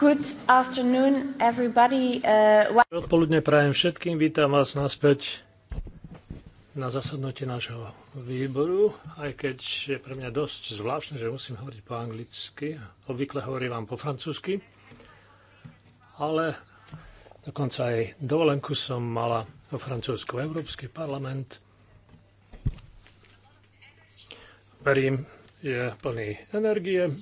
Good afternoon, everybody. Uh, Odpoludne prajem všetkým, vítam vás naspäť na zasadnutie nášho výboru, aj keď je pre mňa dosť zvláštne, že musím hovoriť po anglicky, obvykle hovorím vám po francúzsky, ale dokonca aj dovolenku som mala vo Francúzsku, Európsky parlament. Verím, je plný energie,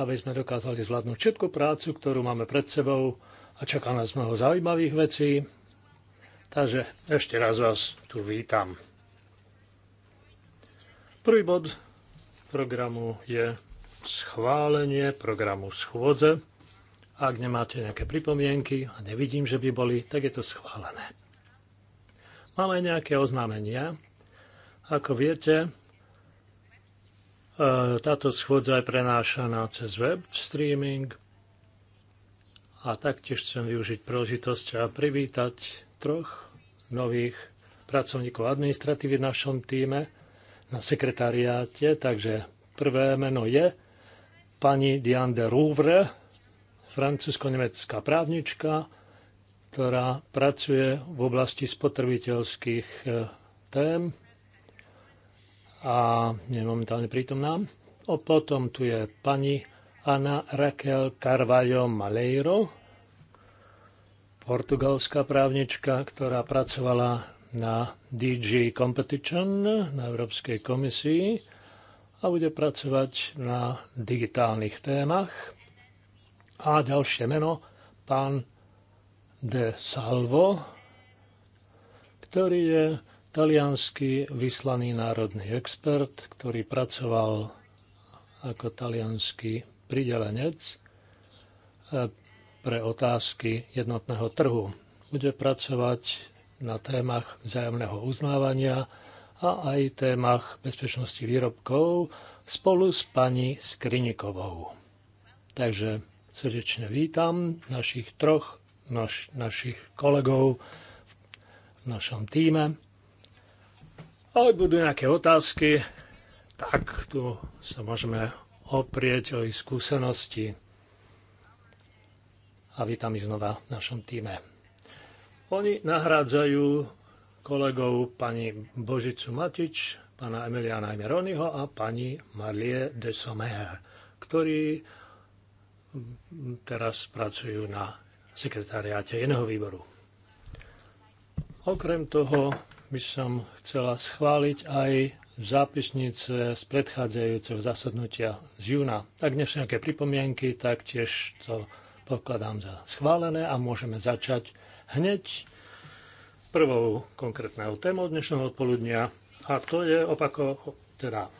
aby sme dokázali zvládnuť všetku prácu, ktorú máme pred sebou a čaká nás mnoho zaujímavých vecí. Takže ešte raz vás tu vítam. Prvý bod programu je schválenie programu schôdze. Ak nemáte nejaké pripomienky a nevidím, že by boli, tak je to schválené. Máme nejaké oznámenia. Ako viete, E, táto schôdza je prenášaná cez web streaming a taktiež chcem využiť príležitosť a privítať troch nových pracovníkov administratívy v našom týme na sekretariáte. Takže prvé meno je pani Diane de Rouvre, francúzsko-nemecká právnička, ktorá pracuje v oblasti spotrebiteľských e, tém a je momentálne prítomná. O potom tu je pani Ana Raquel Carvalho Maleiro, portugalská právnička, ktorá pracovala na DG Competition na Európskej komisii a bude pracovať na digitálnych témach. A ďalšie meno, pán De Salvo, ktorý je talianský vyslaný národný expert, ktorý pracoval ako talianský pridelenec e, pre otázky jednotného trhu. Bude pracovať na témach vzájomného uznávania a aj témach bezpečnosti výrobkov spolu s pani Skrinikovou. Takže srdečne vítam našich troch, naš, našich kolegov v našom týme. Ale budú nejaké otázky, tak tu sa môžeme oprieť o ich skúsenosti. A vítam ich znova v našom týme. Oni nahrádzajú kolegov pani Božicu Matič, pána Emiliana Emeroniho a pani Marlie de Sommer, ktorí teraz pracujú na sekretariáte iného výboru. Okrem toho by som chcela schváliť aj zápisnice z predchádzajúceho zasadnutia z júna. Ak nie sú nejaké pripomienky, tak tiež to pokladám za schválené a môžeme začať hneď prvou konkrétnou témou dnešného odpoludnia a to je opako, teda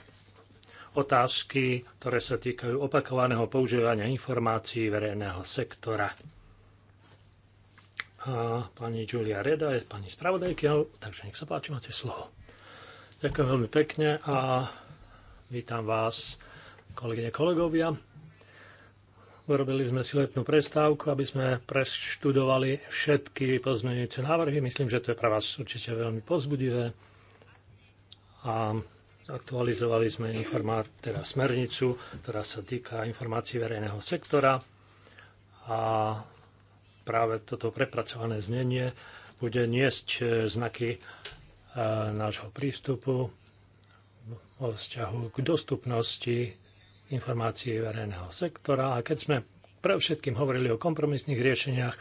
otázky, ktoré sa týkajú opakovaného používania informácií verejného sektora. A pani Julia Reda je pani spravodajky, takže nech sa páči, máte slovo. Ďakujem veľmi pekne a vítam vás, kolegyne, kolegovia. Urobili sme si letnú prestávku, aby sme preštudovali všetky pozmeňujúce návrhy. Myslím, že to je pre vás určite veľmi pozbudivé. A aktualizovali sme informá- teda smernicu, ktorá sa týka informácií verejného sektora. A práve toto prepracované znenie bude niesť e, znaky e, nášho prístupu o vzťahu k dostupnosti informácií verejného sektora. A keď sme pre všetkým hovorili o kompromisných riešeniach,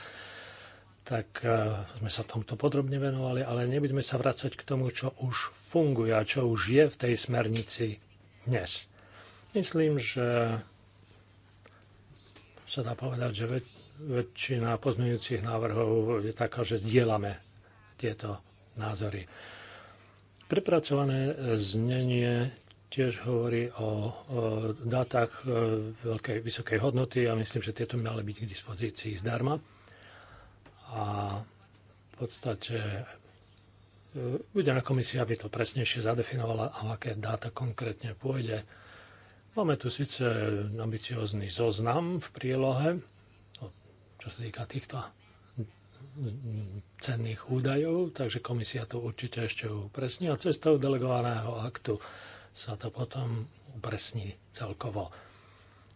tak e, sme sa tomto podrobne venovali, ale nebudeme sa vrácať k tomu, čo už funguje a čo už je v tej smernici dnes. Myslím, že sa dá povedať, že väčšina pozmeňujúcich návrhov je taká, že zdieľame tieto názory. Prepracované znenie tiež hovorí o, dátach e, veľkej, vysokej hodnoty a myslím, že tieto mali byť k dispozícii zdarma. A v podstate e, Uvedená komisia by to presnejšie zadefinovala, a aké dáta konkrétne pôjde. Máme tu síce ambiciózny zoznam v prílohe, čo sa týka týchto cenných údajov, takže komisia to určite ešte upresní a cestou delegovaného aktu sa to potom upresní celkovo.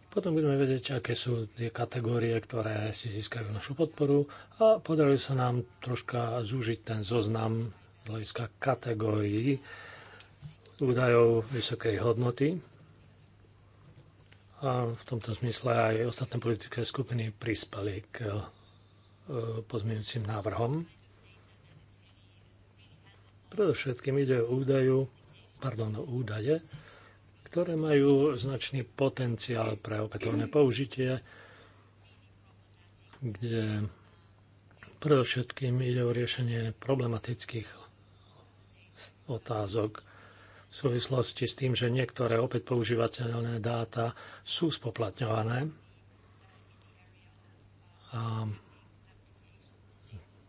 Potom budeme vedieť, aké sú tie kategórie, ktoré si získajú našu podporu a podarilo sa nám troška zúžiť ten zoznam z hľadiska kategórií údajov vysokej hodnoty, a v tomto zmysle aj ostatné politické skupiny prispali k e, pozmeňujúcim návrhom. Predovšetkým ide o údaju, pardon, o údaje, ktoré majú značný potenciál pre opätovné použitie, kde predovšetkým ide o riešenie problematických otázok, v súvislosti s tým, že niektoré opäť používateľné dáta sú spoplatňované. A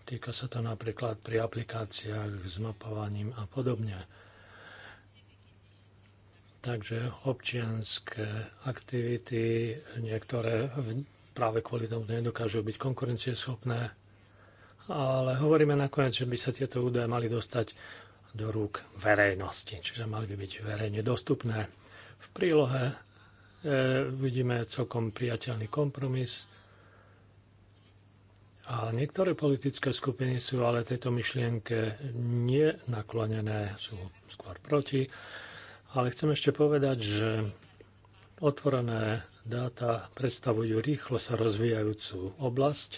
týka sa to napríklad pri aplikáciách s mapovaním a podobne. Takže občianské aktivity, niektoré práve kvôli tomu nedokážu byť konkurencieschopné, ale hovoríme nakoniec, že by sa tieto údaje mali dostať do rúk verejnosti, čiže mali by byť verejne dostupné. V prílohe e, vidíme celkom priateľný kompromis a niektoré politické skupiny sú ale tejto myšlienke nenaklonené, sú skôr proti. Ale chcem ešte povedať, že otvorené dáta predstavujú rýchlo sa rozvíjajúcu oblasť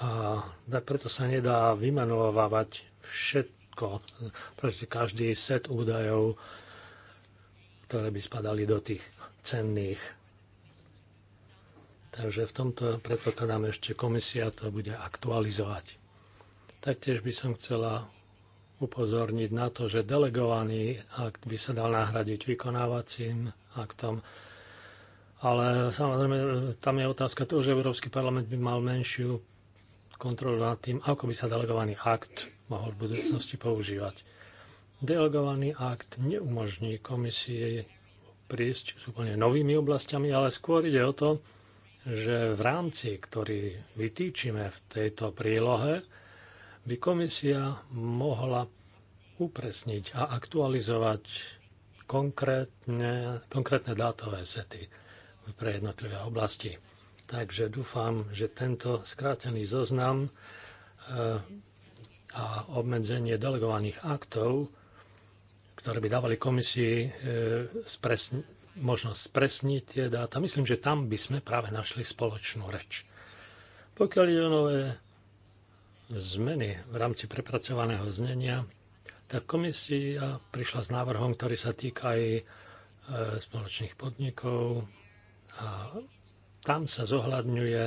a preto sa nedá vymanovávať všet, všetko, pretože každý set údajov, ktoré by spadali do tých cenných. Takže v tomto predpokladám ešte komisia to bude aktualizovať. Taktiež by som chcela upozorniť na to, že delegovaný akt by sa dal nahradiť vykonávacím aktom, ale samozrejme, tam je otázka toho, že Európsky parlament by mal menšiu kontrolu nad tým, ako by sa delegovaný akt mohol v budúcnosti používať. Delegovaný akt neumožní komisie prísť s úplne novými oblastiami, ale skôr ide o to, že v rámci, ktorý vytýčime v tejto prílohe, by komisia mohla upresniť a aktualizovať konkrétne, konkrétne dátové sety pre jednotlivé oblasti. Takže dúfam, že tento skrátený zoznam eh, a obmedzenie delegovaných aktov, ktoré by dávali komisii e, možnosť spresniť tie dáta, myslím, že tam by sme práve našli spoločnú reč. Pokiaľ ide o nové zmeny v rámci prepracovaného znenia, tak komisia prišla s návrhom, ktorý sa týka aj e, spoločných podnikov a tam sa zohľadňuje,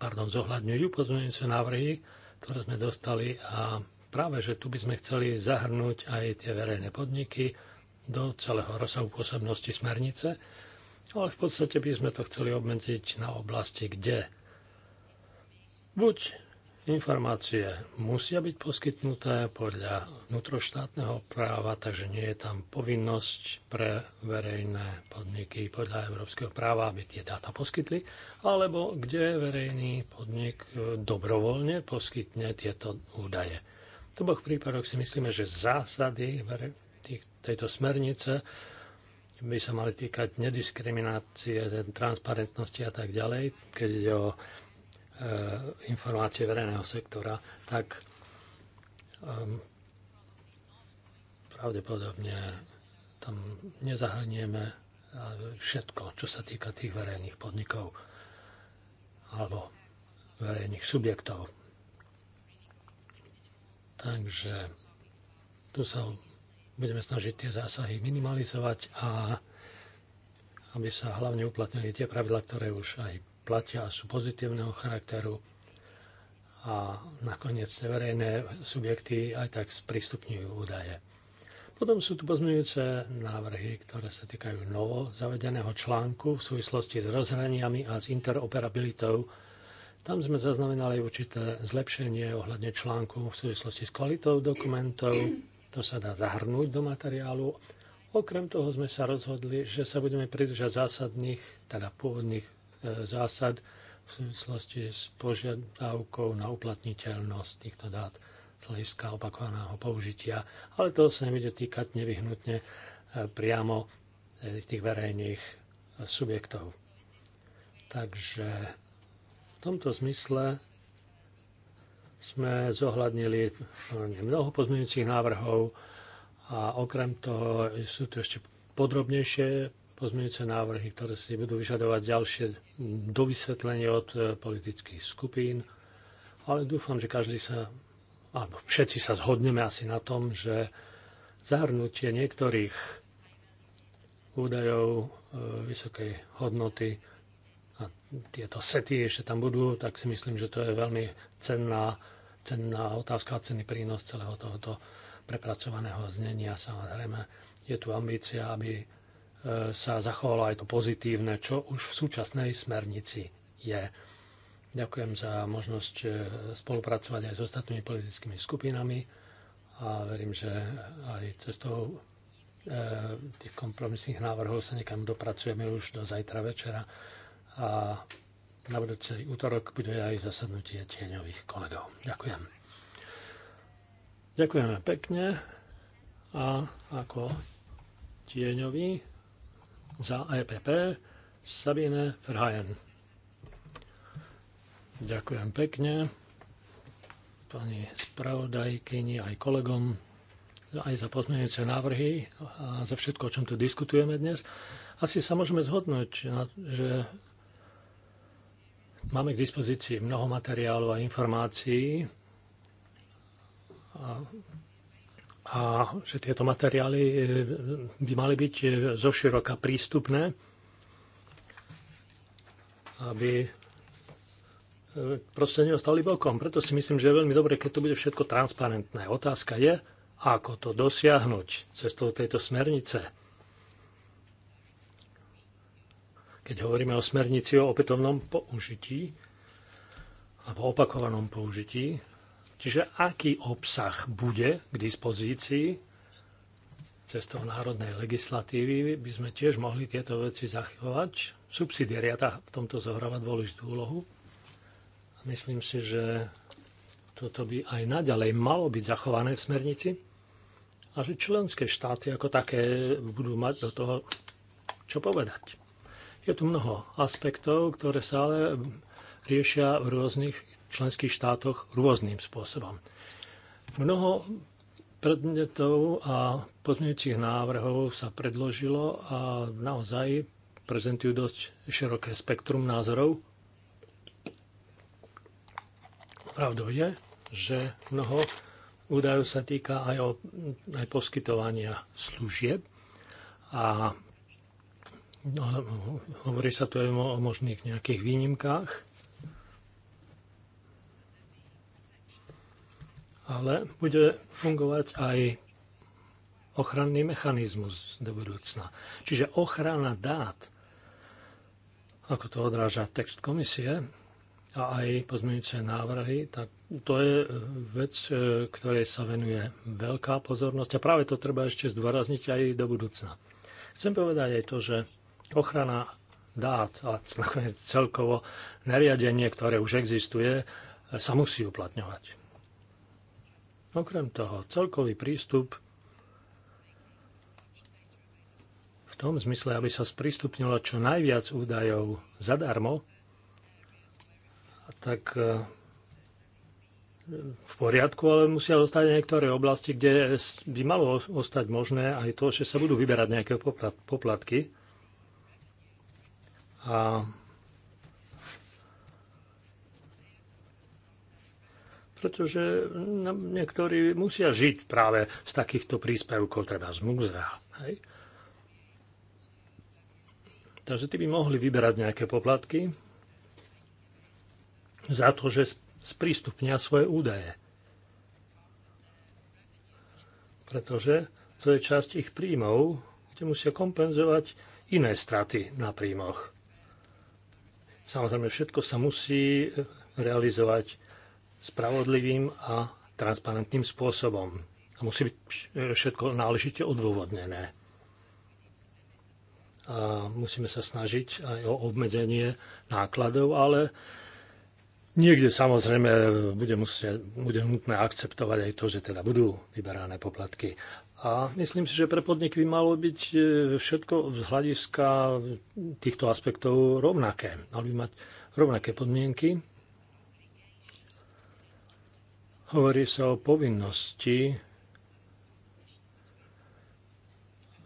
pardon, zohľadňujú pozmeňujúce návrhy, ktoré sme dostali a práve, že tu by sme chceli zahrnúť aj tie verejné podniky do celého rozsahu pôsobnosti smernice, ale v podstate by sme to chceli obmedziť na oblasti, kde buď Informácie musia byť poskytnuté podľa vnútroštátneho práva, takže nie je tam povinnosť pre verejné podniky podľa európskeho práva, aby tie dáta poskytli, alebo kde verejný podnik e, dobrovoľne poskytne tieto údaje. V oboch prípadoch si myslíme, že zásady tejto smernice by sa mali týkať nediskriminácie, transparentnosti a tak ďalej, keď ide o Eh, informácie verejného sektora, tak ehm, pravdepodobne tam nezahrnieme eh, všetko, čo sa týka tých verejných podnikov alebo verejných subjektov. Takže tu sa budeme snažiť tie zásahy minimalizovať a aby sa hlavne uplatnili tie pravidla, ktoré už aj platia a sú pozitívneho charakteru a nakoniec verejné subjekty aj tak sprístupňujú údaje. Potom sú tu pozmeňujúce návrhy, ktoré sa týkajú novo zavedeného článku v súvislosti s rozhraniami a s interoperabilitou. Tam sme zaznamenali určité zlepšenie ohľadne článku v súvislosti s kvalitou dokumentov. To sa dá zahrnúť do materiálu. Okrem toho sme sa rozhodli, že sa budeme pridržať zásadných, teda pôvodných zásad v súvislosti s požiadavkou na uplatniteľnosť týchto dát z hľadiska opakovaného použitia. Ale to sa nebude týkať nevyhnutne eh, priamo eh, tých verejných eh, subjektov. Takže v tomto zmysle sme zohľadnili mnoho pozmeňujúcich návrhov a okrem toho sú tu ešte podrobnejšie pozmeňujúce návrhy, ktoré si budú vyžadovať ďalšie dovysvetlenie od e, politických skupín. Ale dúfam, že každý sa, alebo všetci sa zhodneme asi na tom, že zahrnutie niektorých údajov e, vysokej hodnoty a tieto sety ešte tam budú, tak si myslím, že to je veľmi cenná, cenná otázka a cenný prínos celého tohoto prepracovaného znenia. Samozrejme, je tu ambícia, aby E, sa zachovalo aj to pozitívne, čo už v súčasnej smernici je. Ďakujem za možnosť e, spolupracovať aj s ostatnými politickými skupinami a verím, že aj cestou e, tých kompromisných návrhov sa niekam dopracujeme už do zajtra večera a na budúci útorok bude aj zasadnutie tieňových kolegov. Ďakujem. Ďakujeme pekne a ako tieňový za EPP Sabine Verhaen. Ďakujem pekne pani spravodajkyni aj kolegom aj za pozmeňujúce návrhy a za všetko, o čom tu diskutujeme dnes. Asi sa môžeme zhodnúť, že máme k dispozícii mnoho materiálov a informácií a a že tieto materiály e, by mali byť e, zoširoka prístupné, aby e, proste neostali bokom. Preto si myslím, že je veľmi dobre, keď to bude všetko transparentné. Otázka je, ako to dosiahnuť cestou tejto smernice. Keď hovoríme o smernici o opätovnom použití alebo opakovanom použití, Čiže aký obsah bude k dispozícii toho národnej legislatívy, by sme tiež mohli tieto veci zachovať. Subsidiariata v tomto zohráva dôležitú úlohu. A myslím si, že toto by aj naďalej malo byť zachované v smernici a že členské štáty ako také budú mať do toho čo povedať. Je tu mnoho aspektov, ktoré sa ale riešia v rôznych členských štátoch rôznym spôsobom. Mnoho predmetov a pozmeňujúcich návrhov sa predložilo a naozaj prezentujú dosť široké spektrum názorov. Pravdou je, že mnoho údajov sa týka aj, o, aj poskytovania služieb a no, hovorí sa tu aj o možných nejakých výnimkách ale bude fungovať aj ochranný mechanizmus do budúcna. Čiže ochrana dát, ako to odráža text komisie a aj pozmeňujúce návrhy, tak to je vec, e, ktorej sa venuje veľká pozornosť a práve to treba ešte zdôrazniť aj do budúcna. Chcem povedať aj to, že ochrana dát a nakoniec celkovo nariadenie, ktoré už existuje, sa musí uplatňovať. Okrem toho, celkový prístup v tom zmysle, aby sa sprístupnilo čo najviac údajov zadarmo, tak e, v poriadku, ale musia zostať niektoré oblasti, kde by malo ostať možné aj to, že sa budú vyberať nejaké poplatky. A pretože no, niektorí musia žiť práve z takýchto príspevkov, teda z múzea. Hej? Takže tí by mohli vyberať nejaké poplatky za to, že sprístupnia svoje údaje. Pretože to je časť ich príjmov, kde musia kompenzovať iné straty na príjmoch. Samozrejme, všetko sa musí realizovať spravodlivým a transparentným spôsobom. A musí byť všetko náležite odôvodnené. A musíme sa snažiť aj o obmedzenie nákladov, ale Niekde samozrejme bude, musia, bude nutné akceptovať aj to, že teda budú vyberané poplatky. A myslím si, že pre podnik by malo byť e, všetko z hľadiska týchto aspektov rovnaké. Mali by mať rovnaké podmienky Hovorí sa o povinnosti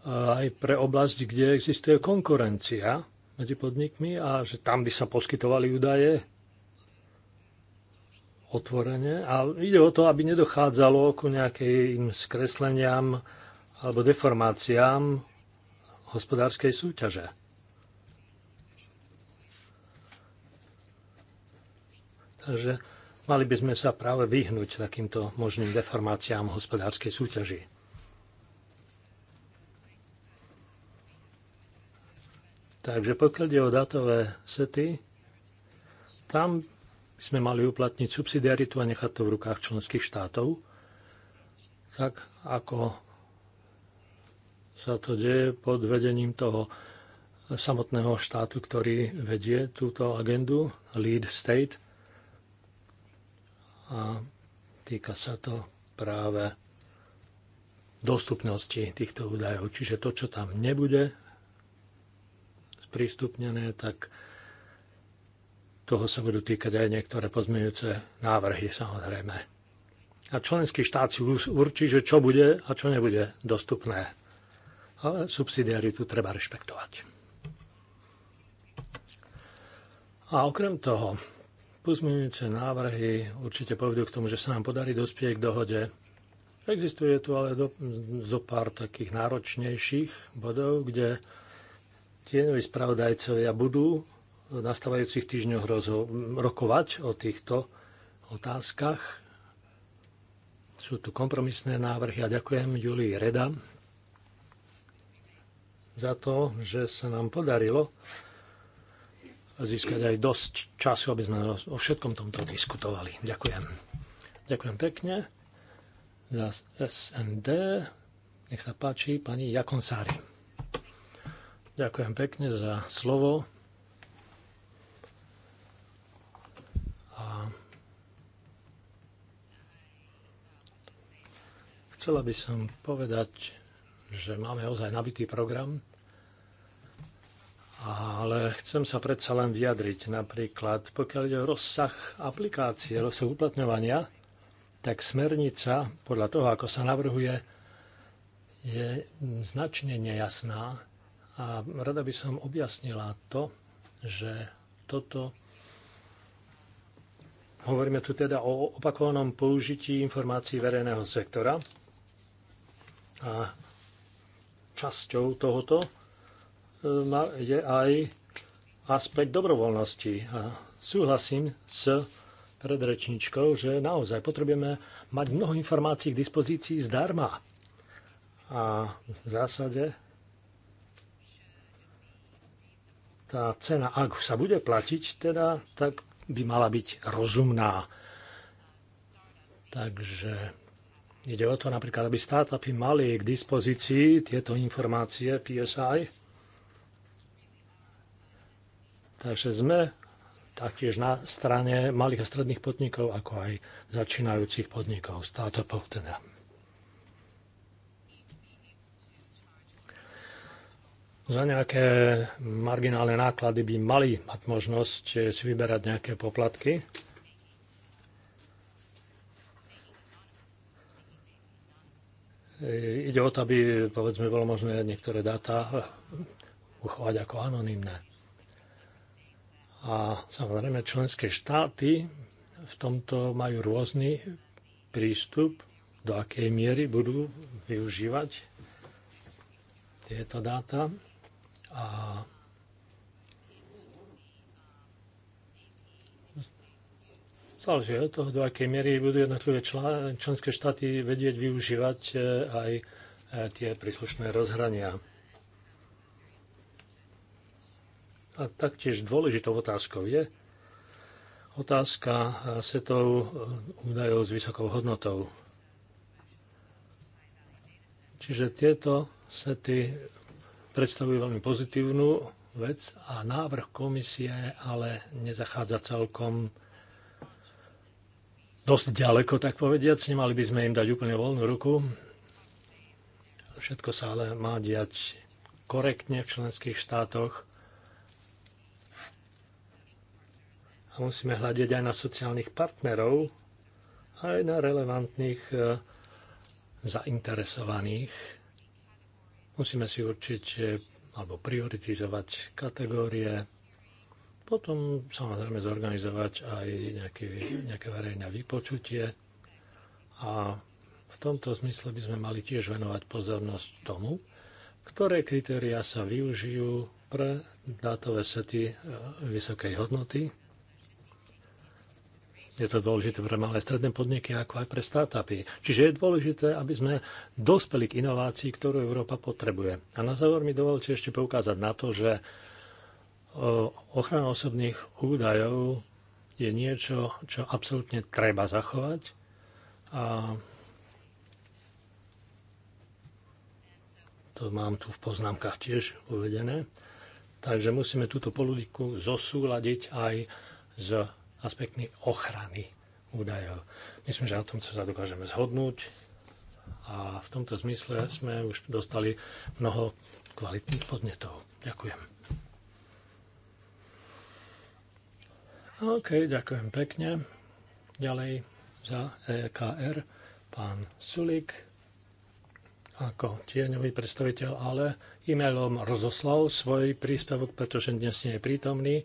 aj pre oblasti, kde existuje konkurencia medzi podnikmi a že tam by sa poskytovali údaje otvorene. A ide o to, aby nedochádzalo ku nejakým skresleniam alebo deformáciám hospodárskej súťaže. Takže Mali by sme sa práve vyhnúť takýmto možným deformáciám hospodárskej súťaži. Takže pokiaľ ide o dátové sety, tam by sme mali uplatniť subsidiaritu a nechať to v rukách členských štátov, tak ako sa to deje pod vedením toho samotného štátu, ktorý vedie túto agendu, lead state – a týka sa to práve dostupnosti týchto údajov. Čiže to, čo tam nebude sprístupnené, tak toho sa budú týkať aj niektoré pozmeňujúce návrhy samozrejme. A členský štát si určí, že čo bude a čo nebude dostupné. Ale subsidiaritu treba rešpektovať. A okrem toho, Pozmeňujúce návrhy určite povedú k tomu, že sa nám podarí dospieť k dohode. Existuje tu ale do, zo pár takých náročnejších bodov, kde tieňoví spravodajcovia budú v nastávajúcich týždňoch rokovať o týchto otázkach. Sú tu kompromisné návrhy a ďakujem Julii Reda za to, že sa nám podarilo získať aj dosť času, aby sme o všetkom tomto diskutovali. Ďakujem. Ďakujem pekne. Za SND nech sa páči pani Jakonsári. Ďakujem pekne za slovo. A chcela by som povedať, že máme ozaj nabitý program ale chcem sa predsa len vyjadriť. Napríklad, pokiaľ ide o rozsah aplikácie, rozsah uplatňovania, tak smernica, podľa toho, ako sa navrhuje, je značne nejasná a rada by som objasnila to, že toto hovoríme tu teda o opakovanom použití informácií verejného sektora a časťou tohoto je aj aspekt dobrovoľnosti. A súhlasím s predrečničkou, že naozaj potrebujeme mať mnoho informácií k dispozícii zdarma. A v zásade tá cena, ak sa bude platiť, teda, tak by mala byť rozumná. Takže ide o to napríklad, aby startupy mali k dispozícii tieto informácie PSI, Takže sme taktiež na strane malých a stredných podnikov, ako aj začínajúcich podnikov, startupov teda. Za nejaké marginálne náklady by mali mať možnosť eh, si vyberať nejaké poplatky. Eh, ide o to, aby povedzme, bolo možné niektoré dáta eh, uchovať ako anonimné. A samozrejme členské štáty v tomto majú rôzny prístup, do akej miery budú využívať tieto dáta. A záleží od toho, do akej miery budú jednotlivé členské štáty vedieť využívať eh, aj eh, tie príslušné rozhrania. A taktiež dôležitou otázkou je otázka setov eh, údajov s vysokou hodnotou. Čiže tieto sety predstavujú veľmi pozitívnu vec a návrh komisie ale nezachádza celkom dosť ďaleko, tak povediac. Nemali by sme im dať úplne voľnú ruku. Všetko sa ale má diať korektne v členských štátoch A musíme hľadiť aj na sociálnych partnerov, aj na relevantných e, zainteresovaných. Musíme si určiť e, alebo prioritizovať kategórie, potom samozrejme zorganizovať aj nejaké, nejaké verejné vypočutie a v tomto zmysle by sme mali tiež venovať pozornosť tomu, ktoré kritériá sa využijú pre dátové sety e, vysokej hodnoty je to dôležité pre malé stredné podniky, ako aj pre startupy. Čiže je dôležité, aby sme dospeli k inovácii, ktorú Európa potrebuje. A na záver mi dovolte ešte poukázať na to, že ochrana osobných údajov je niečo, čo absolútne treba zachovať. A to mám tu v poznámkach tiež uvedené. Takže musíme túto politiku zosúľadiť aj s aspektmi ochrany údajov. Myslím, že na tom sa dokážeme zhodnúť a v tomto zmysle sme už dostali mnoho kvalitných podnetov. Ďakujem. OK, ďakujem pekne. Ďalej za EKR pán Sulik ako tieňový predstaviteľ, ale e-mailom rozoslal svoj príspevok, pretože dnes nie je prítomný.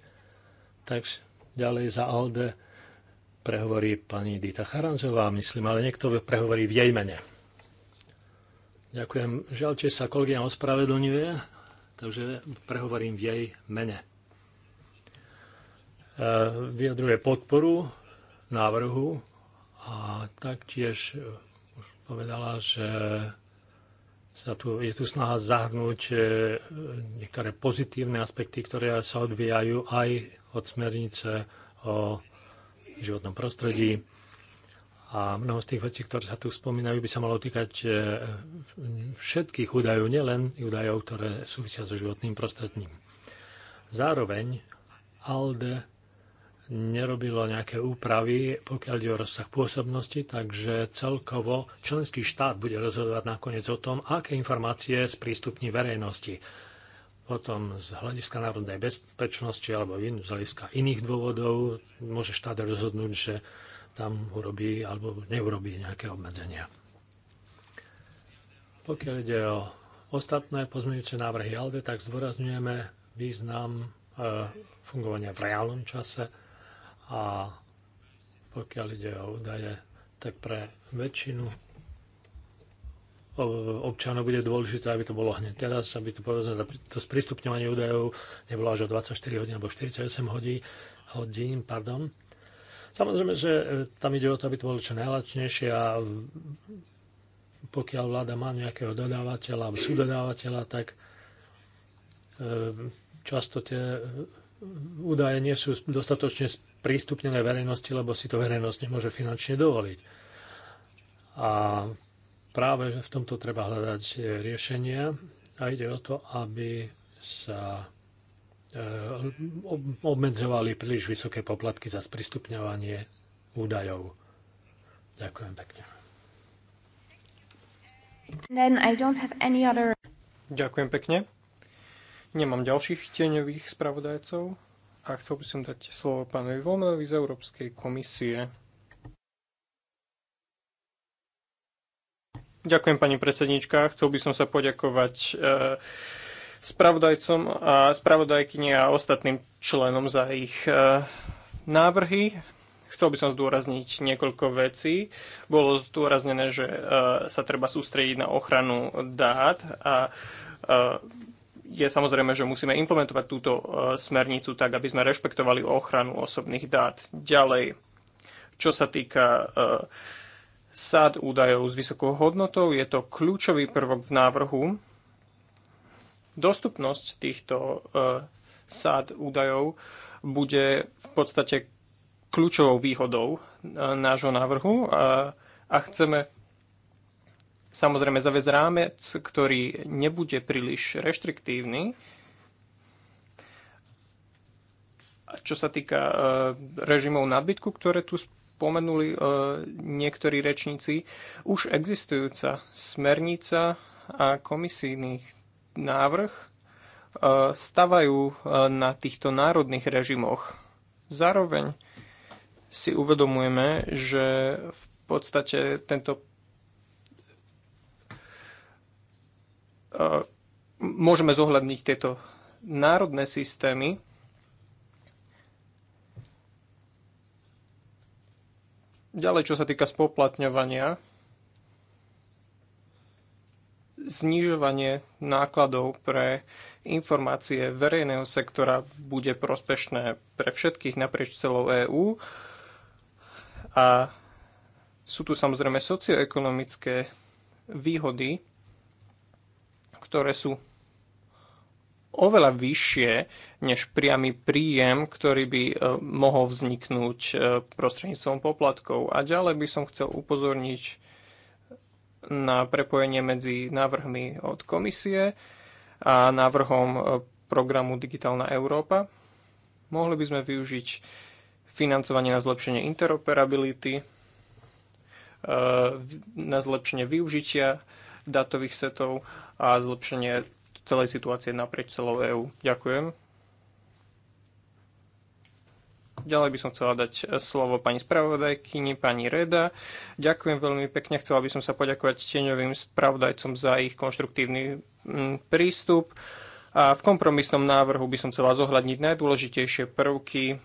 Takže Ďalej za ALDE prehovorí pani Dita Charanzová, myslím, ale niekto prehovorí v jej mene. Ďakujem. Žiaľ, sa kolegyňa ospravedlňuje, takže prehovorím v jej mene. E, vyjadruje podporu návrhu a taktiež už povedala, že sa tu, je tu snaha zahrnúť e, niektoré pozitívne aspekty, ktoré sa odvíjajú aj od smernice o životnom prostredí. A mnoho z tých vecí, ktoré sa tu spomínajú, by sa malo týkať e, všetkých údajov, nielen údajov, ktoré súvisia so životným prostredím. Zároveň ALDE nerobilo nejaké úpravy, pokiaľ ide o rozsah pôsobnosti, takže celkovo členský štát bude rozhodovať nakoniec o tom, aké informácie sprístupní verejnosti. Potom z hľadiska národnej bezpečnosti alebo in, z hľadiska iných dôvodov môže štát rozhodnúť, že tam urobí alebo neurobí nejaké obmedzenia. Pokiaľ ide o ostatné pozmeňujúce návrhy ALDE, tak zdôrazňujeme význam e, fungovania v reálnom čase a pokiaľ ide o údaje, tak pre väčšinu Eh, občanov bude dôležité, aby to bolo hneď teraz, aby to povedzme to sprístupňovanie údajov nebolo až o 24 hodín alebo 48 hodín, hodín pardon. Samozrejme, že eh, tam ide o to, aby to bolo čo najlačnejšie a pokiaľ vláda má nejakého dodávateľa alebo súdodávateľa, tak eh, často tie údaje nie sú dostatočne prístupnené verejnosti, lebo si to verejnosť nemôže finančne dovoliť. A práve v tomto treba hľadať eh, riešenia a ide o to, aby sa eh, obmedzovali príliš vysoké poplatky za sprístupňovanie údajov. Ďakujem pekne. Other... Ďakujem pekne. Nemám ďalších tieňových spravodajcov a chcel by som dať slovo pánovi Volmanovi z Európskej komisie. Ďakujem pani predsednička. Chcel by som sa poďakovať e, spravodajcom a spravodajkyni a ostatným členom za ich e, návrhy. Chcel by som zdôrazniť niekoľko vecí. Bolo zdôraznené, že e, sa treba sústrediť na ochranu dát a je samozrejme, že musíme implementovať túto smernicu tak, aby sme rešpektovali ochranu osobných dát. Ďalej, čo sa týka uh, sád údajov s vysokou hodnotou. Je to kľúčový prvok v návrhu. Dostupnosť týchto e, sád údajov bude v podstate kľúčovou výhodou e, nášho návrhu a, e, a chceme samozrejme zaviesť rámec, ktorý nebude príliš reštriktívny, čo sa týka režimov nadbytku, ktoré tu spomenuli e, niektorí rečníci, už existujúca smernica a komisijný návrh e, stavajú e, na týchto národných režimoch. Zároveň si uvedomujeme, že v podstate tento môžeme zohľadniť tieto národné systémy Ďalej, čo sa týka spoplatňovania, znižovanie nákladov pre informácie verejného sektora bude prospešné pre všetkých naprieč celou EÚ. A sú tu samozrejme socioekonomické výhody, ktoré sú oveľa vyššie než priamy príjem, ktorý by e, mohol vzniknúť e, prostredníctvom poplatkov. A ďalej by som chcel upozorniť na prepojenie medzi návrhmi od komisie a návrhom e, programu Digitálna Európa. Mohli by sme využiť financovanie na zlepšenie interoperability, na zlepšenie využitia datových setov a zlepšenie celej situácie naprieč celou EÚ. Ďakujem. Ďalej by som chcela dať eh, slovo pani spravodajkyni, pani Reda. Ďakujem veľmi pekne. Chcela by som sa poďakovať tieňovým spravodajcom za ich konštruktívny mm, prístup. A v kompromisnom návrhu by som chcela zohľadniť najdôležitejšie prvky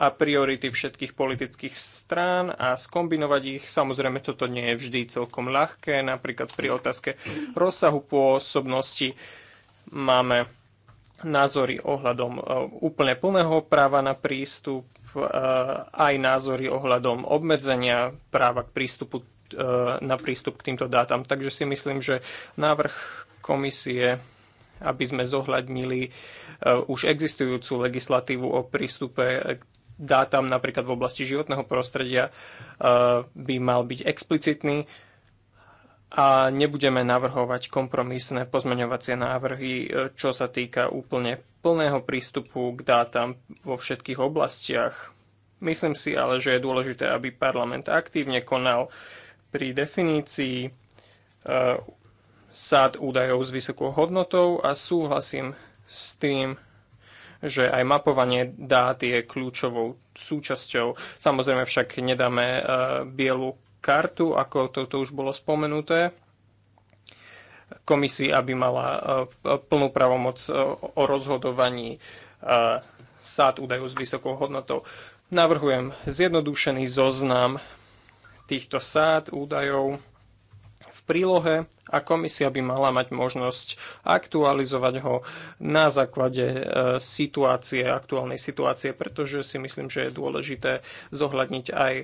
a priority všetkých politických strán a skombinovať ich. Samozrejme, toto nie je vždy celkom ľahké. Napríklad pri otázke rozsahu pôsobnosti máme názory ohľadom e, úplne plného práva na prístup, e, aj názory ohľadom obmedzenia práva k prístupu e, na prístup k týmto dátam. Takže si myslím, že návrh komisie aby sme zohľadnili e, už existujúcu legislatívu o prístupe k dátam napríklad v oblasti životného prostredia e, by mal byť explicitný a nebudeme navrhovať kompromisné pozmeňovacie návrhy, e, čo sa týka úplne plného prístupu k dátam vo všetkých oblastiach. Myslím si ale, že je dôležité, aby parlament aktívne konal pri definícii sád údajov s vysokou hodnotou a súhlasím s tým, že aj mapovanie dát je kľúčovou súčasťou. Samozrejme však nedáme e, bielu kartu, ako toto už bolo spomenuté, komisii, aby mala e, plnú pravomoc e, o rozhodovaní sád údajov s vysokou hodnotou. Navrhujem zjednodušený zoznam týchto sád údajov v prílohe a komisia by mala mať možnosť aktualizovať ho na základe e, situácie, aktuálnej situácie, pretože si myslím, že je dôležité zohľadniť aj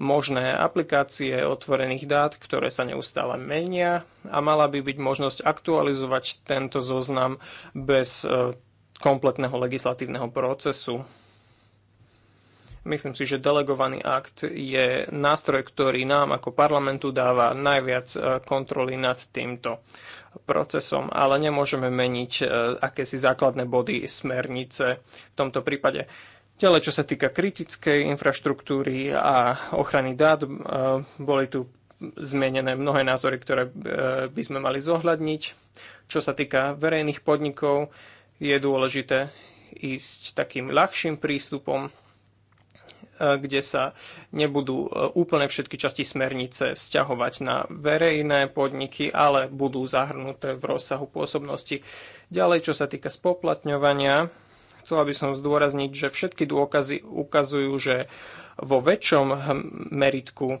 možné aplikácie otvorených dát, ktoré sa neustále menia a mala by byť možnosť aktualizovať tento zoznam bez e, kompletného legislatívneho procesu. Myslím si, že delegovaný akt je nástroj, ktorý nám ako parlamentu dáva najviac e, kontroly nad týmto procesom, ale nemôžeme meniť e, akési základné body smernice v tomto prípade. Ďalej, čo sa týka kritickej infraštruktúry a ochrany dát, e, boli tu zmenené mnohé názory, ktoré by sme mali zohľadniť. Čo sa týka verejných podnikov, je dôležité ísť takým ľahším prístupom kde sa nebudú e, úplne všetky časti smernice vzťahovať na verejné podniky, ale budú zahrnuté v rozsahu pôsobnosti. Ďalej, čo sa týka spoplatňovania, chcela by som zdôrazniť, že všetky dôkazy ukazujú, že vo väčšom meritku e,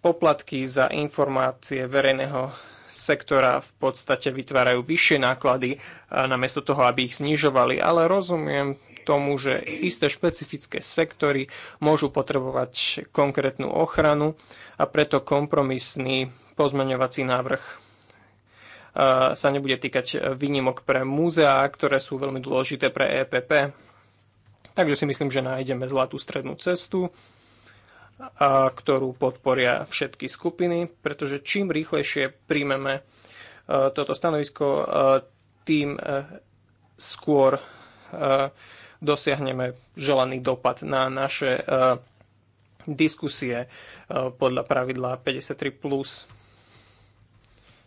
poplatky za informácie verejného sektora v podstate vytvárajú vyššie náklady e, namiesto toho, aby ich znižovali. Ale rozumiem tomu, že isté špecifické sektory môžu potrebovať konkrétnu ochranu a preto kompromisný pozmeňovací návrh sa nebude týkať e, výnimok pre múzeá, ktoré sú veľmi dôležité pre EPP. Takže si myslím, že nájdeme zlatú strednú cestu, ktorú podporia všetky skupiny, pretože čím rýchlejšie príjmeme e, toto stanovisko, e, tým skôr dosiahneme želaný dopad na naše e, diskusie e, podľa pravidla 53+.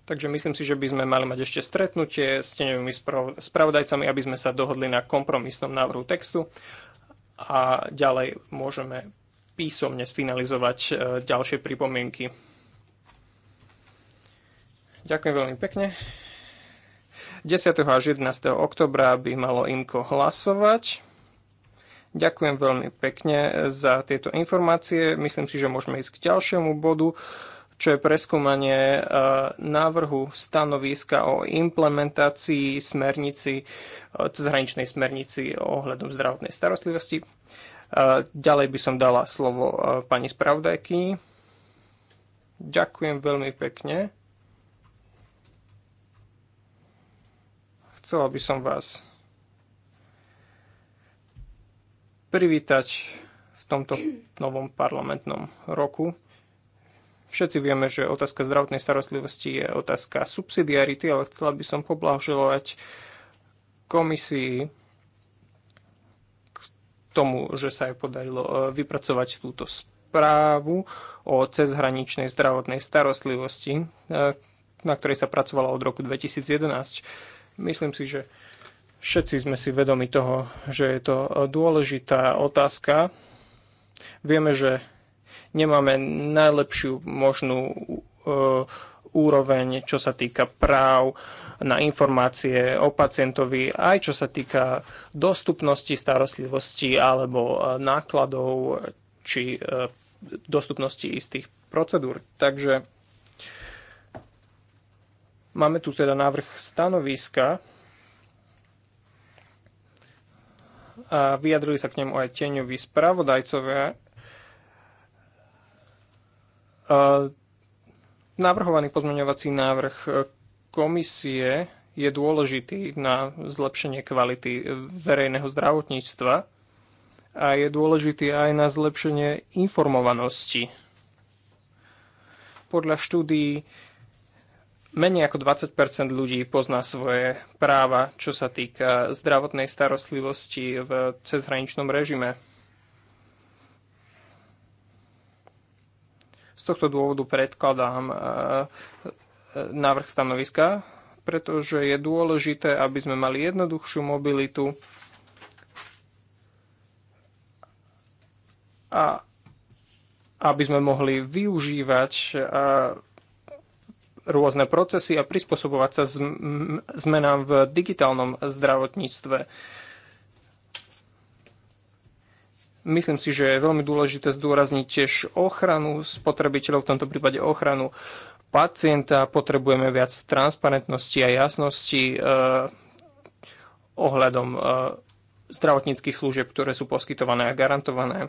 Takže myslím si, že by sme mali mať ešte stretnutie s tenovými spravodajcami, aby sme sa dohodli na kompromisnom návrhu textu a ďalej môžeme písomne sfinalizovať e, ďalšie pripomienky. Ďakujem veľmi pekne. 10. až 11. oktobra by malo IMKO hlasovať. Ďakujem veľmi pekne za tieto informácie. Myslím si, že môžeme ísť k ďalšiemu bodu, čo je preskúmanie e, návrhu stanoviska o implementácii smernici, e, cezhraničnej smernici ohľadom zdravotnej starostlivosti. E, ďalej by som dala slovo pani spravodajky. Ďakujem veľmi pekne. Chcela by som vás privítať v tomto novom parlamentnom roku. Všetci vieme, že otázka zdravotnej starostlivosti je otázka subsidiarity, ale chcela by som poblahoželovať komisii k tomu, že sa jej podarilo e, vypracovať túto správu o cezhraničnej zdravotnej starostlivosti, e, na ktorej sa pracovala od roku 2011. Myslím si, že všetci sme si vedomi toho, že je to dôležitá otázka. Vieme, že nemáme najlepšiu možnú e, úroveň, čo sa týka práv na informácie o pacientovi, aj čo sa týka dostupnosti starostlivosti alebo e, nákladov či e, dostupnosti istých procedúr. Takže Máme tu teda návrh stanoviska a vyjadrili sa k nemu aj tieňoví spravodajcovia. Navrhovaný pozmeňovací návrh komisie je dôležitý na zlepšenie kvality verejného zdravotníctva a je dôležitý aj na zlepšenie informovanosti. Podľa štúdií Menej ako 20 ľudí pozná svoje práva, čo sa týka zdravotnej starostlivosti v cezhraničnom režime. Z tohto dôvodu predkladám e, e, návrh stanoviska, pretože je dôležité, aby sme mali jednoduchšiu mobilitu a aby sme mohli využívať e, rôzne procesy a prispôsobovať sa zmenám v digitálnom zdravotníctve. Myslím si, že je veľmi dôležité zdôrazniť tiež ochranu spotrebiteľov, v tomto prípade ochranu pacienta. Potrebujeme viac transparentnosti a jasnosti eh, ohľadom eh, zdravotníckých služieb, ktoré sú poskytované a garantované.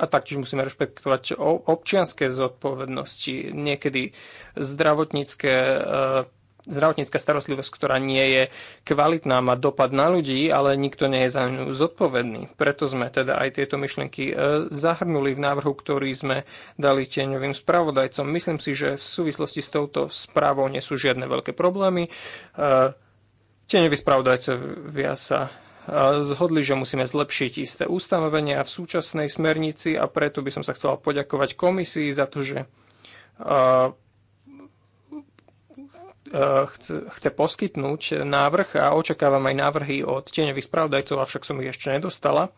a taktiež musíme rešpektovať občianské zodpovednosti, niekedy zdravotnícke, e, zdravotnícka starostlivosť, ktorá nie je kvalitná, má dopad na ľudí, ale nikto nie je za ňu zodpovedný. Preto sme teda aj tieto myšlienky e, zahrnuli v návrhu, ktorý sme dali tieňovým spravodajcom. Myslím si, že v súvislosti s touto správou nie sú žiadne veľké problémy. E, tieňoví spravodajcovia sa zhodli, že musíme zlepšiť isté ustanovenia v súčasnej smernici a preto by som sa chcela poďakovať komisii za to, že chce poskytnúť návrh a očakávam aj návrhy od tieňových spravodajcov, avšak som ich ešte nedostala.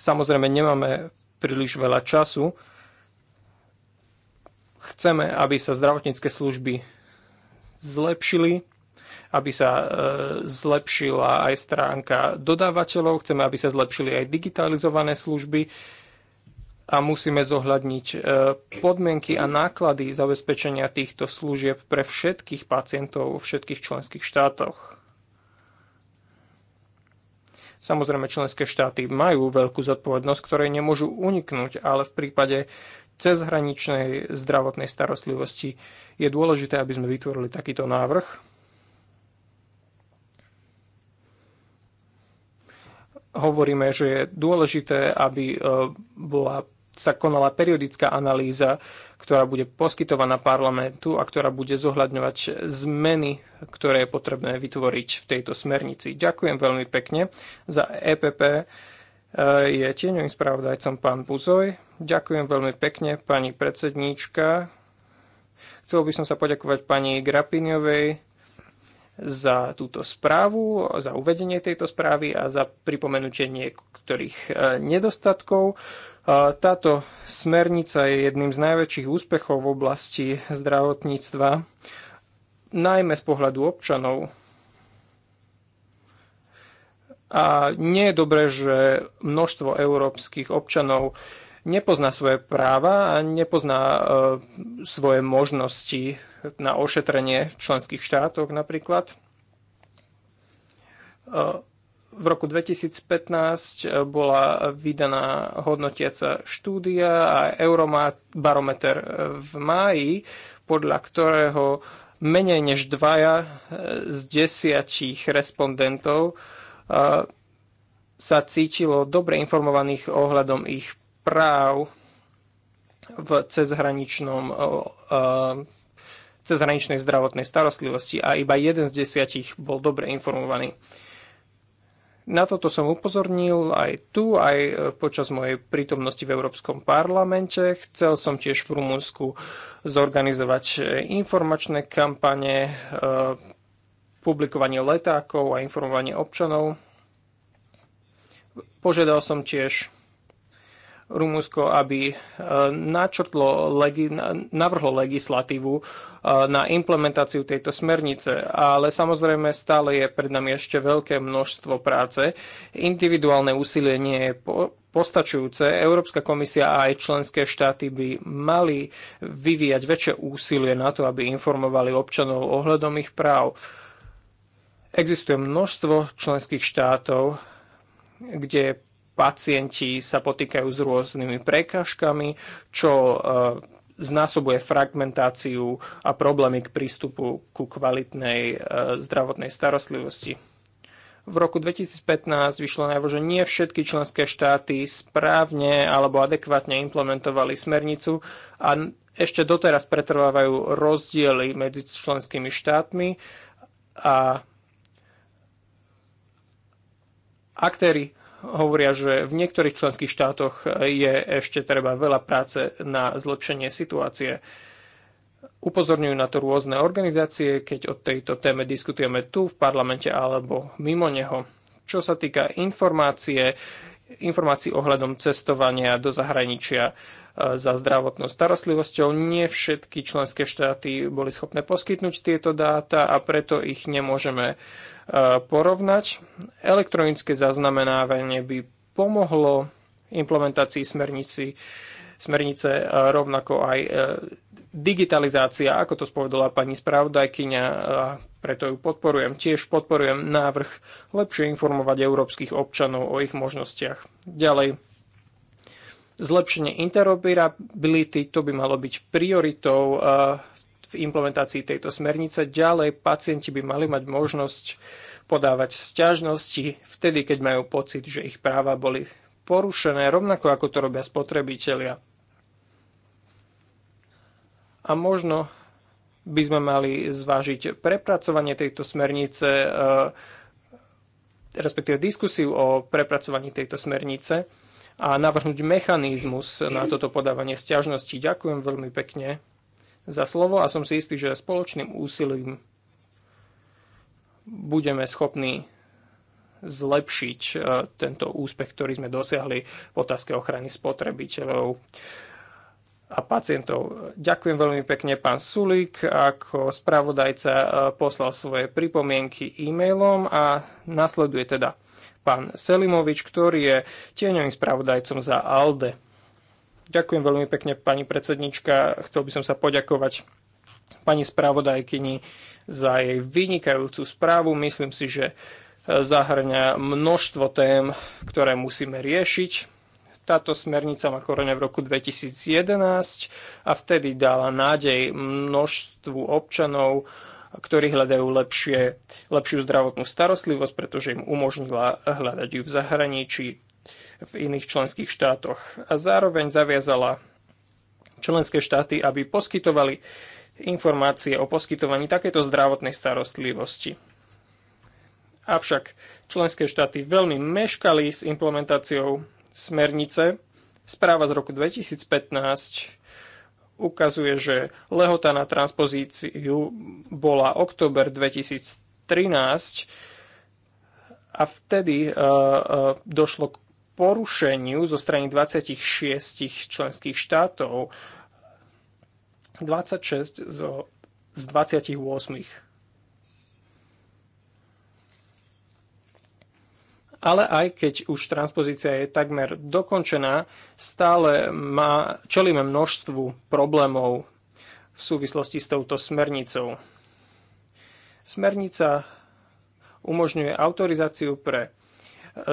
Samozrejme, nemáme príliš veľa času. Chceme, aby sa zdravotnícke služby zlepšili aby sa e, zlepšila aj stránka dodávateľov, chceme, aby sa zlepšili aj digitalizované služby a musíme zohľadniť e, podmienky a náklady zabezpečenia týchto služieb pre všetkých pacientov vo všetkých členských štátoch. Samozrejme, členské štáty majú veľkú zodpovednosť, ktorej nemôžu uniknúť, ale v prípade cezhraničnej zdravotnej starostlivosti je dôležité, aby sme vytvorili takýto návrh, hovoríme, že je dôležité, aby e, bola, sa konala periodická analýza, ktorá bude poskytovaná parlamentu a ktorá bude zohľadňovať zmeny, ktoré je potrebné vytvoriť v tejto smernici. Ďakujem veľmi pekne za EPP. E, je tieňovým spravodajcom pán Buzoj. Ďakujem veľmi pekne, pani predsedníčka. Chcel by som sa poďakovať pani Grapiniovej za túto správu, za uvedenie tejto správy a za pripomenutie niektorých e, nedostatkov. E, táto smernica je jedným z najväčších úspechov v oblasti zdravotníctva, najmä z pohľadu občanov. A nie je dobré, že množstvo európskych občanov nepozná svoje práva a nepozná e, svoje možnosti na ošetrenie v členských štátoch napríklad. E, v roku 2015 e, bola vydaná hodnotiaca štúdia a Eurobarometer e, v máji, podľa ktorého menej než dvaja z desiatich respondentov sa cítilo dobre informovaných ohľadom ich práv v cezhraničnom cezhraničnej zdravotnej starostlivosti a iba jeden z desiatich bol dobre informovaný. Na toto som upozornil aj tu, aj e, počas mojej prítomnosti v Európskom parlamente. Chcel som tiež v Rumunsku zorganizovať e, informačné kampane, e, publikovanie letákov a informovanie občanov. Požiadal som tiež Rumunsko, aby e, načrtlo, navrhlo legislatívu e, na implementáciu tejto smernice, ale samozrejme stále je pred nami ešte veľké množstvo práce. Individuálne úsilie nie je postačujúce. Európska komisia a aj členské štáty by mali vyvíjať väčšie úsilie na to, aby informovali občanov ohľadom ich práv. Existuje množstvo členských štátov, kde pacienti sa potýkajú s rôznymi prekážkami, čo e, znásobuje fragmentáciu a problémy k prístupu ku kvalitnej e, zdravotnej starostlivosti. V roku 2015 vyšlo najavo, že nie všetky členské štáty správne alebo adekvátne implementovali smernicu a ešte doteraz pretrvávajú rozdiely medzi členskými štátmi a aktéry hovoria, že v niektorých členských štátoch e, je ešte treba veľa práce na zlepšenie situácie. Upozorňujú na to rôzne organizácie, keď o tejto téme diskutujeme tu v parlamente alebo mimo neho. Čo sa týka informácie, informácií ohľadom cestovania do zahraničia e, za zdravotnou starostlivosťou. Nie všetky členské štáty boli schopné poskytnúť tieto dáta a preto ich nemôžeme e, porovnať. Elektronické zaznamenávanie by pomohlo implementácii smernici, smernice e, rovnako aj digitalizácia, ako to spovedala pani spravodajkyňa, preto ju podporujem. Tiež podporujem návrh lepšie informovať európskych občanov o ich možnostiach. Ďalej, zlepšenie interoperability, to by malo byť prioritou v implementácii tejto smernice. Ďalej, pacienti by mali mať možnosť podávať sťažnosti vtedy, keď majú pocit, že ich práva boli porušené, rovnako ako to robia spotrebitelia a možno by sme mali zvážiť prepracovanie tejto smernice, eh, respektíve diskusiu o prepracovaní tejto smernice a navrhnúť mechanizmus na toto podávanie stiažnosti. Ďakujem veľmi pekne za slovo a som si istý, že spoločným úsilím budeme schopní zlepšiť eh, tento úspech, ktorý sme dosiahli v otázke ochrany spotrebiteľov a pacientov. Ďakujem veľmi pekne, pán Sulík. Ako spravodajca e, poslal svoje pripomienky e-mailom a nasleduje teda pán Selimovič, ktorý je tieňovým spravodajcom za ALDE. Ďakujem veľmi pekne, pani predsednička. Chcel by som sa poďakovať pani spravodajkyni za jej vynikajúcu správu. Myslím si, že e, zahrňa množstvo tém, ktoré musíme riešiť táto smernica má korene v roku 2011 a vtedy dala nádej množstvu občanov, ktorí hľadajú lepšie, lepšiu zdravotnú starostlivosť, pretože im umožnila hľadať ju v zahraničí, v iných členských štátoch. A zároveň zaviazala členské štáty, aby poskytovali informácie o poskytovaní takéto zdravotnej starostlivosti. Avšak členské štáty veľmi meškali s implementáciou smernice. Správa z roku 2015 ukazuje, že lehota na transpozíciu bola október 2013 a vtedy e, e, došlo k porušeniu zo strany 26 členských štátov 26 zo, z 28 ale aj keď už transpozícia je takmer dokončená, stále má, čelíme množstvu problémov v súvislosti s touto smernicou. Smernica umožňuje autorizáciu pre e,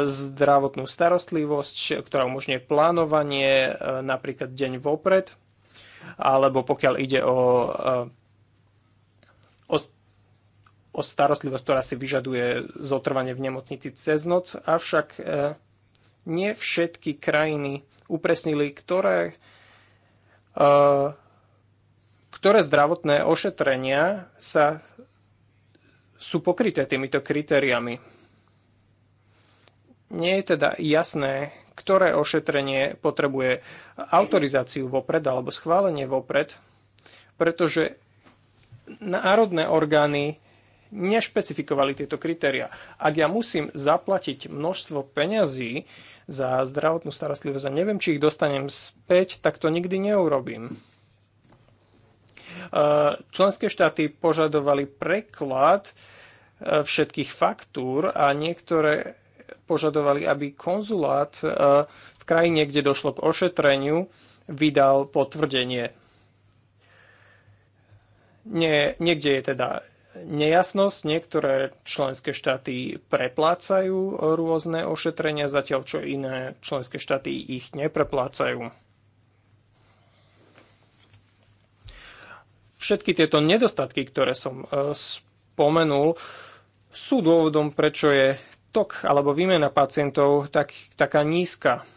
zdravotnú starostlivosť, ktorá umožňuje plánovanie e, napríklad deň vopred, alebo pokiaľ ide o e, o starostlivosť, ktorá si vyžaduje zotrvanie v nemocnici cez noc, avšak e, nie všetky krajiny upresnili, ktoré, e, ktoré zdravotné ošetrenia sa, sú pokryté týmito kritériami. Nie je teda jasné, ktoré ošetrenie potrebuje autorizáciu vopred alebo schválenie vopred, pretože národné orgány nešpecifikovali tieto kritéria. Ak ja musím zaplatiť množstvo peňazí za zdravotnú starostlivosť a neviem, či ich dostanem späť, tak to nikdy neurobím. E, členské štáty požadovali preklad e, všetkých faktúr a niektoré požadovali, aby konzulát e, v krajine, kde došlo k ošetreniu, vydal potvrdenie. Nie, niekde je teda nejasnosť. Niektoré členské štáty preplácajú rôzne ošetrenia, zatiaľ čo iné členské štáty ich nepreplácajú. Všetky tieto nedostatky, ktoré som e, spomenul, sú dôvodom, prečo je tok alebo výmena pacientov tak, taká nízka.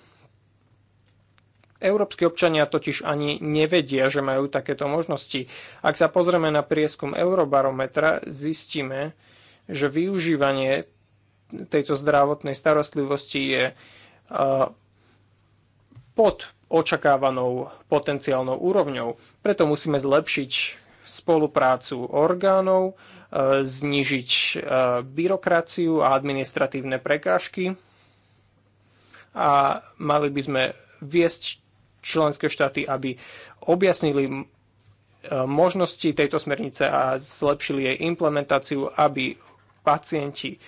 Európsky občania totiž ani nevedia, že majú takéto možnosti. Ak sa pozrieme na prieskum Eurobarometra, zistíme, že využívanie tejto zdravotnej starostlivosti je e, pod očakávanou potenciálnou úrovňou. Preto musíme zlepšiť spoluprácu orgánov, e, znižiť e, byrokraciu a administratívne prekážky a mali by sme viesť členské štáty, aby objasnili e, možnosti tejto smernice a zlepšili jej implementáciu, aby pacienti e,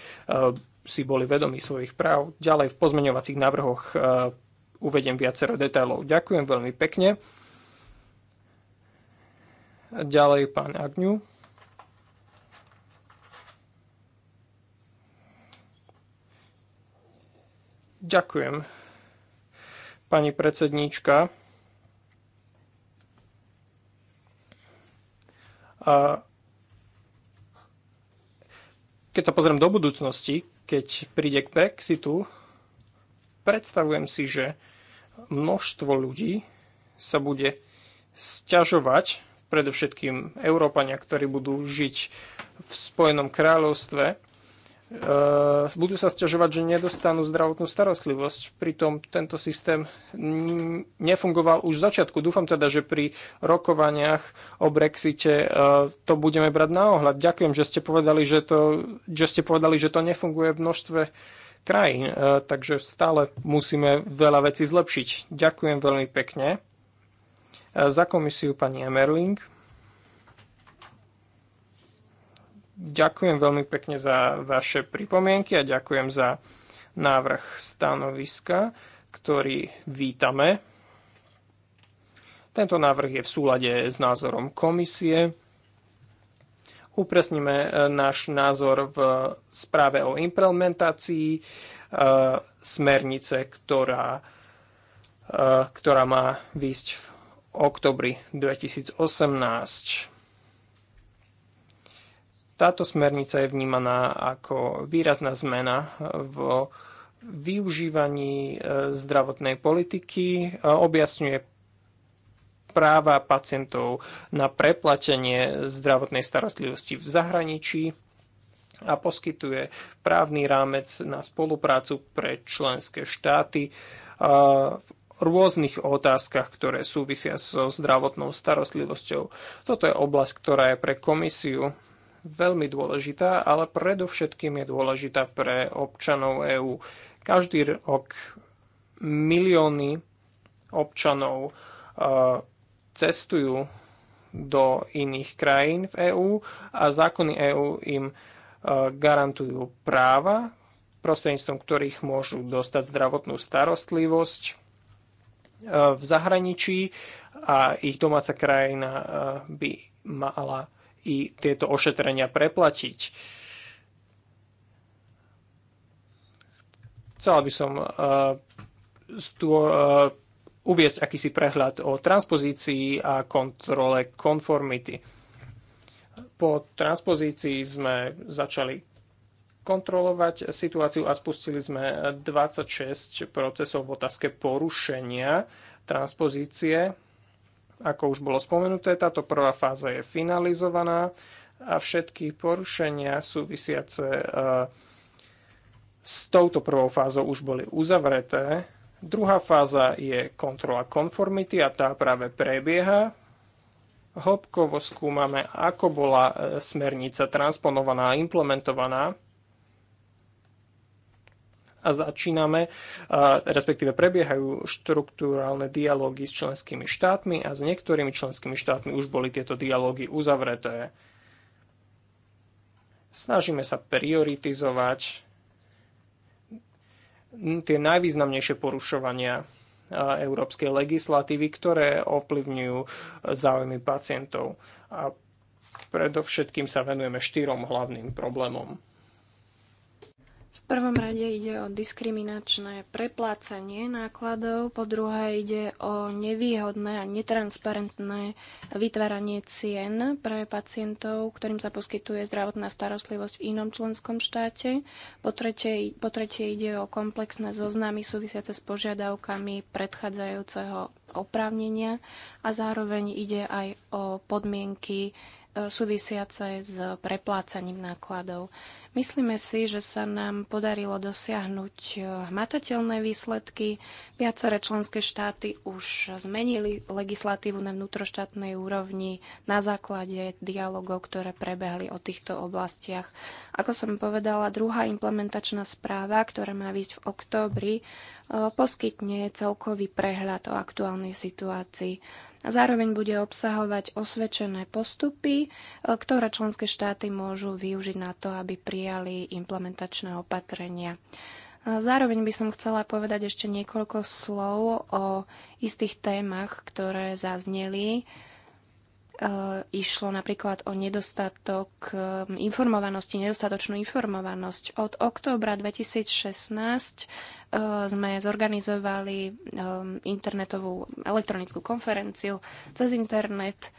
si boli vedomí svojich práv. Ďalej v pozmeňovacích návrhoch e, uvediem viacero detailov. Ďakujem veľmi pekne. Ďalej pán Agňu. Ďakujem pani predsedníčka. A keď sa pozriem do budúcnosti, keď príde k Brexitu, predstavujem si, že množstvo ľudí sa bude sťažovať, predovšetkým Európania, ktorí budú žiť v Spojenom kráľovstve, Eh, budú sa stiažovať, že nedostanú zdravotnú starostlivosť. Pritom tento systém nefungoval už v začiatku. Dúfam teda, že pri rokovaniach o Brexite eh, to budeme brať na ohľad. Ďakujem, že ste povedali, že to, že ste povedali, že to nefunguje v množstve krajín, eh, takže stále musíme veľa vecí zlepšiť. Ďakujem veľmi pekne. Za komisiu pani Emerling. Ďakujem veľmi pekne za vaše pripomienky a ďakujem za návrh stanoviska, ktorý vítame. Tento návrh je v súlade s názorom komisie. Upresníme e, náš názor v správe o implementácii e, smernice, ktorá, e, ktorá má výsť v oktobri 2018. Táto smernica je vnímaná ako výrazná zmena v využívaní e, zdravotnej politiky, e, objasňuje práva pacientov na preplatenie zdravotnej starostlivosti v zahraničí a poskytuje právny rámec na spoluprácu pre členské štáty e, v rôznych otázkach, ktoré súvisia so zdravotnou starostlivosťou. Toto je oblasť, ktorá je pre komisiu veľmi dôležitá, ale predovšetkým je dôležitá pre občanov EÚ. Každý rok milióny občanov uh, cestujú do iných krajín v EÚ a zákony EÚ im uh, garantujú práva, prostredníctvom ktorých môžu dostať zdravotnú starostlivosť uh, v zahraničí a ich domáca krajina by mala i tieto ošetrenia preplatiť. Chcela by som eh, eh, uviesť akýsi prehľad o transpozícii a kontrole konformity. Po transpozícii sme začali kontrolovať situáciu a spustili sme 26 procesov v otázke porušenia transpozície ako už bolo spomenuté, táto prvá fáza je finalizovaná a všetky porušenia súvisiace e, s touto prvou fázou už boli uzavreté. Druhá fáza je kontrola konformity a tá práve prebieha. Hĺbkovo skúmame, ako bola e, smernica transponovaná a implementovaná a začíname, respektíve prebiehajú štruktúrálne dialógy s členskými štátmi a s niektorými členskými štátmi už boli tieto dialógy uzavreté. Snažíme sa prioritizovať tie najvýznamnejšie porušovania európskej legislatívy, ktoré ovplyvňujú záujmy pacientov. A predovšetkým sa venujeme štyrom hlavným problémom prvom rade ide o diskriminačné preplácanie nákladov, po druhé ide o nevýhodné a netransparentné vytváranie cien pre pacientov, ktorým sa poskytuje zdravotná starostlivosť v inom členskom štáte, po tretie, po tretie ide o komplexné zoznamy súvisiace s požiadavkami predchádzajúceho oprávnenia a zároveň ide aj o podmienky súvisiace s preplácaním nákladov. Myslíme si, že sa nám podarilo dosiahnuť eh, hmatateľné výsledky. Viaceré členské štáty už zmenili legislatívu na vnútroštátnej úrovni na základe dialogov, ktoré prebehli o týchto oblastiach. Ako som povedala, druhá implementačná správa, ktorá má výsť v októbri, eh, poskytne celkový prehľad o aktuálnej situácii a zároveň bude obsahovať osvedčené postupy, e, ktoré členské štáty môžu využiť na to, aby prijali implementačné opatrenia. E, zároveň by som chcela povedať ešte niekoľko slov o istých témach, ktoré zazneli E, išlo napríklad o nedostatok e, informovanosti, nedostatočnú informovanosť. Od októbra 2016 e, sme zorganizovali internetovú elektronickú konferenciu cez internet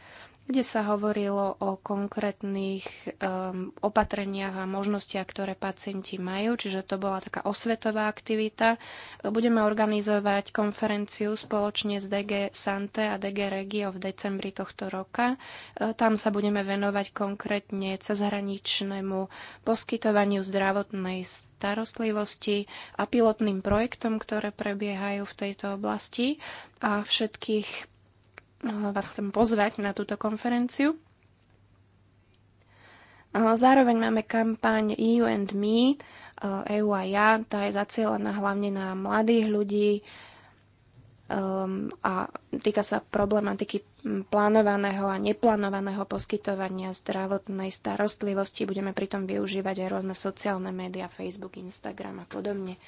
kde sa hovorilo o konkrétnych um, opatreniach a možnostiach, ktoré pacienti majú, čiže to bola taká osvetová aktivita. Budeme organizovať konferenciu spoločne s DG Sante a DG Regio v decembri tohto roka. E, tam sa budeme venovať konkrétne cezhraničnému poskytovaniu zdravotnej starostlivosti a pilotným projektom, ktoré prebiehajú v tejto oblasti a všetkých vás chcem pozvať na túto konferenciu. Zároveň máme kampaň EU and Me, EU e a ja, tá je zacielená hlavne na mladých ľudí um, a týka sa problematiky plánovaného a neplánovaného poskytovania zdravotnej starostlivosti. Budeme pritom využívať aj rôzne sociálne médiá, Facebook, Instagram a podobne.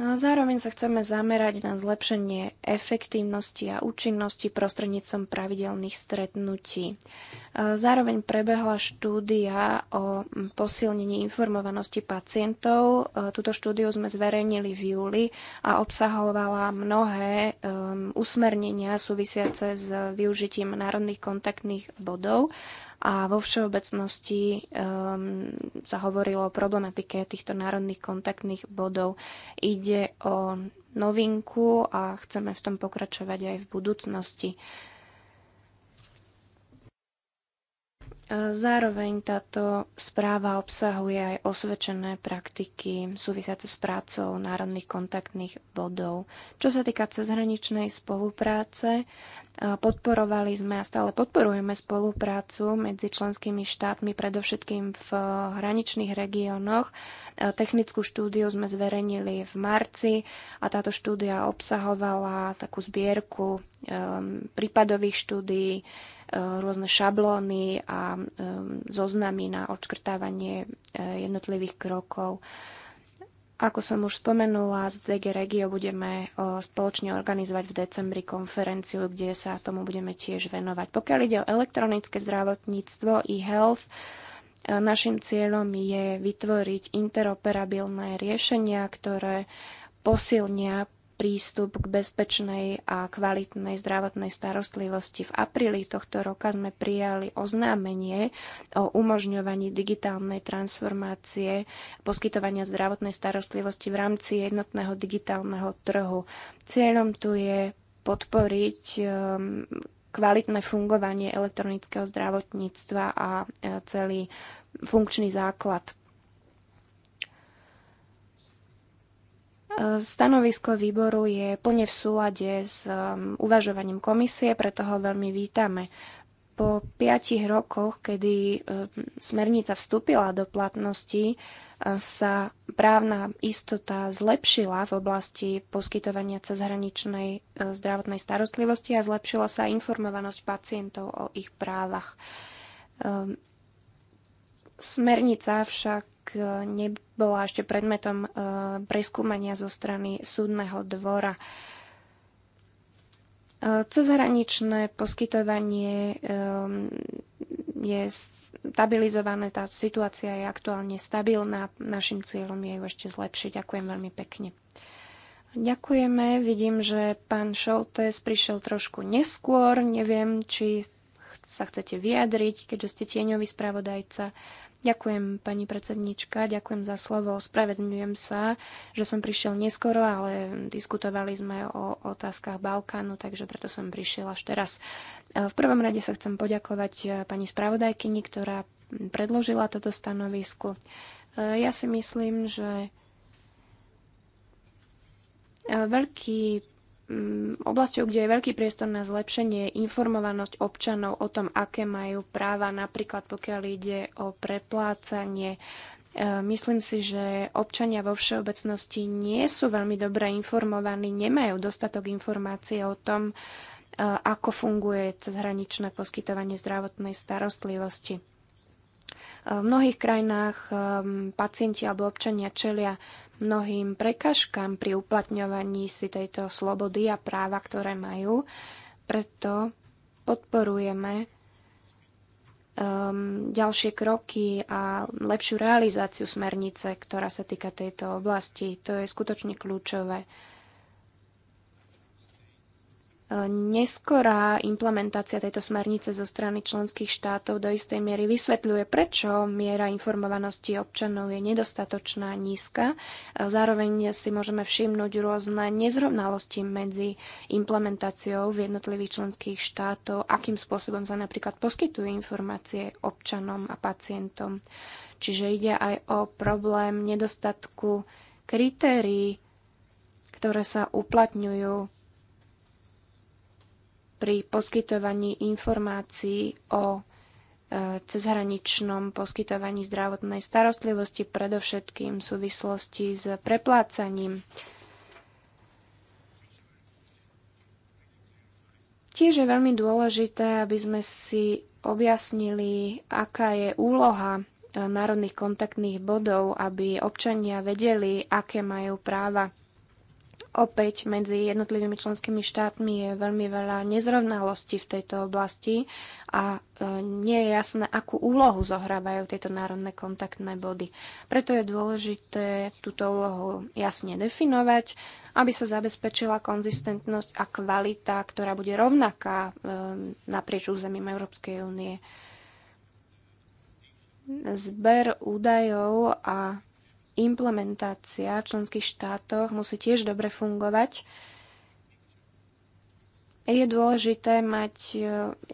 A zároveň sa chceme zamerať na zlepšenie efektívnosti a účinnosti prostredníctvom pravidelných stretnutí. Zároveň prebehla štúdia o posilnení informovanosti pacientov. Túto štúdiu sme zverejnili v júli a obsahovala mnohé um, usmernenia súvisiace s využitím národných kontaktných bodov a vo všeobecnosti um, sa hovorilo o problematike týchto národných kontaktných bodov. Ide o novinku a chceme v tom pokračovať aj v budúcnosti. Uh, Zároveň táto správa obsahuje aj osvedčené praktiky súvisiace s prácou národných kontaktných bodov. Čo sa týka cezhraničnej spolupráce, e, podporovali sme a stále podporujeme spoluprácu medzi členskými štátmi, predovšetkým v hraničných regiónoch. E, technickú štúdiu sme zverejnili v marci a táto štúdia obsahovala takú zbierku e, prípadových štúdií, rôzne šablóny a zoznamy na odškrtávanie e, jednotlivých krokov. Ako som už spomenula, z DG Regio budeme spoločne organizovať v decembri konferenciu, kde sa tomu budeme tiež venovať. Pokiaľ ide o elektronické zdravotníctvo i e health, našim cieľom je vytvoriť interoperabilné riešenia, ktoré posilnia prístup k bezpečnej a kvalitnej zdravotnej starostlivosti. V apríli tohto roka sme prijali oznámenie o umožňovaní digitálnej transformácie poskytovania zdravotnej starostlivosti v rámci jednotného digitálneho trhu. Cieľom tu je podporiť um, kvalitné fungovanie elektronického zdravotníctva a e, celý funkčný základ Stanovisko výboru je plne v súlade s um, uvažovaním komisie, preto ho veľmi vítame. Po piatich rokoch, kedy um, smernica vstúpila do platnosti, uh, sa právna istota zlepšila v oblasti poskytovania cezhraničnej uh, zdravotnej starostlivosti a zlepšila sa informovanosť pacientov o ich právach. Um, smernica však nebola ešte predmetom eh, preskúmania zo strany súdneho dvora. Eh, cezhraničné poskytovanie eh, je stabilizované, tá situácia je aktuálne stabilná. Našim cieľom je ju ešte zlepšiť. Ďakujem veľmi pekne. Ďakujeme. Vidím, že pán Šoltes prišiel trošku neskôr. Neviem, či sa chcete vyjadriť, keďže ste tieňový spravodajca. Ďakujem, pani predsednička, ďakujem za slovo. Spravedňujem sa, že som prišiel neskoro, ale diskutovali sme o otázkach Balkánu, takže preto som prišiel až teraz. E, v prvom rade sa chcem poďakovať e, pani spravodajkyni, ktorá predložila toto stanovisko. E, ja si myslím, že veľký Mm, oblasťou, kde je veľký priestor na zlepšenie, je informovanosť občanov o tom, aké majú práva, napríklad pokiaľ ide o preplácanie. E, myslím si, že občania vo všeobecnosti nie sú veľmi dobre informovaní, nemajú dostatok informácie o tom, e, ako funguje cezhraničné poskytovanie zdravotnej starostlivosti. E, v mnohých krajinách pacienti alebo občania čelia mnohým prekažkám pri uplatňovaní si tejto slobody a práva, ktoré majú. Preto podporujeme um, ďalšie kroky a lepšiu realizáciu smernice, ktorá sa týka tejto oblasti. To je skutočne kľúčové. Neskorá implementácia tejto smernice zo strany členských štátov do istej miery vysvetľuje, prečo miera informovanosti občanov je nedostatočná, nízka. Zároveň si môžeme všimnúť rôzne nezrovnalosti medzi implementáciou v jednotlivých členských štátov, akým spôsobom sa napríklad poskytujú informácie občanom a pacientom. Čiže ide aj o problém nedostatku kritérií, ktoré sa uplatňujú pri poskytovaní informácií o e, cezhraničnom poskytovaní zdravotnej starostlivosti, predovšetkým v súvislosti s preplácaním. Tiež je veľmi dôležité, aby sme si objasnili, aká je úloha e, národných kontaktných bodov, aby občania vedeli, aké majú práva. Opäť medzi jednotlivými členskými štátmi je veľmi veľa nezrovnalostí v tejto oblasti a e, nie je jasné, akú úlohu zohrávajú tieto národné kontaktné body. Preto je dôležité túto úlohu jasne definovať, aby sa zabezpečila konzistentnosť a kvalita, ktorá bude rovnaká e, naprieč územím Európskej únie. Zber údajov a implementácia v členských štátoch musí tiež dobre fungovať. Je dôležité mať e,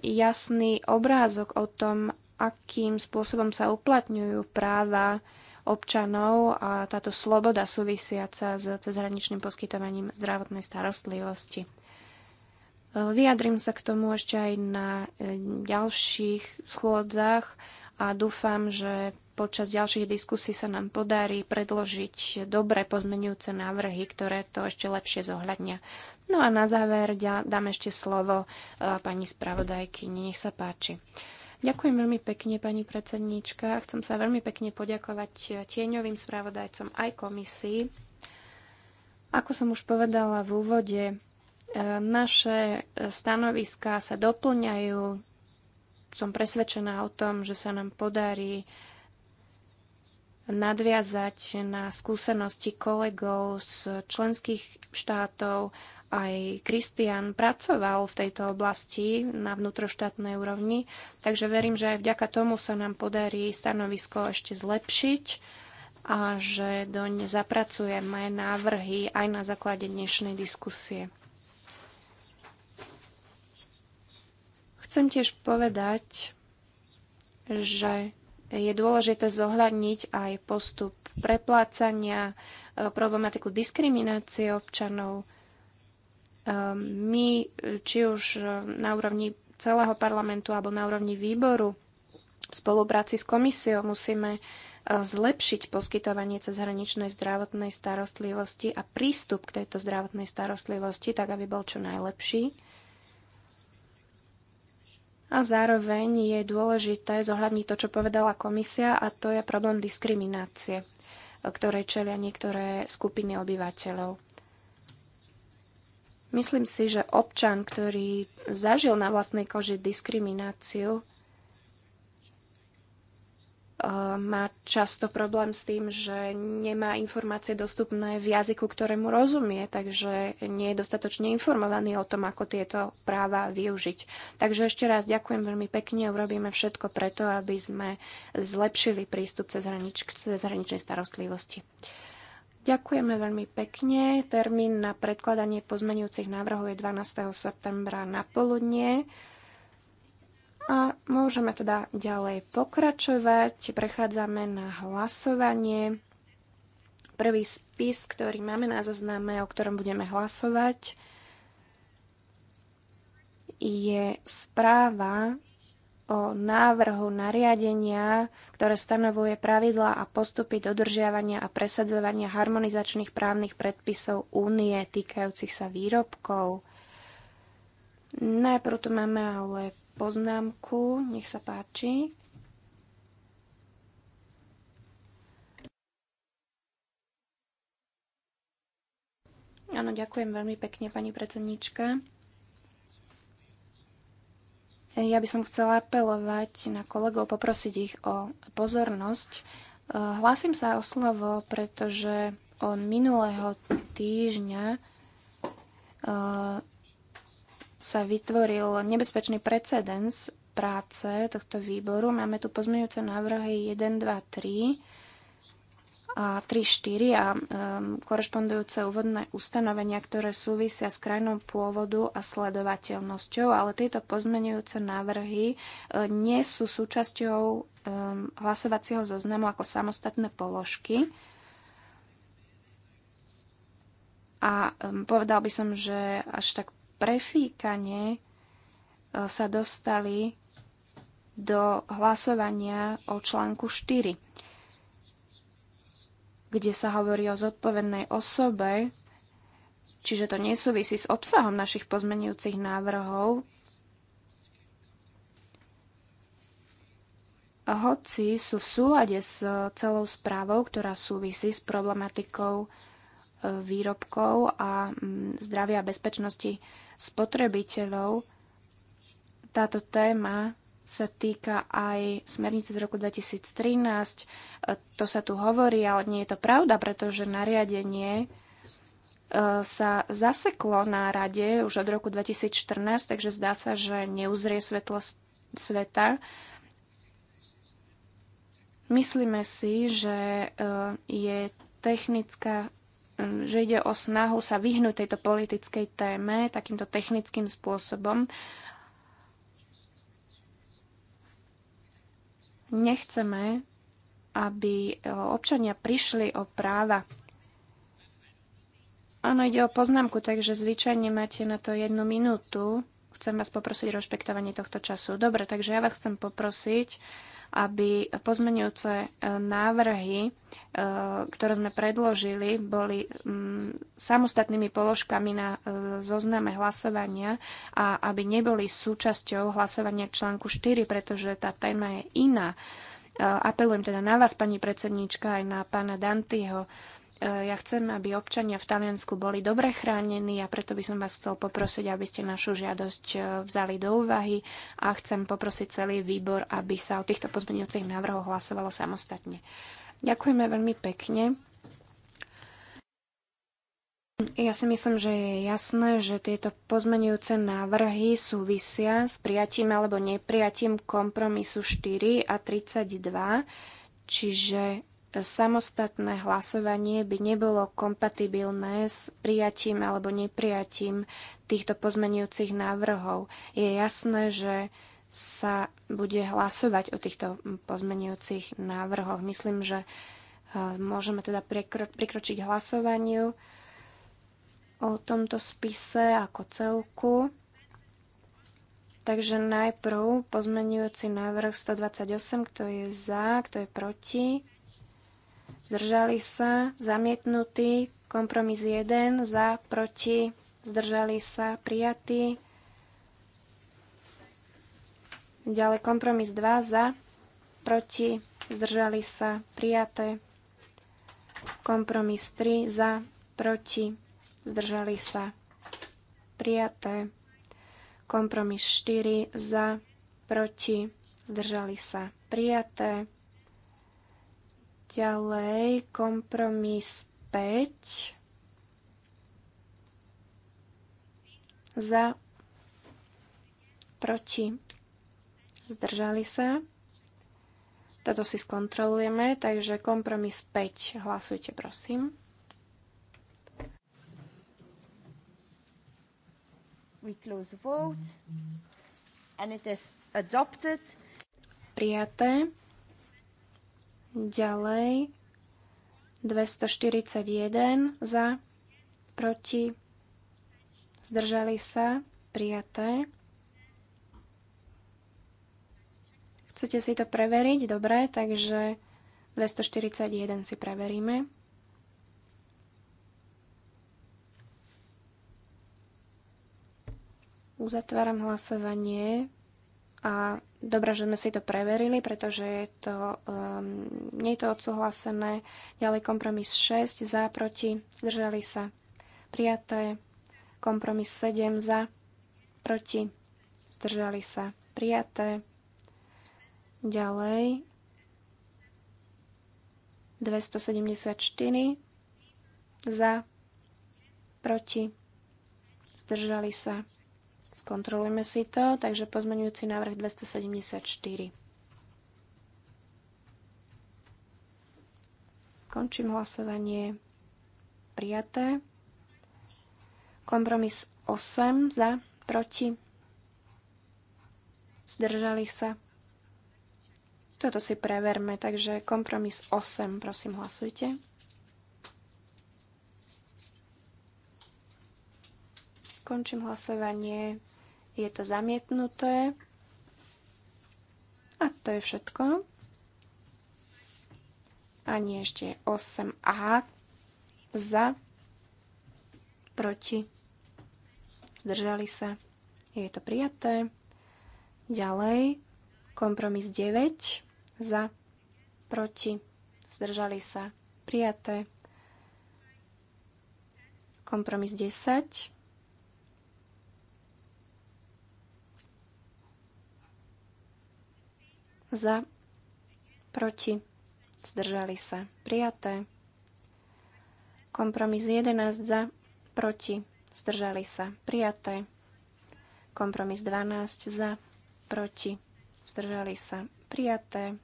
jasný obrázok o tom, akým spôsobom sa uplatňujú práva občanov a táto sloboda súvisiaca s cezhraničným poskytovaním zdravotnej starostlivosti. E, vyjadrím sa k tomu ešte aj na e, ďalších schôdzach a dúfam, že počas ďalších diskusí sa nám podarí predložiť dobré pozmenujúce návrhy, ktoré to ešte lepšie zohľadnia. No a na záver dám ešte slovo e, pani spravodajky. Nech sa páči. Ďakujem veľmi pekne, pani predsedníčka. Chcem sa veľmi pekne poďakovať e, tieňovým spravodajcom aj komisii. Ako som už povedala v úvode, e, naše stanoviská sa doplňajú. Som presvedčená o tom, že sa nám podarí nadviazať na skúsenosti kolegov z členských štátov. Aj Kristian pracoval v tejto oblasti na vnútroštátnej úrovni, takže verím, že aj vďaka tomu sa nám podarí stanovisko ešte zlepšiť a že doň zapracujeme návrhy aj na základe dnešnej diskusie. Chcem tiež povedať, že je dôležité zohľadniť aj postup preplácania, e, problematiku diskriminácie občanov. E, my, či už e, na úrovni celého parlamentu alebo na úrovni výboru v spolupráci s komisiou musíme zlepšiť poskytovanie cezhraničnej zdravotnej starostlivosti a prístup k tejto zdravotnej starostlivosti, tak aby bol čo najlepší. A zároveň je dôležité zohľadniť to, čo povedala komisia, a to je problém diskriminácie, ktoré čelia niektoré skupiny obyvateľov. Myslím si, že občan, ktorý zažil na vlastnej koži diskrimináciu, má často problém s tým, že nemá informácie dostupné v jazyku, ktorému rozumie, takže nie je dostatočne informovaný o tom, ako tieto práva využiť. Takže ešte raz ďakujem veľmi pekne a urobíme všetko preto, aby sme zlepšili prístup cez, hranič, cez hraničnej starostlivosti. Ďakujeme veľmi pekne. Termín na predkladanie pozmenujúcich návrhov je 12. septembra na poludnie. A môžeme teda ďalej pokračovať. Prechádzame na hlasovanie. Prvý spis, ktorý máme na zozname, o ktorom budeme hlasovať, je správa o návrhu nariadenia, ktoré stanovuje pravidlá a postupy dodržiavania a presadzovania harmonizačných právnych predpisov únie týkajúcich sa výrobkov. Najprv tu máme ale poznámku. Nech sa páči. Áno, ďakujem veľmi pekne, pani predsednička. Ja by som chcela apelovať na kolegov, poprosiť ich o pozornosť. Hlásim sa o slovo, pretože od minulého týždňa sa vytvoril nebezpečný precedens práce tohto výboru. Máme tu pozmeňujúce návrhy 1, 2, 3 a 3, 4 a um, korešpondujúce úvodné ustanovenia, ktoré súvisia s krajnou pôvodu a sledovateľnosťou, ale tieto pozmeňujúce návrhy uh, nie sú súčasťou um, hlasovacieho zoznamu ako samostatné položky. A um, povedal by som, že až tak prefíkanie e, sa dostali do hlasovania o článku 4, kde sa hovorí o zodpovednej osobe, čiže to nesúvisí s obsahom našich pozmenujúcich návrhov, hoci sú v súlade s celou správou, ktorá súvisí s problematikou e, výrobkov a mm, zdravia a bezpečnosti spotrebiteľov. Táto téma sa týka aj smernice z roku 2013. E, to sa tu hovorí, ale nie je to pravda, pretože nariadenie e, sa zaseklo na rade už od roku 2014, takže zdá sa, že neuzrie svetlo sveta. Myslíme si, že e, je technická že ide o snahu sa vyhnúť tejto politickej téme takýmto technickým spôsobom. Nechceme, aby e, občania prišli o práva. Áno, ide o poznámku, takže zvyčajne máte na to jednu minútu. Chcem vás poprosiť o rešpektovanie tohto času. Dobre, takže ja vás chcem poprosiť, aby pozmeňujúce e, návrhy, e, ktoré sme predložili, boli mm, samostatnými položkami na e, zozname hlasovania a aby neboli súčasťou hlasovania článku 4, pretože tá téma je iná. Apelujem teda na vás, pani predsedníčka, aj na pána Dantyho, ja chcem, aby občania v Taliansku boli dobre chránení a preto by som vás chcel poprosiť, aby ste našu žiadosť eh, vzali do úvahy a chcem poprosiť celý výbor, aby sa o týchto pozmeňujúcich návrhoch hlasovalo samostatne. Ďakujeme veľmi pekne. Ja si myslím, že je jasné, že tieto pozmenujúce návrhy súvisia s prijatím alebo neprijatím kompromisu 4 a 32, čiže samostatné hlasovanie by nebolo kompatibilné s prijatím alebo neprijatím týchto pozmenujúcich návrhov. Je jasné, že sa bude hlasovať o týchto pozmenujúcich návrhoch. Myslím, že e, môžeme teda prikro- prikročiť hlasovaniu o tomto spise ako celku. Takže najprv pozmenujúci návrh 128, kto je za, kto je proti, zdržali sa, zamietnutý, kompromis 1, za, proti, zdržali sa, prijatý. Ďalej kompromis 2, za, proti, zdržali sa, prijaté. Kompromis 3, za, proti, zdržali sa, prijaté. Kompromis 4, za, proti, zdržali sa, prijaté. Ďalej kompromis 5 za proti zdržali sa. Toto si skontrolujeme, takže kompromis 5. Hlasujte, prosím. We close vote and it is adopted. Prijaté. Ďalej 241 za, proti, zdržali sa, prijaté. Chcete si to preveriť? Dobre, takže 241 si preveríme. Uzatváram hlasovanie. A dobre, že sme si to preverili, pretože je to, um, nie je to odsúhlasené. Ďalej kompromis 6 za, proti, zdržali sa. Prijaté. Kompromis 7 za, proti, zdržali sa. Prijaté. Ďalej 274 za, proti, zdržali sa. Skontrolujme si to. Takže pozmenujúci návrh 274. Končím hlasovanie. Prijaté. Kompromis 8 za, proti. Zdržali sa. Toto si preverme, takže kompromis 8, prosím, hlasujte. Končím hlasovanie je to zamietnuté. A to je všetko. A nie ešte 8A za, proti, zdržali sa. Je to prijaté. Ďalej, kompromis 9 za, proti, zdržali sa. Prijaté. Kompromis 10 za, proti, zdržali sa, prijaté. Kompromis 11 za, proti, zdržali sa, prijaté. Kompromis 12 za, proti, zdržali sa, prijaté.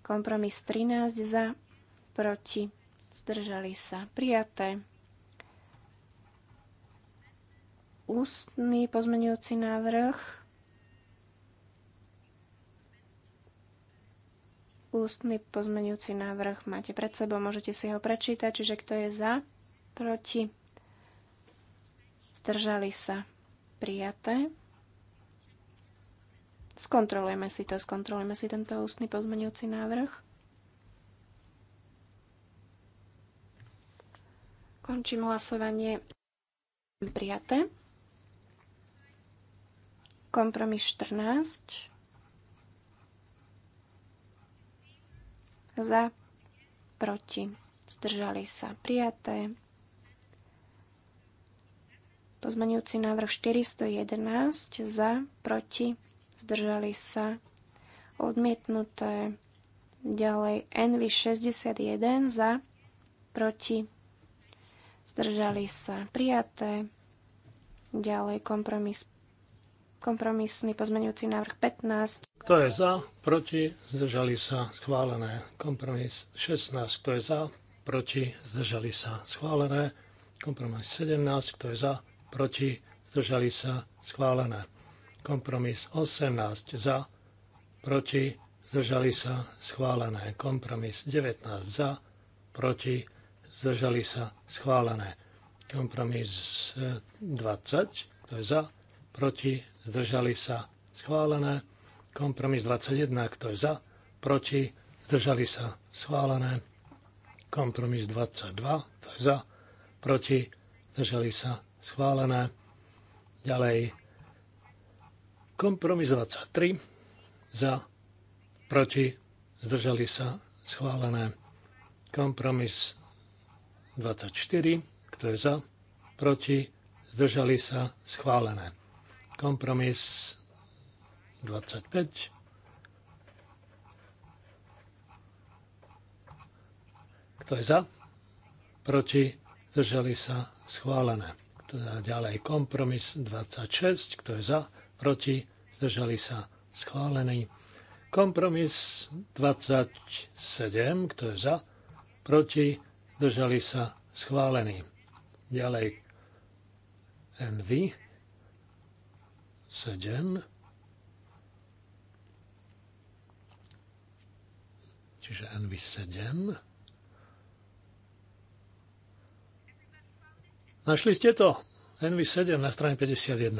Kompromis 13 za, proti, zdržali sa, prijaté. Ústny pozmenujúci návrh Ústny pozmenujúci návrh máte pred sebou, môžete si ho prečítať, čiže kto je za, proti, zdržali sa, prijaté. Skontrolujeme si to, skontrolujeme si tento ústny pozmenujúci návrh. Končím hlasovanie. Prijaté. Kompromis 14. za, proti, zdržali sa prijaté. Pozmenujúci návrh 411 za, proti, zdržali sa odmietnuté. Ďalej NV 61 za, proti, zdržali sa prijaté. Ďalej kompromis Kompromisný pozmeňujúci návrh 15. Kto je za? Proti? Zdržali sa? Schválené. Kompromis 16. Kto je za? Proti? Zdržali sa? Schválené. Kompromis 17. Kto je za? Proti? Zdržali sa? Schválené. Kompromis 18. Za? Proti? Zdržali sa? Schválené. Kompromis 19. Za? Proti? Zdržali sa? Schválené kompromis 20, to je za, proti, zdržali sa, schválené. Kompromis 21, kto je za, proti, zdržali sa, schválené. Kompromis 22, kto je za, proti, zdržali sa, schválené. Ďalej, kompromis 23, za, proti, zdržali sa, schválené. Kompromis 24, kto je za, proti, zdržali sa, schválené. Kompromis 25. Kto je za? Proti? Zdržali sa? Schválené. Teda ďalej kompromis 26. Kto je za? Proti? Zdržali sa? Schválený. Kompromis 27. Kto je za? Proti? Zdržali sa? Schválený. Ďalej NV 7. Čiže Nv 7. Našli ste to? NV 7 na strane 51.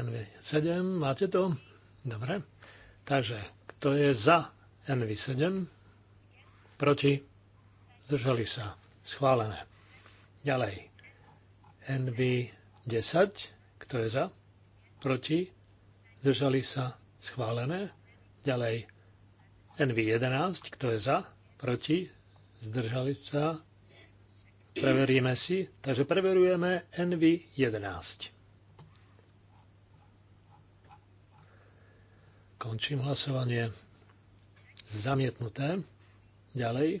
NV 7, máte to? Dobre. Takže, kto je za nv 7? Proti? Zdržali sa. Schválené. Ďalej. NV10. Kto je za? Proti? Zdržali sa? Schválené. Ďalej NV11. Kto je za? Proti? Zdržali sa? Preveríme si. Takže preverujeme NV11. Končím hlasovanie. Zamietnuté. Ďalej.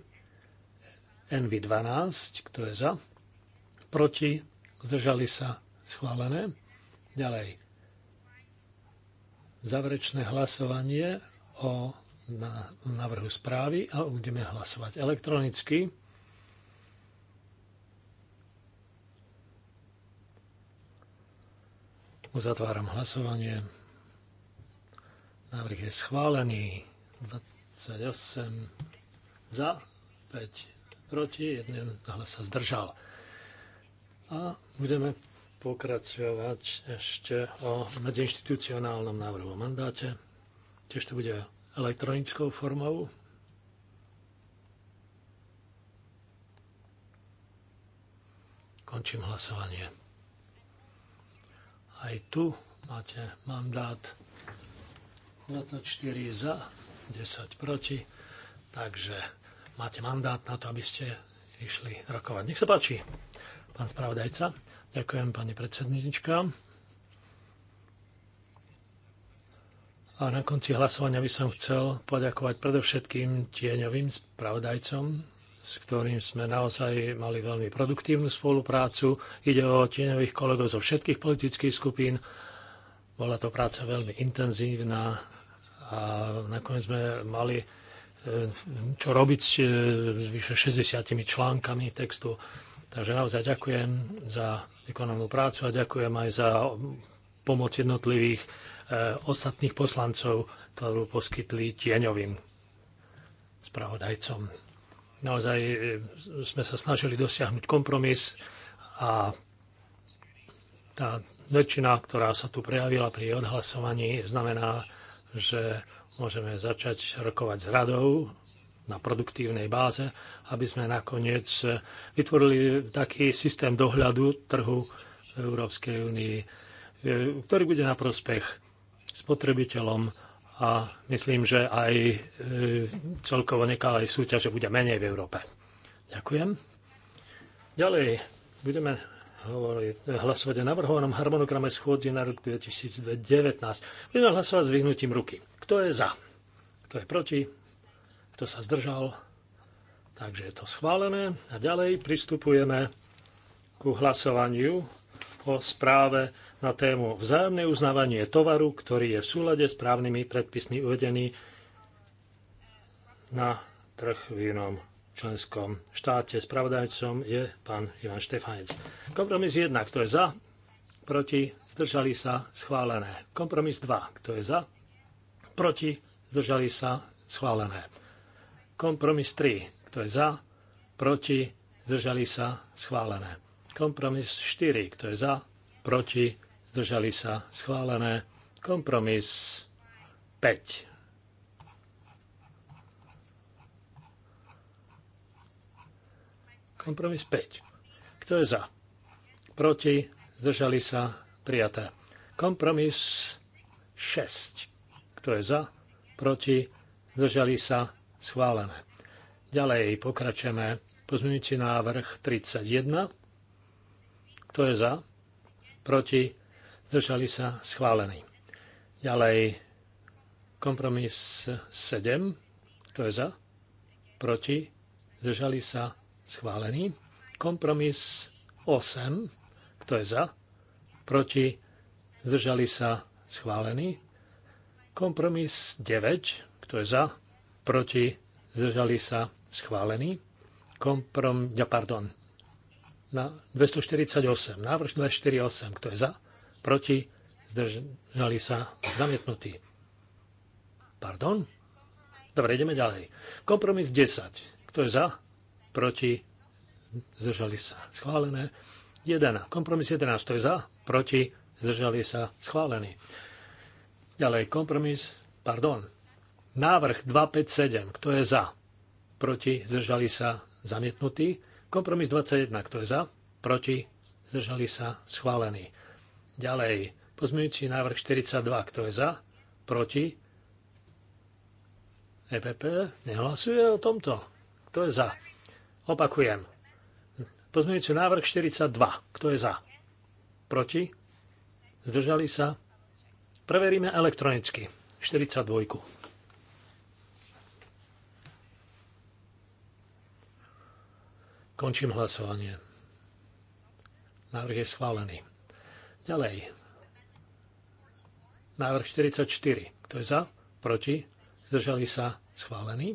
NV12, kto je za? Proti? zdržali sa, schválené. Ďalej, záverečné hlasovanie o návrhu správy a budeme hlasovať elektronicky. Uzatváram hlasovanie. Návrh je schválený. 28 za, 5 proti, 1 hlas sa zdržal a budeme pokračovať ešte o medzinstitucionálnom návrhu mandáte. Tiež to bude elektronickou formou. Končím hlasovanie. Aj tu máte mandát 24 za, 10 proti, takže máte mandát na to, aby ste išli rokovať. Nech sa páči. Pán spravodajca. Ďakujem, pani predsednička. A na konci hlasovania by som chcel poďakovať predovšetkým tieňovým spravodajcom, s ktorým sme naozaj mali veľmi produktívnu spoluprácu. Ide o tieňových kolegov zo všetkých politických skupín. Bola to práca veľmi intenzívna a nakoniec sme mali e, čo robiť e, s vyše 60 článkami textu. Takže naozaj ďakujem za vykonanú prácu a ďakujem aj za pomoc jednotlivých eh, ostatných poslancov, ktorú poskytli tieňovým spravodajcom. Naozaj eh, sme sa snažili dosiahnuť kompromis a tá väčšina, ktorá sa tu prejavila pri odhlasovaní, znamená, že môžeme začať rokovať s radou na produktívnej báze, aby sme nakoniec vytvorili taký systém dohľadu trhu v Európskej únii, e, ktorý bude na prospech spotrebiteľom a myslím, že aj e, celkovo nekalej súťaže bude menej v Európe. Ďakujem. Ďalej budeme hovoriť, e, hlasovať o navrhovanom harmonograme schôdzi na rok 2019. Budeme hlasovať s vyhnutím ruky. Kto je za? Kto je proti? Kto sa zdržal? Takže je to schválené. A ďalej pristupujeme ku hlasovaniu o správe na tému vzájomné uznávanie tovaru, ktorý je v súlade s právnymi predpismi uvedený na trh v inom členskom štáte. Spravodajcom je pán Ivan Štefanec. Kompromis 1, kto je za, proti, zdržali sa, schválené. Kompromis 2, kto je za, proti, zdržali sa, schválené. Kompromis 3. Kto je za? Proti? Zdržali sa? Schválené. Kompromis 4. Kto je za? Proti? Zdržali sa? Schválené. Kompromis 5. Kompromis 5. Kto je za? Proti? Zdržali sa? Prijaté. Kompromis 6. Kto je za? Proti? Zdržali sa? Schválené. Ďalej pokračujeme pozmeňujúci návrh 31. Kto je za? Proti? Zdržali sa? Schválený. Ďalej kompromis 7. Kto je za? Proti? Zdržali sa? Schválený. Kompromis 8. Kto je za? Proti? Zdržali sa? Schválený. Kompromis 9. Kto je za? proti, zdržali sa schválený. Komprom, ja, pardon, na 248, návrh 248, kto je za, proti, zdržali sa zamietnutý. Pardon? Dobre, ideme ďalej. Kompromis 10, kto je za, proti, zdržali sa schválené. 1, kompromis 11, kto je za, proti, zdržali sa schválený. Ďalej, kompromis, pardon, Návrh 257, kto je za? Proti, zdržali sa, zamietnutí. Kompromis 21, kto je za? Proti, zdržali sa, schválený. Ďalej, pozmeňujúci návrh 42, kto je za? Proti? EPP nehlasuje o tomto. Kto je za? Opakujem. Pozmeňujúci návrh 42, kto je za? Proti? Zdržali sa? Preveríme elektronicky. 42. Končím hlasovanie. Návrh je schválený. Ďalej. Návrh 44. Kto je za? Proti? Zdržali sa? Schválený.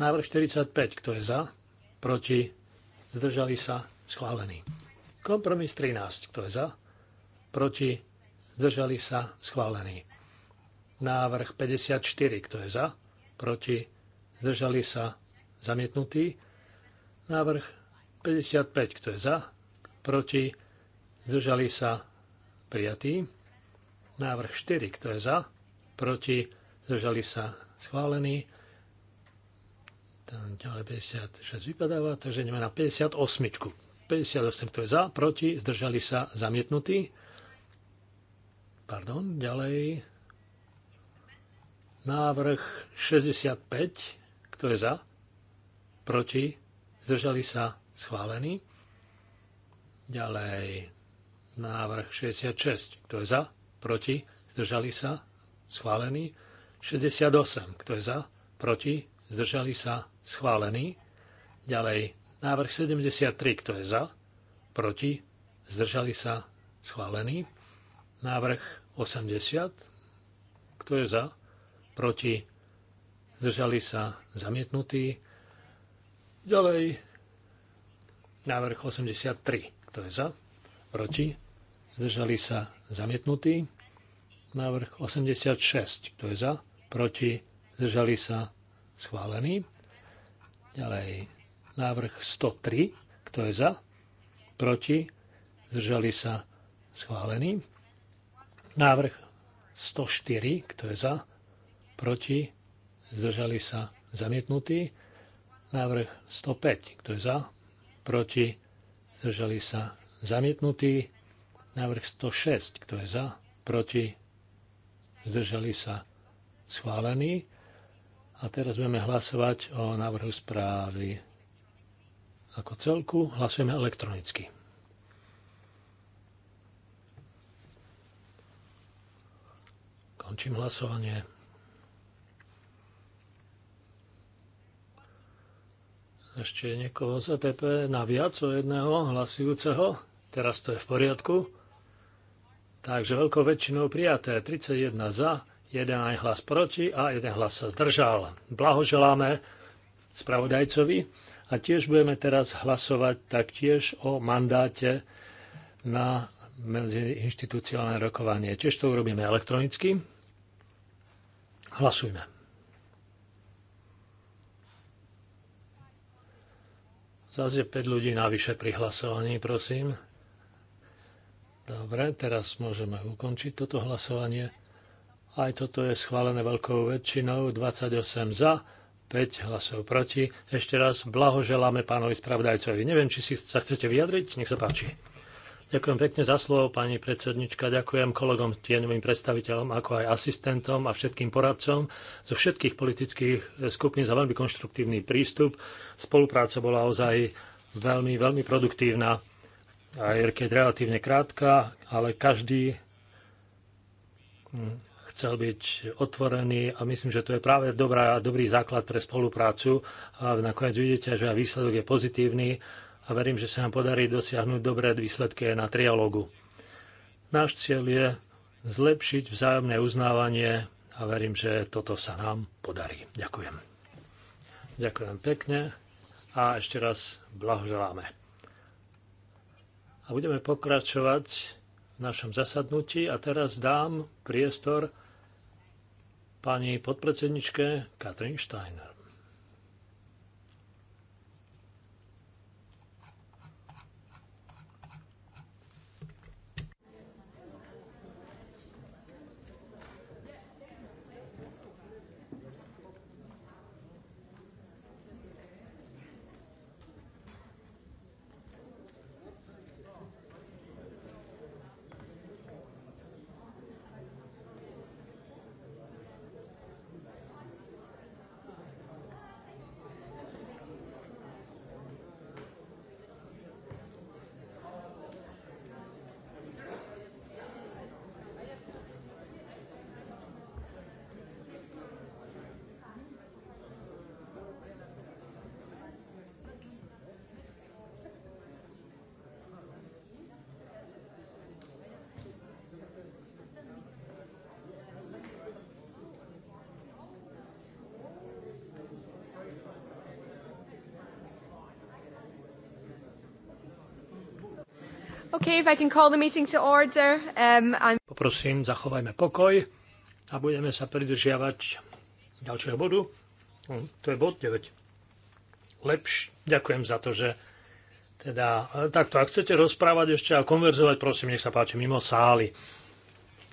Návrh 45. Kto je za? Proti? Zdržali sa? Schválený. Kompromis 13. Kto je za? Proti? Zdržali sa? Schválený. Návrh 54. Kto je za? Proti? Zdržali sa? Zamietnutý. Návrh 55, kto je za, proti, zdržali sa, prijatý. Návrh 4, kto je za, proti, zdržali sa, schválený. Tam ďalej 56 vypadáva, takže ideme na 58. 58, kto je za, proti, zdržali sa, zamietnutý. Pardon, ďalej návrh 65, kto je za, proti, zdržali sa, schválení. Ďalej návrh 66, kto je za, proti, zdržali sa, schválený. 68, kto je za, proti, zdržali sa, schválený. Ďalej návrh 73, kto je za, proti, zdržali sa, schválený. Návrh 80, kto je za, proti, zdržali sa, zamietnutý. Ďalej, návrh 83. Kto je za? Proti? Zdržali sa zamietnutí. Návrh 86. Kto je za? Proti? Zdržali sa schválení. Ďalej, návrh 103. Kto je za? Proti? Zdržali sa schválení. Návrh 104. Kto je za? Proti? Zdržali sa zamietnutí. Návrh 105. Kto je za? Proti? Zdržali sa? Zamietnutý. Návrh 106. Kto je za? Proti? Zdržali sa? Schválený. A teraz budeme hlasovať o návrhu správy ako celku. Hlasujeme elektronicky. Končím hlasovanie. ešte niekoho z EPP na viac o jedného hlasujúceho. Teraz to je v poriadku. Takže veľkou väčšinou prijaté 31 za, 1 hlas proti a 1 hlas sa zdržal. Blahoželáme spravodajcovi a tiež budeme teraz hlasovať taktiež o mandáte na medziinstitucionálne rokovanie. Tiež to urobíme elektronicky. Hlasujme. Zase 5 ľudí navyše pri hlasovaní, prosím. Dobre, teraz môžeme ukončiť toto hlasovanie. Aj toto je schválené veľkou väčšinou, 28 za, 5 hlasov proti. Ešte raz blahoželáme pánovi spravodajcovi. Neviem, či si sa chcete vyjadriť, nech sa páči. Ďakujem pekne za slovo, pani predsednička. Ďakujem kolegom, tieňovým predstaviteľom, ako aj asistentom a všetkým poradcom zo všetkých politických skupín za veľmi konštruktívny prístup. Spolupráca bola ozaj veľmi, veľmi produktívna, aj keď relatívne krátka, ale každý hm, chcel byť otvorený a myslím, že to je práve dobrá, dobrý základ pre spoluprácu. A nakoniec vidíte, že výsledok je pozitívny a verím, že sa nám podarí dosiahnuť dobré výsledky aj na trialógu. Náš cieľ je zlepšiť vzájomné uznávanie a verím, že toto sa nám podarí. Ďakujem. Ďakujem pekne a ešte raz blahoželáme. A budeme pokračovať v našom zasadnutí a teraz dám priestor pani podpredsedničke Katrin Steiner. Um, Poprosím, zachovajme pokoj a budeme sa pridržiavať ďalšieho bodu. Hm, to je bod 9. Lepš, ďakujem za to, že teda e, takto, ak chcete rozprávať ešte a konverzovať, prosím, nech sa páči mimo sály.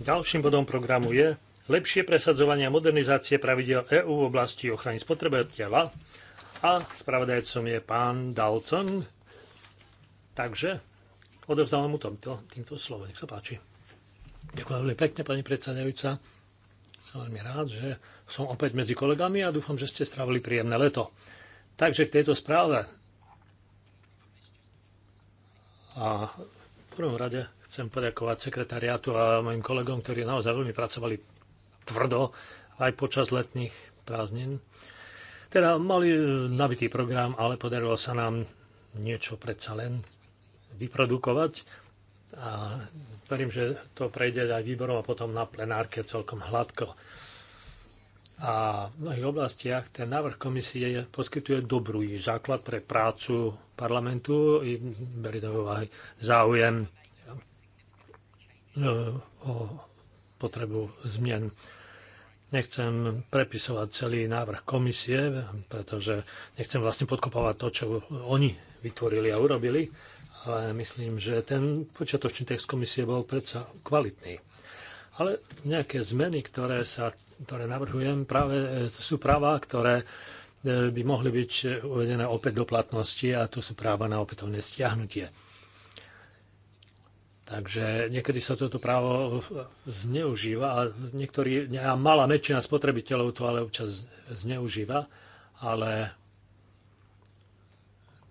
Ďalším bodom programu je lepšie presadzovanie a modernizácie pravidel EÚ v oblasti ochrany spotrebiteľa a spravodajcom je pán Dalton. Takže odovzdávam mu to, týmto slovo. Nech sa páči. Ďakujem veľmi pekne, pani predsedajúca. Som veľmi rád, že som opäť medzi kolegami a dúfam, že ste strávili príjemné leto. Takže k tejto správe. A v prvom rade chcem poďakovať sekretariátu a mojim kolegom, ktorí naozaj veľmi pracovali tvrdo aj počas letných prázdnin. Teda mali nabitý program, ale podarilo sa nám niečo predsa len vyprodukovať a verím, že to prejde aj výborom a potom na plenárke celkom hladko. A v mnohých oblastiach ten návrh komisie poskytuje dobrý základ pre prácu parlamentu i berie do aj záujem e, o potrebu zmien. Nechcem prepisovať celý návrh komisie, pretože nechcem vlastne podkopovať to, čo oni vytvorili a urobili, ale myslím, že ten počiatočný text komisie bol predsa kvalitný. Ale nejaké zmeny, ktoré, sa, ktoré navrhujem, práve e, sú práva, ktoré e, by mohli byť uvedené opäť do platnosti a to sú práva na opätovné stiahnutie. Takže niekedy sa toto právo e, zneužíva a niektorí, a malá väčšina spotrebiteľov to ale občas zneužíva, ale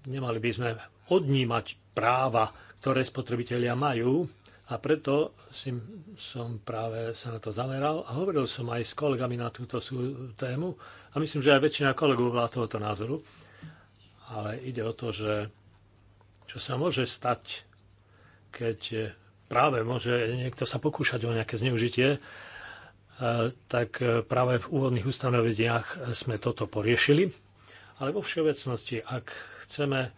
nemali by sme odnímať práva, ktoré spotrebitelia majú. A preto si, som práve sa na to zameral a hovoril som aj s kolegami na túto sú, tému a myslím, že aj väčšina kolegov bola tohoto názoru. Ale ide o to, že čo sa môže stať, keď práve môže niekto sa pokúšať o nejaké zneužitie, e, tak práve v úvodných ustanoveniach sme toto poriešili. Ale vo všeobecnosti, ak chceme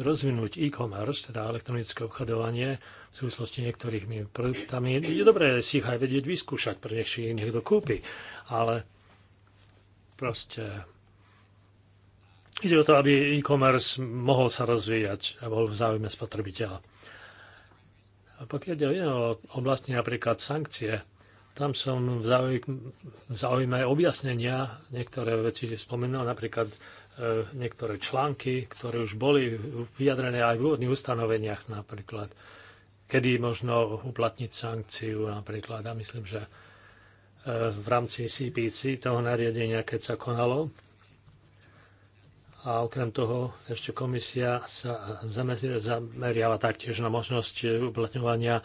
rozvinúť e-commerce, teda elektronické obchodovanie v súvislosti niektorými produktami. Je dobré si ich aj vedieť vyskúšať, pre nech si ich niekto kúpi, ale proste ide o to, aby e-commerce mohol sa rozvíjať a bol v záujme spotrebiteľa. A pokiaľ ide o oblasti napríklad sankcie, tam som v záujme, v záujme objasnenia niektoré veci spomenul, napríklad E, niektoré články, ktoré už boli vyjadrené aj v úvodných ustanoveniach napríklad, kedy možno uplatniť sankciu napríklad. A myslím, že e, v rámci CPC toho nariadenia, keď sa konalo, a okrem toho ešte komisia sa zameriava taktiež na možnosť uplatňovania e,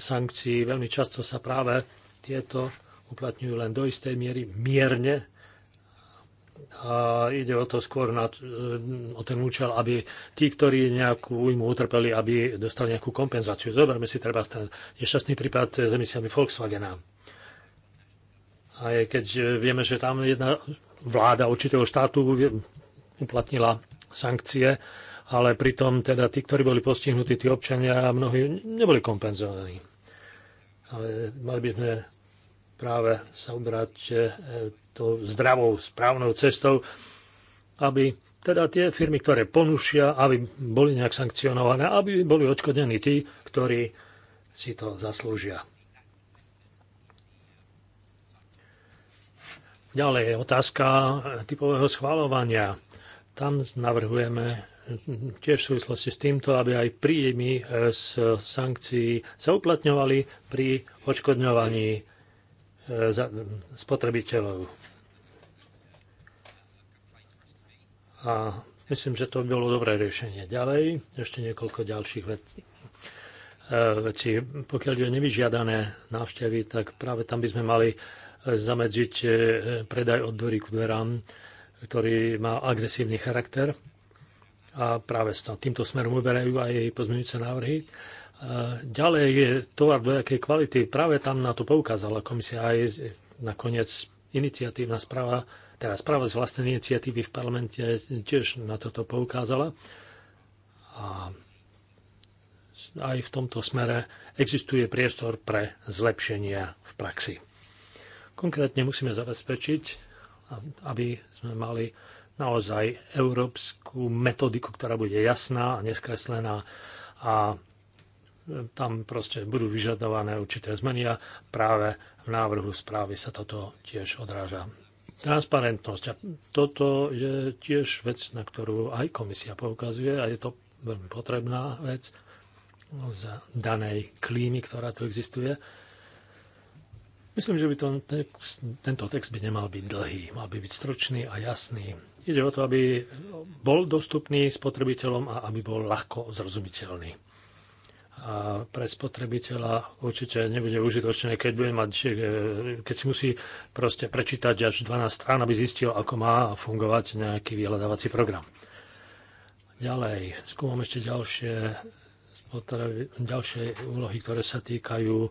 sankcií. Veľmi často sa práve tieto uplatňujú len do istej miery mierne a ide o to skôr na, o ten účel, aby tí, ktorí nejakú újmu utrpeli, aby dostali nejakú kompenzáciu. Zoberme si treba ten nešťastný prípad s emisiami Volkswagena. Aj keď vieme, že tam jedna vláda určitého štátu uplatnila sankcie, ale pritom teda tí, ktorí boli postihnutí, tí občania, mnohí neboli kompenzovaní. Ale mali by sme práve sa ubrať eh, tou zdravou, správnou cestou, aby teda tie firmy, ktoré ponúšia, aby boli nejak sankcionované, aby boli odškodnení tí, ktorí si to zaslúžia. Ďalej je otázka typového schváľovania. Tam navrhujeme tiež v súvislosti s týmto, aby aj príjmy z sankcií sa uplatňovali pri odškodňovaní E, spotrebiteľov. A myslím, že to bolo dobré riešenie. Ďalej, ešte niekoľko ďalších vecí. E, vecí. Pokiaľ je nevyžiadané návštevy, tak práve tam by sme mali zamedziť e, predaj od dverí k dverám, ktorý má agresívny charakter. A práve s týmto smerom uberajú aj jej pozmeňujúce návrhy. Ďalej je tovar do jakej kvality. Práve tam na to poukázala komisia aj nakoniec iniciatívna správa, teda správa z vlastnej iniciatívy v parlamente tiež na toto poukázala. A aj v tomto smere existuje priestor pre zlepšenia v praxi. Konkrétne musíme zabezpečiť, aby sme mali naozaj európsku metodiku, ktorá bude jasná a neskreslená a tam proste budú vyžadované určité zmeny a práve v návrhu správy sa toto tiež odráža. Transparentnosť. A toto je tiež vec, na ktorú aj komisia poukazuje a je to veľmi potrebná vec z danej klímy, ktorá tu existuje. Myslím, že by to text, tento text by nemal byť dlhý, mal by byť stručný a jasný. Ide o to, aby bol dostupný spotrebiteľom a aby bol ľahko zrozumiteľný a pre spotrebiteľa určite nebude užitočné, keď, bude mať, e, keď si musí proste prečítať až 12 strán, aby zistil, ako má fungovať nejaký vyhľadávací program. Ďalej, skúmam ešte ďalšie, ďalšie úlohy, ktoré sa týkajú e,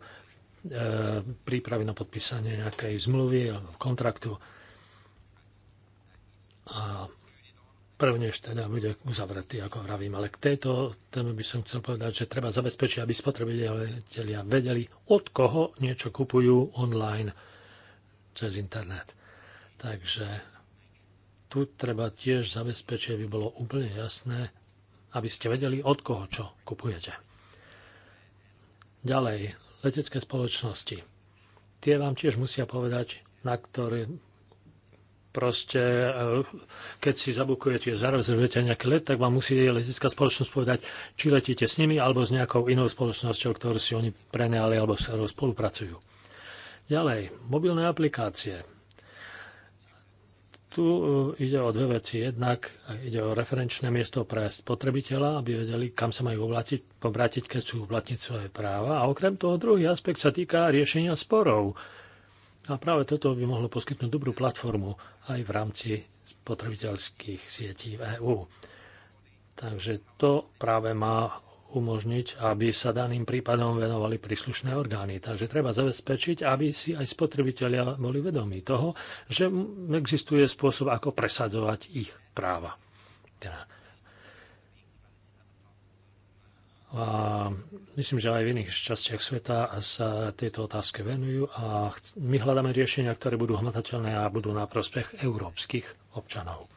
prípravy na podpísanie nejakej zmluvy alebo kontraktu. A Prvnež teda bude uzavretý, ako vravím. Ale k tejto téme by som chcel povedať, že treba zabezpečiť, aby spotrebitelia vedeli, od koho niečo kupujú online cez internet. Takže tu treba tiež zabezpečiť, aby bolo úplne jasné, aby ste vedeli, od koho čo kupujete. Ďalej, letecké spoločnosti. Tie vám tiež musia povedať, na ktorý proste, eh, keď si zabukujete, zarezervujete nejaký let, tak vám musí letecká spoločnosť povedať, či letíte s nimi alebo s nejakou inou spoločnosťou, ktorú si oni prenajali alebo spolupracujú. Ďalej, mobilné aplikácie. Tu eh, ide o dve veci. Jednak ide o referenčné miesto pre spotrebiteľa, aby vedeli, kam sa majú obrátiť, keď sú uplatniť svoje práva. A okrem toho druhý aspekt sa týka riešenia sporov a práve toto by mohlo poskytnúť dobrú platformu aj v rámci spotrebiteľských sietí v EÚ. Takže to práve má umožniť, aby sa daným prípadom venovali príslušné orgány. Takže treba zabezpečiť, aby si aj spotrebitelia boli vedomí toho, že existuje spôsob, ako presadzovať ich práva. Teda A myslím, že aj v iných častiach sveta sa tieto otázky venujú a my hľadáme riešenia, ktoré budú hmatateľné a budú na prospech európskych občanov.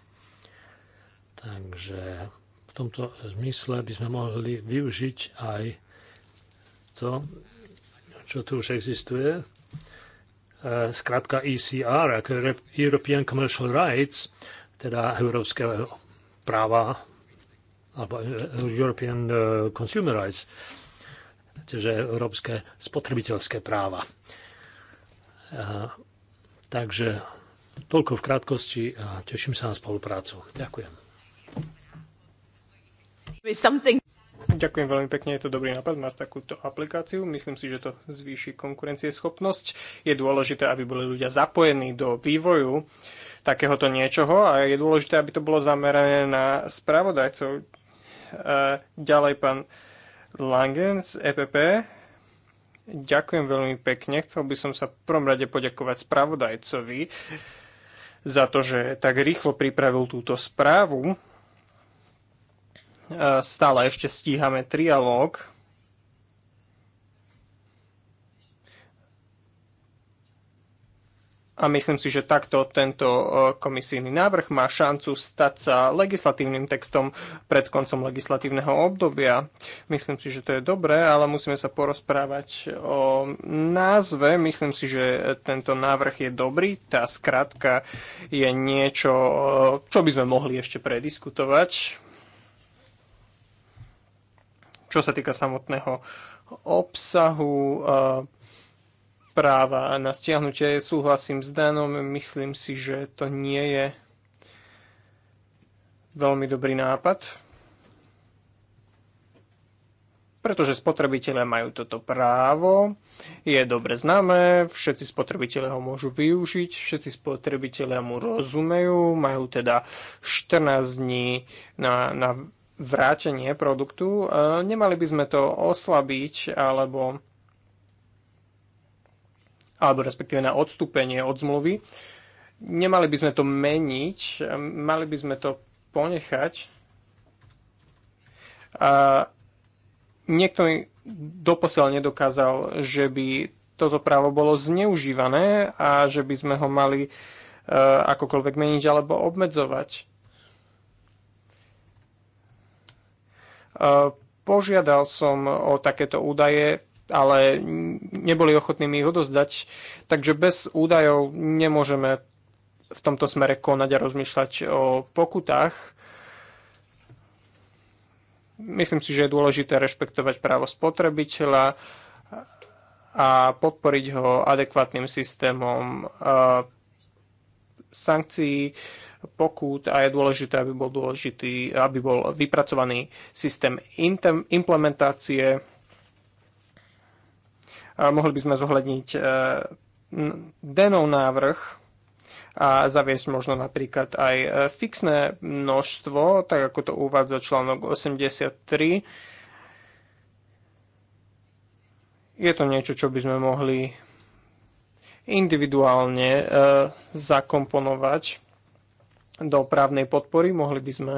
Takže v tomto zmysle by sme mohli využiť aj to, čo tu už existuje, zkrátka e, ECR, European Commercial Rights, teda európskeho práva alebo e, European e, Consumer Rights, čiže európske spotrebiteľské práva. Takže toľko v krátkosti a teším sa na spoluprácu. Ďakujem. Ďakujem veľmi pekne, je to dobrý nápad mať takúto aplikáciu. Myslím si, že to zvýši konkurencieschopnosť. Je dôležité, aby boli ľudia zapojení do vývoju takéhoto niečoho a je dôležité, aby to bolo zamerané na spravodajcov. Ďalej pán Langen z EPP. Ďakujem veľmi pekne. Chcel by som sa v prvom rade poďakovať spravodajcovi za to, že tak rýchlo pripravil túto správu. Stále ešte stíhame trialóg a myslím si, že takto tento e, komisijný návrh má šancu stať sa legislatívnym textom pred koncom legislatívneho obdobia. Myslím si, že to je dobré, ale musíme sa porozprávať o názve. Myslím si, že tento návrh je dobrý. Tá skratka je niečo, e, čo by sme mohli ešte prediskutovať. Čo sa týka samotného obsahu, e, práva na stiahnutie. Súhlasím s Danom, myslím si, že to nie je veľmi dobrý nápad, pretože spotrebitelia majú toto právo, je dobre známe, všetci spotrebitelia ho môžu využiť, všetci spotrebitelia mu rozumejú, majú teda 14 dní na, na vrátenie produktu. E, nemali by sme to oslabiť alebo alebo respektíve na odstúpenie od zmluvy. Nemali by sme to meniť, mali by sme to ponechať. A niekto mi doposiaľ nedokázal, že by toto právo bolo zneužívané a že by sme ho mali e, akokoľvek meniť alebo obmedzovať. E, požiadal som o takéto údaje ale neboli ochotní mi ich odozdať. Takže bez údajov nemôžeme v tomto smere konať a rozmýšľať o pokutách. Myslím si, že je dôležité rešpektovať právo spotrebiteľa a podporiť ho adekvátnym systémom sankcií, pokút a je dôležité, aby bol, dôležitý, aby bol vypracovaný systém implementácie Mohli by sme zohľadniť e, denov návrh a zaviesť možno napríklad aj e, fixné množstvo, tak ako to uvádza článok 83. Je to niečo, čo by sme mohli individuálne e, zakomponovať do právnej podpory. Mohli by sme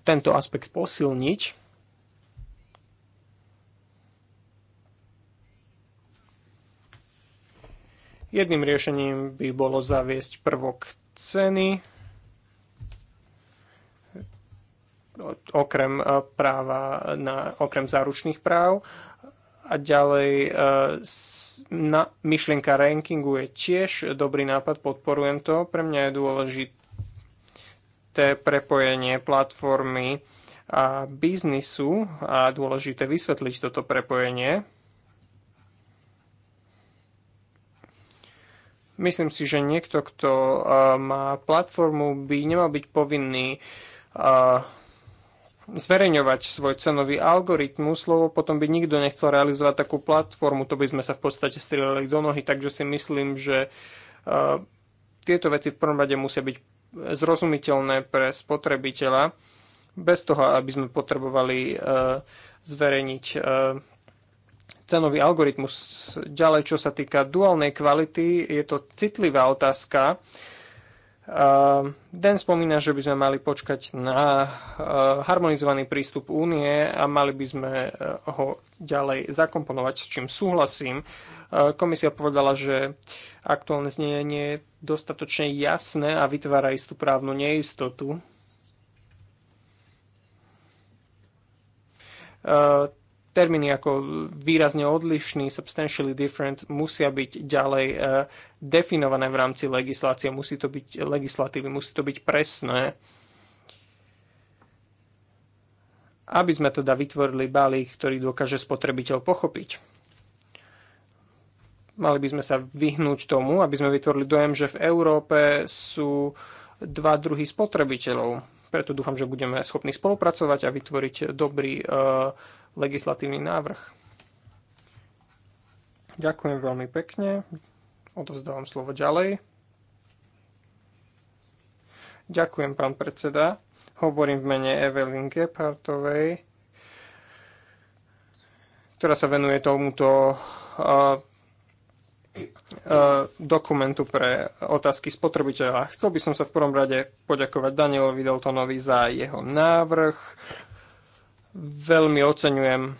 tento aspekt posilniť Jedným riešením by bolo zaviesť prvok ceny, okrem e, práva na, okrem záručných práv. A ďalej e, na, myšlienka rankingu je tiež dobrý nápad, podporujem to. Pre mňa je dôležité prepojenie platformy a biznisu a dôležité vysvetliť toto prepojenie Myslím si, že niekto, kto má platformu, by nemal byť povinný zverejňovať svoj cenový algoritmus, lebo potom by nikto nechcel realizovať takú platformu, to by sme sa v podstate strieľali do nohy, takže si myslím, že tieto veci v prvom rade musia byť zrozumiteľné pre spotrebiteľa, bez toho, aby sme potrebovali zverejniť cenový algoritmus. Ďalej, čo sa týka duálnej kvality, je to citlivá otázka. Den spomína, že by sme mali počkať na e, harmonizovaný prístup únie a mali by sme e, ho ďalej zakomponovať, s čím súhlasím. E, komisia povedala, že aktuálne znenie je dostatočne jasné a vytvára istú právnu neistotu termíny ako výrazne odlišný, substantially different, musia byť ďalej e, definované v rámci legislácie, musí to byť legislatívy, musí to byť presné, aby sme teda vytvorili balík, ktorý dokáže spotrebiteľ pochopiť mali by sme sa vyhnúť tomu, aby sme vytvorili dojem, že v Európe sú dva druhy spotrebiteľov. Preto dúfam, že budeme schopní spolupracovať a vytvoriť dobrý e, legislatívny návrh. Ďakujem veľmi pekne. Odovzdávam slovo ďalej. Ďakujem, pán predseda. Hovorím v mene Evelyn Gephardtovej, ktorá sa venuje tomuto e, E, dokumentu pre otázky spotrebiteľa. Chcel by som sa v prvom rade poďakovať Danielovi Deltonovi za jeho návrh. Veľmi oceňujem, e,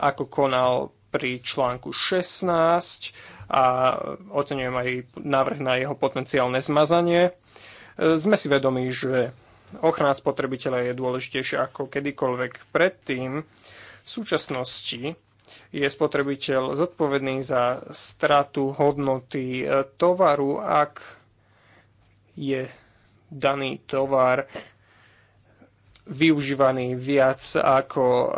ako konal pri článku 16 a oceňujem aj návrh na jeho potenciálne zmazanie. E, sme si vedomi, že ochrana spotrebiteľa je dôležitejšia ako kedykoľvek predtým. V súčasnosti je spotrebiteľ zodpovedný za stratu hodnoty e, tovaru, ak je daný tovar využívaný viac ako e,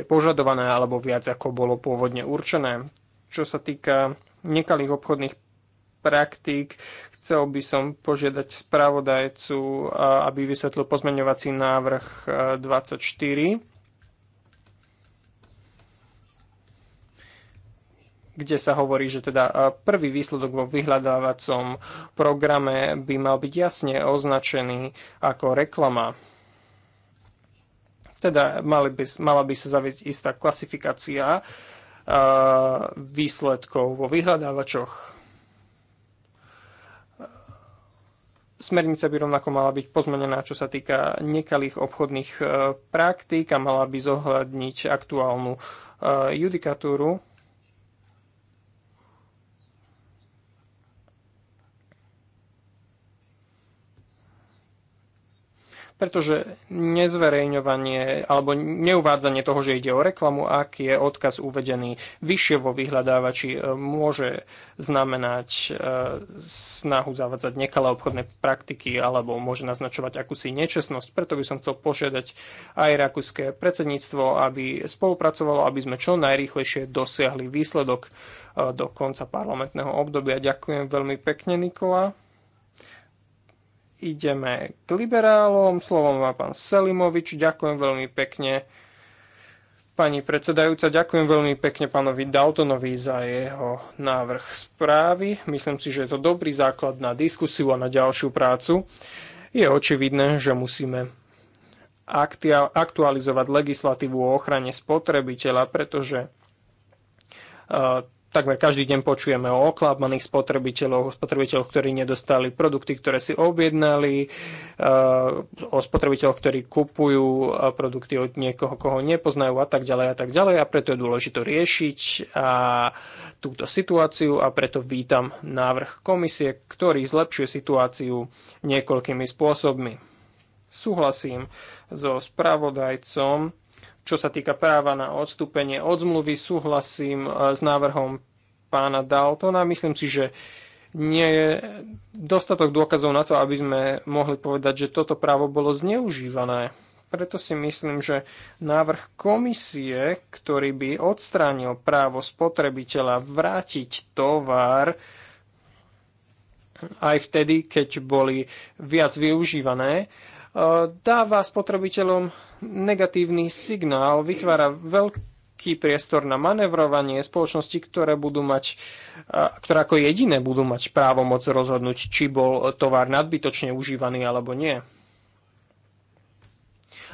je požadované alebo viac ako bolo pôvodne určené. Čo sa týka nekalých obchodných praktík, chcel by som požiadať spravodajcu, aby vysvetlil pozmeňovací návrh 24 e, kde sa hovorí, že teda prvý výsledok vo vyhľadávacom programe by mal byť jasne označený ako reklama. Teda mali by, mala by sa zaviesť istá klasifikácia výsledkov vo vyhľadávačoch. Smernica by rovnako mala byť pozmenená, čo sa týka nekalých obchodných e, praktík a mala by zohľadniť aktuálnu e, judikatúru pretože nezverejňovanie alebo neuvádzanie toho, že ide o reklamu, ak je odkaz uvedený vyššie vo vyhľadávači, e, môže znamenať e, snahu zavádzať nekalé obchodné praktiky alebo môže naznačovať akúsi nečestnosť. Preto by som chcel požiadať aj rakúske predsedníctvo, aby spolupracovalo, aby sme čo najrýchlejšie dosiahli výsledok e, do konca parlamentného obdobia. Ďakujem veľmi pekne, Nikola ideme k liberálom. Slovo má pán Selimovič. Ďakujem veľmi pekne. Pani predsedajúca, ďakujem veľmi pekne pánovi Daltonovi za jeho návrh správy. Myslím si, že je to dobrý základ na diskusiu a na ďalšiu prácu. Je očividné, že musíme aktualizovať legislatívu o ochrane spotrebiteľa, pretože e, takmer každý deň počujeme o oklábaných spotrebiteľoch, spotrebiteľoch, ktorí nedostali produkty, ktoré si objednali, eh, o spotrebiteľoch, ktorí kupujú eh, produkty od niekoho, koho nepoznajú a tak ďalej a tak ďalej a preto je dôležité riešiť a túto situáciu a preto vítam návrh komisie, ktorý zlepšuje situáciu niekoľkými spôsobmi. Súhlasím so spravodajcom, čo sa týka práva na odstúpenie od zmluvy, súhlasím e, s návrhom pána Daltona. Myslím si, že nie je dostatok dôkazov na to, aby sme mohli povedať, že toto právo bolo zneužívané. Preto si myslím, že návrh komisie, ktorý by odstránil právo spotrebiteľa vrátiť tovar aj vtedy, keď boli viac využívané, E, dáva spotrebiteľom negatívny signál, vytvára veľký priestor na manevrovanie spoločnosti, ktoré budú mať, ktoré ako jediné budú mať právo moc rozhodnúť, či bol tovar nadbytočne užívaný alebo nie.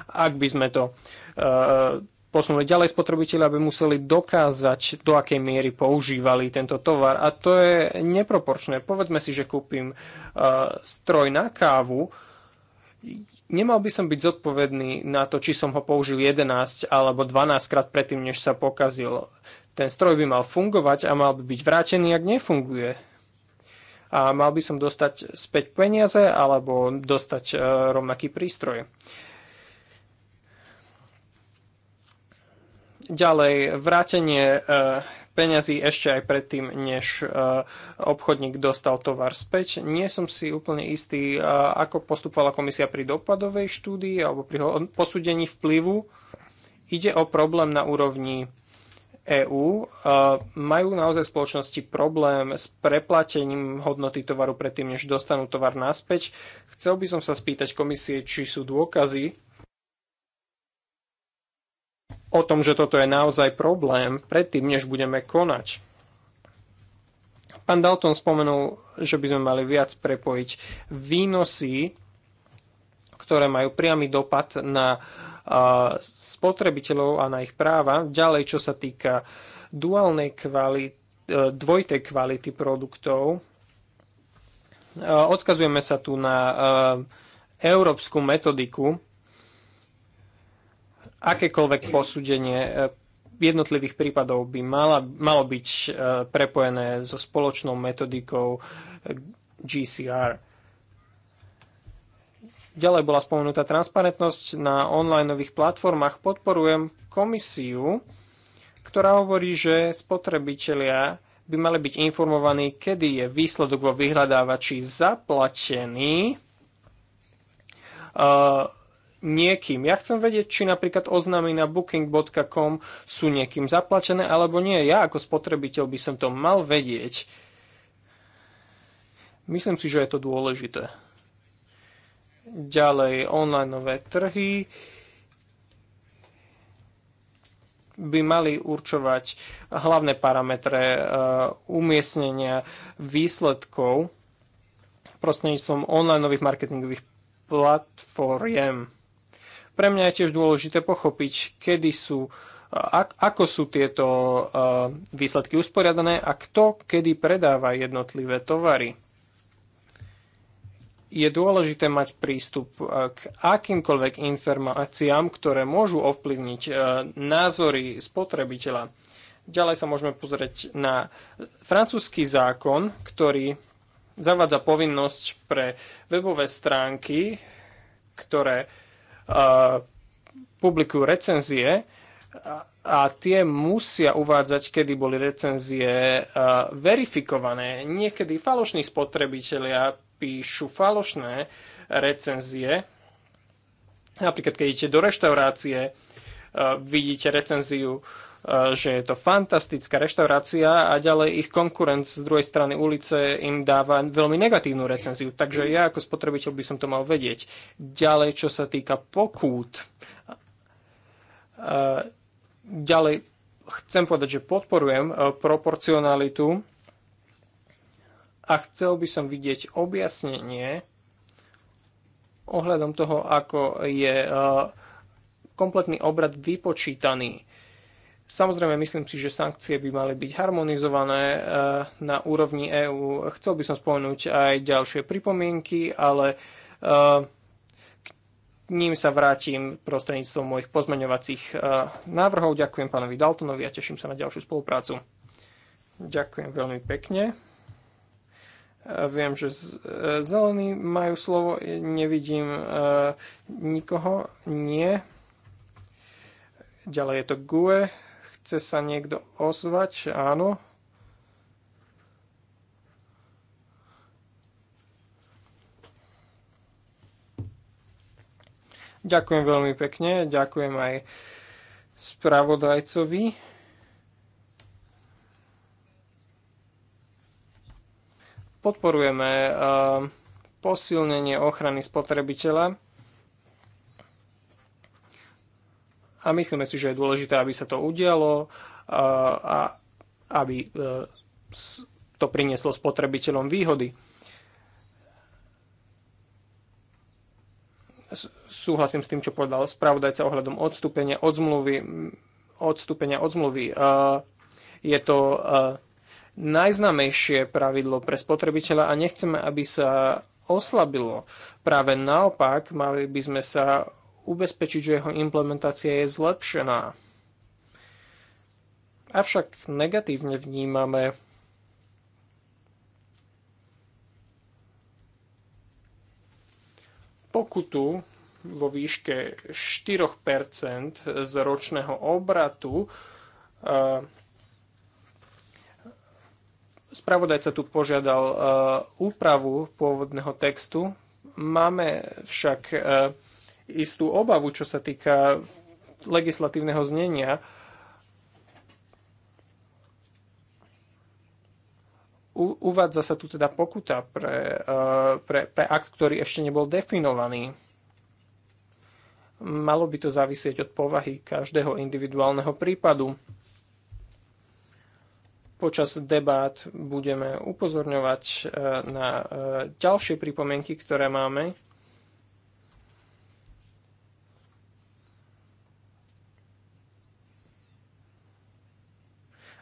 Ak by sme to e, posunuli ďalej spotrebiteľi, aby museli dokázať, do akej miery používali tento tovar. A to je neproporčné. Povedzme si, že kúpim uh, stroj na kávu, Nemal by som byť zodpovedný na to, či som ho použil 11 alebo 12 krát predtým, než sa pokazil. Ten stroj by mal fungovať a mal by byť vrátený, ak nefunguje. A mal by som dostať späť peniaze alebo dostať e, rovnaký prístroj. Ďalej, vrátenie e, peňazí ešte aj predtým, než e, obchodník dostal tovar späť. Nie som si úplne istý, e, ako postupovala komisia pri dopadovej štúdii alebo pri posúdení vplyvu. Ide o problém na úrovni EÚ. E, majú naozaj spoločnosti problém s preplatením hodnoty tovaru predtým, než dostanú tovar naspäť. Chcel by som sa spýtať komisie, či sú dôkazy, o tom, že toto je naozaj problém, predtým, než budeme konať. Pán Dalton spomenul, že by sme mali viac prepojiť výnosy, ktoré majú priamy dopad na spotrebiteľov a na ich práva. Ďalej, čo sa týka duálnej kvality, e, dvojtej kvality produktov, e, odkazujeme sa tu na e, európsku metodiku, akékoľvek posúdenie e, jednotlivých prípadov by mala, malo byť e, prepojené so spoločnou metodikou e, GCR. Ďalej bola spomenutá transparentnosť na onlineových platformách. Podporujem komisiu, ktorá hovorí, že spotrebitelia by mali byť informovaní, kedy je výsledok vo vyhľadávači zaplatený. Uh, niekým. Ja chcem vedieť, či napríklad oznámy na booking.com sú niekým zaplačené alebo nie. Ja ako spotrebiteľ by som to mal vedieť. Myslím si, že je to dôležité. Ďalej, onlineové trhy by mali určovať hlavné parametre eh, umiestnenia výsledkov prostredníctvom online marketingových platform. Pre mňa je tiež dôležité pochopiť, kedy sú, ako sú tieto e, výsledky usporiadané a kto kedy predáva jednotlivé tovary je dôležité mať prístup e, k akýmkoľvek informáciám, ktoré môžu ovplyvniť e, názory spotrebiteľa. Ďalej sa môžeme pozrieť na francúzsky zákon, ktorý zavádza povinnosť pre webové stránky, ktoré Eh, publikujú recenzie a tie musia uvádzať, kedy boli recenzie eh, verifikované. Niekedy falošní spotrebitelia píšu falošné recenzie. Napríklad, keď idete do reštaurácie, eh, vidíte recenziu Eh, že je to fantastická reštaurácia a ďalej ich konkurent z druhej strany ulice im dáva veľmi negatívnu recenziu. Takže ja ako spotrebiteľ by som to mal vedieť. Ďalej, čo sa týka pokút, eh, ďalej chcem povedať, že podporujem eh, proporcionalitu a chcel by som vidieť objasnenie ohľadom toho, ako je kompletný obrad vypočítaný Samozrejme, myslím si, že sankcie by mali byť harmonizované eh, na úrovni EÚ. Chcel by som spomenúť aj ďalšie pripomienky, ale eh, k ním sa vrátim prostredníctvom mojich pozmeňovacích eh, návrhov. Ďakujem pánovi Daltonovi a teším sa na ďalšiu spoluprácu. Ďakujem veľmi pekne. Viem, že zelení majú slovo, nevidím nikoho, nie. Ďalej je to GUE Chce sa niekto ozvať? Áno. Ďakujem veľmi pekne, ďakujem aj spravodajcovi. Podporujeme eh, posilnenie ochrany spotrebiteľa A myslíme si, že je dôležité, aby sa to udialo a aby e, to prinieslo spotrebiteľom výhody. Súhlasím s tým, čo povedal spravodajca ohľadom odstúpenia od zmluvy. Odstúpenia od zmluvy. Je to najznamejšie pravidlo pre spotrebiteľa a nechceme, aby sa oslabilo. Práve naopak, mali by sme sa ubezpečiť, že jeho implementácia je zlepšená. Avšak negatívne vnímame pokutu vo výške 4 z ročného obratu. Spravodajca tu požiadal e, úpravu pôvodného textu. Máme však e, istú obavu, čo sa týka legislatívneho znenia. U, uvádza sa tu teda pokuta pre, e, pre, pre akt, ktorý ešte nebol definovaný. Malo by to závisieť od povahy každého individuálneho prípadu. Počas debát budeme upozorňovať e, na e, ďalšie pripomienky, ktoré máme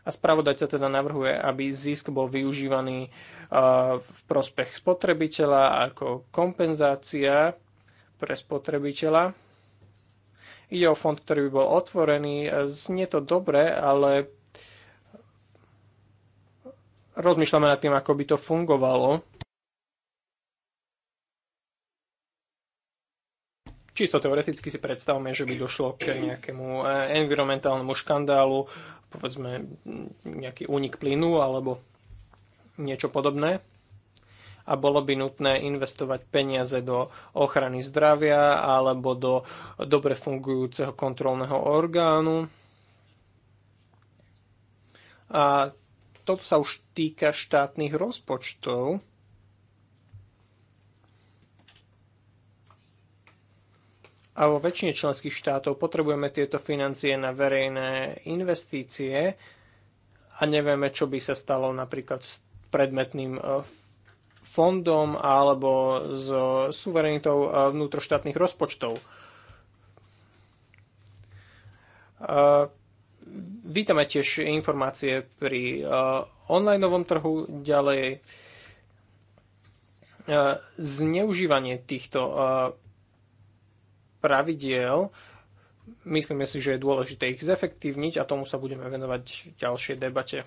a spravodajca teda navrhuje, aby zisk bol využívaný uh, v prospech spotrebiteľa ako kompenzácia pre spotrebiteľa. Ide o fond, ktorý by bol otvorený. Znie to dobre, ale rozmýšľame nad tým, ako by to fungovalo Čisto teoreticky si predstavme, že by došlo k nejakému e, environmentálnemu škandálu, povedzme nejaký únik plynu alebo niečo podobné a bolo by nutné investovať peniaze do ochrany zdravia alebo do dobre fungujúceho kontrolného orgánu. A toto sa už týka štátnych rozpočtov a vo väčšine členských štátov potrebujeme tieto financie na verejné investície a nevieme, čo by sa stalo napríklad s predmetným e, fondom alebo s e, suverenitou e, vnútroštátnych rozpočtov. Vítame tiež informácie pri online novom trhu ďalej zneužívanie týchto pravidiel. Myslíme si, že je dôležité ich zefektívniť a tomu sa budeme venovať v ďalšej debate.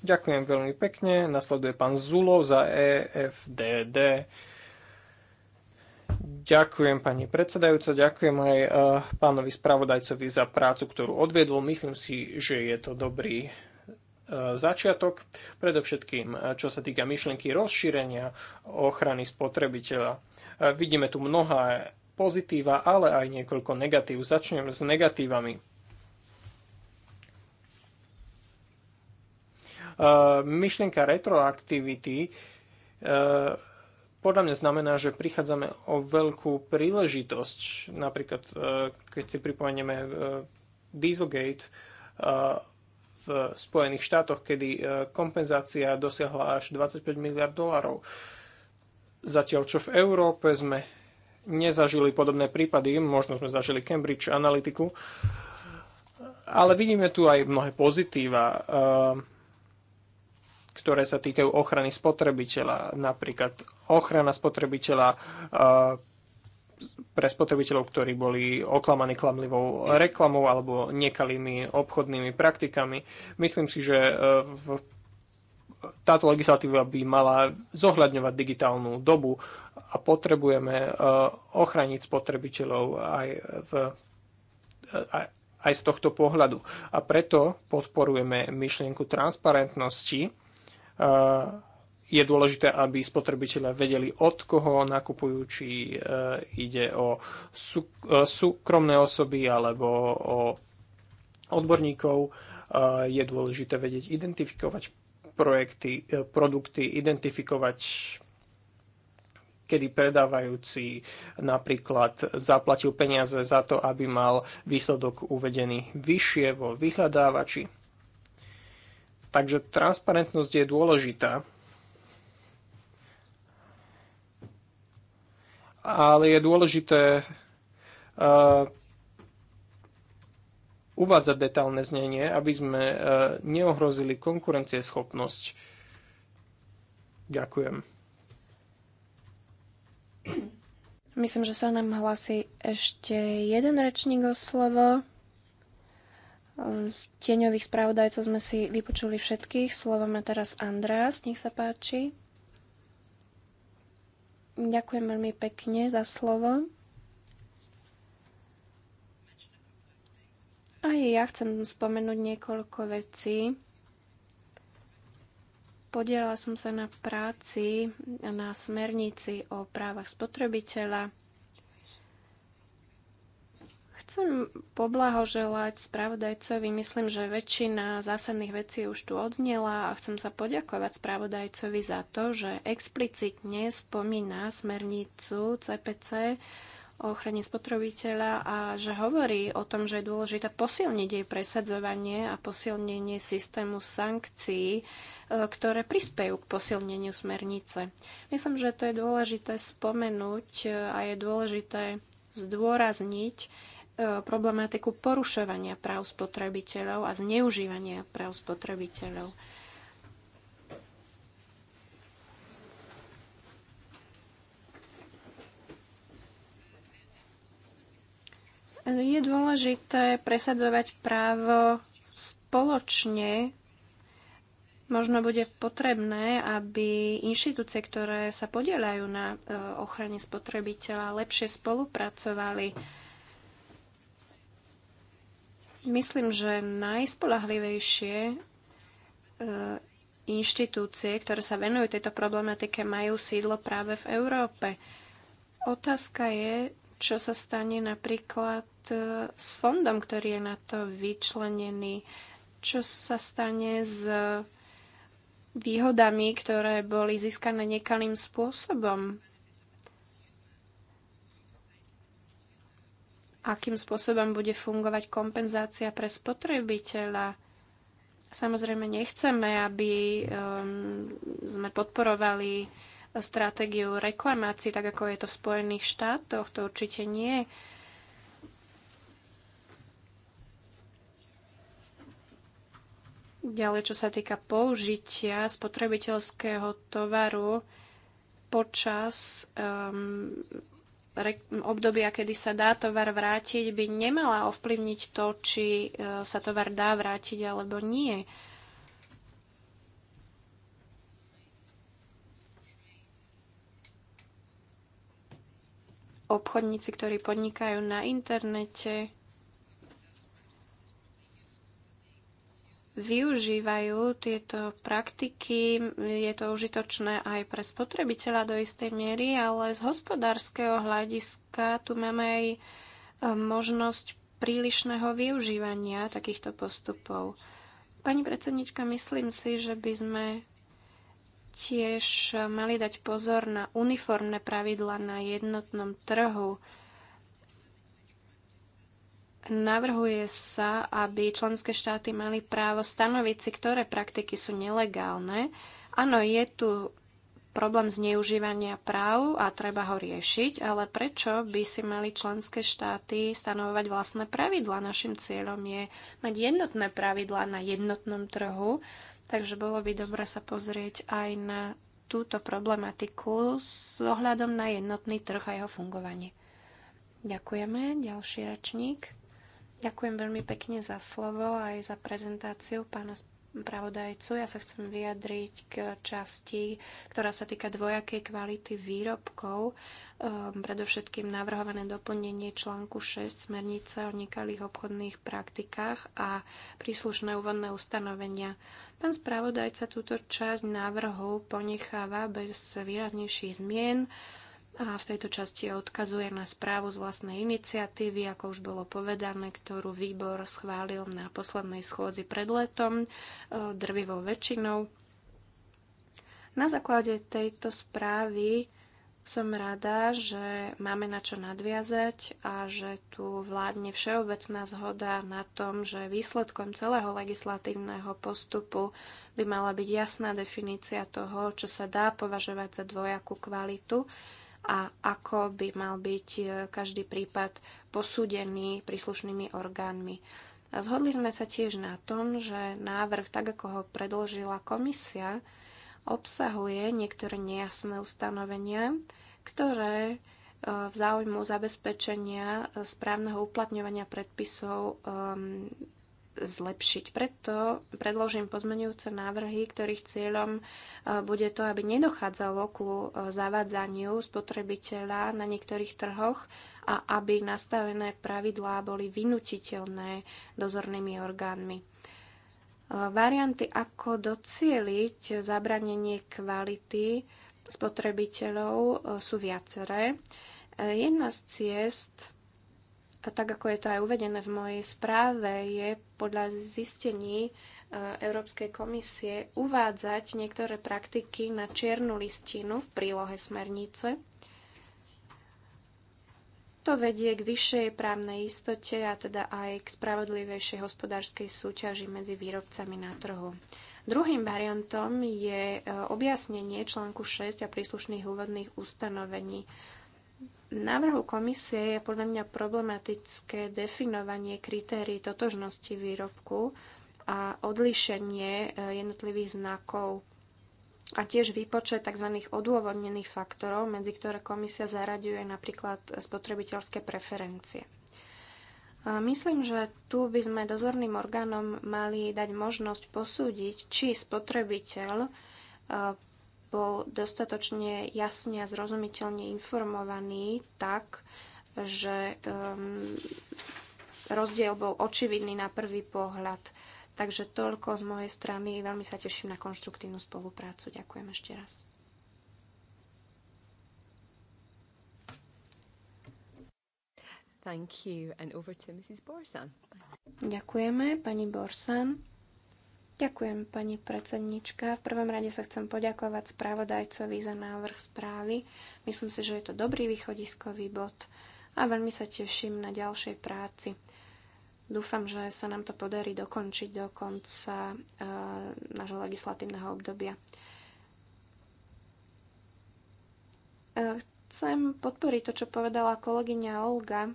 Ďakujem veľmi pekne. Nasleduje pán Zulov za EFDD. Ďakujem pani predsedajúca, ďakujem aj e, pánovi spravodajcovi za prácu, ktorú odviedol. Myslím si, že je to dobrý e, začiatok, predovšetkým e, čo sa týka myšlienky rozšírenia ochrany spotrebiteľa. Vidíme tu mnohé pozitíva, ale aj niekoľko negatív. Začnem s negatívami. Uh, myšlienka retroaktivity uh, podľa mňa znamená, že prichádzame o veľkú príležitosť. Napríklad, uh, keď si pripomenieme Dieselgate v Spojených štátoch, kedy kompenzácia dosiahla až 25 miliard dolárov. Zatiaľ, čo v Európe sme nezažili podobné prípady, možno sme zažili Cambridge Analytiku, ale vidíme tu aj mnohé pozitíva, eh, ktoré sa týkajú ochrany spotrebiteľa, napríklad ochrana spotrebiteľa eh, pre spotrebiteľov, ktorí boli oklamaní klamlivou reklamou alebo nekalými obchodnými praktikami. Myslím si, že eh, v táto legislatíva by mala zohľadňovať digitálnu dobu a potrebujeme e, ochraniť spotrebiteľov aj, v, aj, e, aj z tohto pohľadu. A preto podporujeme myšlienku transparentnosti. E, je dôležité, aby spotrebitelia vedeli, od koho nakupujú, či ide o súkromné osoby alebo o odborníkov je dôležité vedieť identifikovať projekty, e, produkty identifikovať kedy predávajúci napríklad zaplatil peniaze za to, aby mal výsledok uvedený vyššie vo vyhľadávači. Takže transparentnosť je dôležitá, ale je dôležité e, uvádzať detálne znenie, aby sme e, neohrozili konkurencieschopnosť. Ďakujem. Myslím, že sa nám hlasí ešte jeden rečník o slovo. Tieňových spravodajcov sme si vypočuli všetkých. Slovo má teraz András, nech sa páči. Ďakujem veľmi pekne za slovo. Aj ja chcem spomenúť niekoľko vecí. Podielala som sa na práci na smernici o právach spotrebiteľa. Chcem poblahoželať spravodajcovi. Myslím, že väčšina zásadných vecí už tu odznela a chcem sa poďakovať spravodajcovi za to, že explicitne spomína smernicu CPC o ochrane spotrebiteľa a že hovorí o tom, že je dôležité posilniť jej presadzovanie a posilnenie systému sankcií, e, ktoré prispejú k posilneniu smernice. Myslím, že to je dôležité spomenúť e, a je dôležité zdôrazniť e, problematiku porušovania práv spotrebiteľov a zneužívania práv spotrebiteľov. Je dôležité presadzovať právo spoločne. Možno bude potrebné, aby inštitúcie, ktoré sa podielajú na e, ochrane spotrebiteľa, lepšie spolupracovali. Myslím, že najspolahlivejšie e, inštitúcie, ktoré sa venujú tejto problematike, majú sídlo práve v Európe. Otázka je, čo sa stane napríklad E, s fondom, ktorý je na to vyčlenený. Čo sa stane s výhodami, ktoré boli získané nekalým spôsobom? Akým spôsobom bude fungovať kompenzácia pre spotrebiteľa? Samozrejme, nechceme, aby um, sme podporovali stratégiu reklamácií, tak ako je to v Spojených štátoch. To určite nie. je. Ďalej, čo sa týka použitia spotrebiteľského tovaru počas um, obdobia, kedy sa dá tovar vrátiť, by nemala ovplyvniť to, či uh, sa tovar dá vrátiť alebo nie. Obchodníci, ktorí podnikajú na internete, využívajú tieto praktiky. Je to užitočné aj pre spotrebiteľa do istej miery, ale z hospodárskeho hľadiska tu máme aj e, možnosť prílišného využívania takýchto postupov. Pani predsednička, myslím si, že by sme tiež mali dať pozor na uniformné pravidla na jednotnom trhu. Navrhuje sa, aby členské štáty mali právo stanoviť si, ktoré praktiky sú nelegálne. Áno, je tu problém zneužívania práv a treba ho riešiť, ale prečo by si mali členské štáty stanovovať vlastné pravidla? Našim cieľom je mať jednotné pravidla na jednotnom trhu, takže bolo by dobre sa pozrieť aj na túto problematiku s ohľadom na jednotný trh a jeho fungovanie. Ďakujeme. Ďalší rečník. Ďakujem veľmi pekne za slovo aj za prezentáciu pána pravodajcu. Ja sa chcem vyjadriť k časti, ktorá sa týka dvojakej kvality výrobkov. Um, predovšetkým navrhované doplnenie článku 6 smernice o nekalých obchodných praktikách a príslušné úvodné ustanovenia. Pán spravodajca túto časť návrhu ponecháva bez výraznejších zmien a v tejto časti odkazujem na správu z vlastnej iniciatívy, ako už bolo povedané, ktorú výbor schválil na poslednej schôdzi pred letom e, drvivou väčšinou. Na základe tejto správy som rada, že máme na čo nadviazať a že tu vládne všeobecná zhoda na tom, že výsledkom celého legislatívneho postupu by mala byť jasná definícia toho, čo sa dá považovať za dvojakú kvalitu a ako by mal byť e, každý prípad posúdený príslušnými orgánmi. A zhodli sme sa tiež na tom, že návrh, tak ako ho predložila komisia, obsahuje niektoré nejasné ustanovenia, ktoré e, v záujmu zabezpečenia e, správneho uplatňovania predpisov zlepšiť. Preto predložím pozmenujúce návrhy, ktorých cieľom e, bude to, aby nedochádzalo ku e, zavádzaniu spotrebiteľa na niektorých trhoch a aby nastavené pravidlá boli vynutiteľné dozornými orgánmi. E, varianty, ako docieliť zabranenie kvality spotrebiteľov sú viaceré. Jedna z ciest a tak, ako je to aj uvedené v mojej správe, je podľa zistení e, Európskej komisie uvádzať niektoré praktiky na čiernu listinu v prílohe smernice. To vedie k vyššej právnej istote a teda aj k spravodlivejšej hospodárskej súťaži medzi výrobcami na trhu. Druhým variantom je e, objasnenie článku 6 a príslušných úvodných ustanovení návrhu komisie je podľa mňa problematické definovanie kritérií totožnosti výrobku a odlíšenie eh, jednotlivých znakov a tiež výpočet tzv. odôvodnených faktorov, medzi ktoré komisia zaraďuje napríklad spotrebiteľské preferencie. Myslím, že tu by sme dozorným orgánom mali dať možnosť posúdiť, či spotrebiteľ eh, bol dostatočne jasne a zrozumiteľne informovaný tak, že um, rozdiel bol očividný na prvý pohľad. Takže toľko z mojej strany. Veľmi sa teším na konštruktívnu spoluprácu. Ďakujem ešte raz. Thank you. And over to Mrs. Borsan. Ďakujeme, pani Borsan. Ďakujem, pani predsednička. V prvom rade sa chcem poďakovať spravodajcovi za návrh správy. Myslím si, že je to dobrý východiskový bod a veľmi sa teším na ďalšej práci. Dúfam, že sa nám to podarí dokončiť do konca e, nášho legislatívneho obdobia. E, chcem podporiť to, čo povedala kolegyňa Olga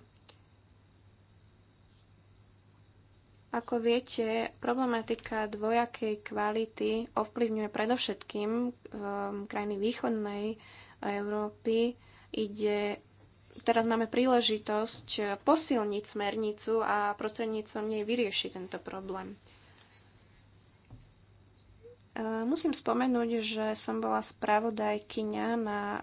Ako viete, problematika dvojakej kvality ovplyvňuje predovšetkým um, krajiny východnej Európy. Ide, teraz máme príležitosť posilniť smernicu a prostredníctvom nej vyriešiť tento problém. Ehm, musím spomenúť, že som bola spravodajkyňa na ehm,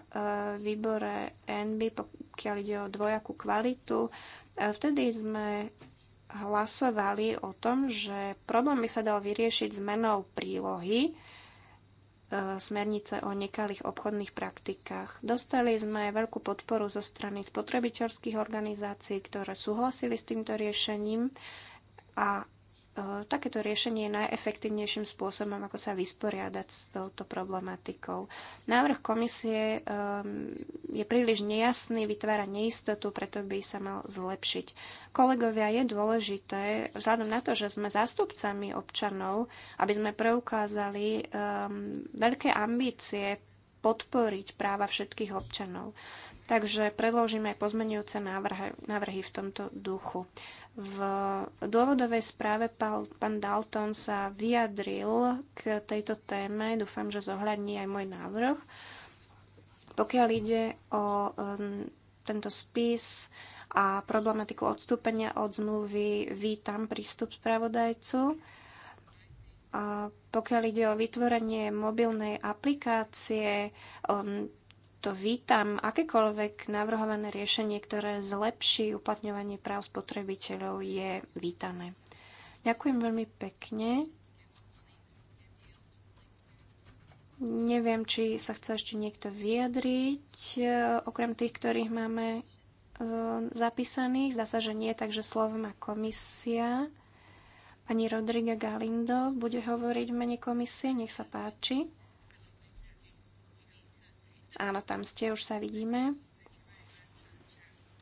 výbore NB, pokiaľ ide o dvojakú kvalitu. Vtedy sme hlasovali o tom, že problém by sa dal vyriešiť zmenou prílohy e, smernice o nekalých obchodných praktikách. Dostali sme veľkú podporu zo strany spotrebiteľských organizácií, ktoré súhlasili s týmto riešením a Eh, takéto riešenie je najefektívnejším spôsobom, ako sa vysporiadať s touto problematikou. Návrh komisie ehm, je príliš nejasný, vytvára neistotu, preto by sa mal zlepšiť. Kolegovia, je dôležité, vzhľadom na to, že sme zástupcami občanov, aby sme preukázali ehm, veľké ambície podporiť práva všetkých občanov. Takže predložíme aj pozmenujúce návrhy, návrhy v tomto duchu. V dôvodovej správe pán Dalton sa vyjadril k tejto téme. Dúfam, že zohľadní aj môj návrh. Pokiaľ ide o um, tento spis a problematiku odstúpenia od zmluvy, vítam prístup spravodajcu. A pokiaľ ide o vytvorenie mobilnej aplikácie, um, to vítam akékoľvek navrhované riešenie, ktoré zlepší uplatňovanie práv spotrebiteľov, je vítané. Ďakujem veľmi pekne. Neviem, či sa chce ešte niekto vyjadriť, e, okrem tých, ktorých máme e, zapísaných. Zdá sa, že nie, takže slovo má komisia. Pani Rodriga Galindo bude hovoriť v mene komisie, nech sa páči. Áno, tam ste, už sa vidíme.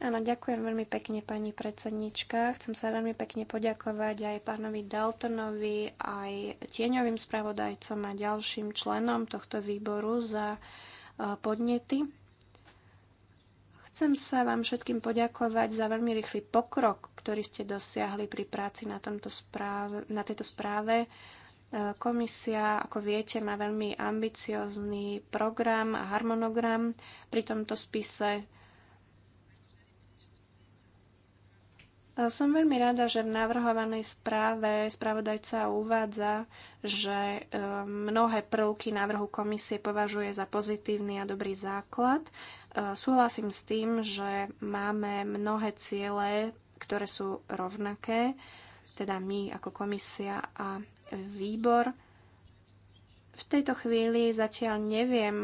Áno, ďakujem veľmi pekne, pani predsednička. Chcem sa veľmi pekne poďakovať aj pánovi Daltonovi, aj tieňovým spravodajcom a ďalším členom tohto výboru za e, podnety. Chcem sa vám všetkým poďakovať za veľmi rýchly pokrok, ktorý ste dosiahli pri práci na, tomto správe, na tejto správe. Komisia, ako viete, má veľmi ambiciózny program a harmonogram pri tomto spise. Som veľmi rada, že v navrhovanej správe spravodajca uvádza, že e, mnohé prvky návrhu komisie považuje za pozitívny a dobrý základ. E, súhlasím s tým, že máme mnohé ciele, ktoré sú rovnaké, teda my ako komisia a výbor. V tejto chvíli zatiaľ neviem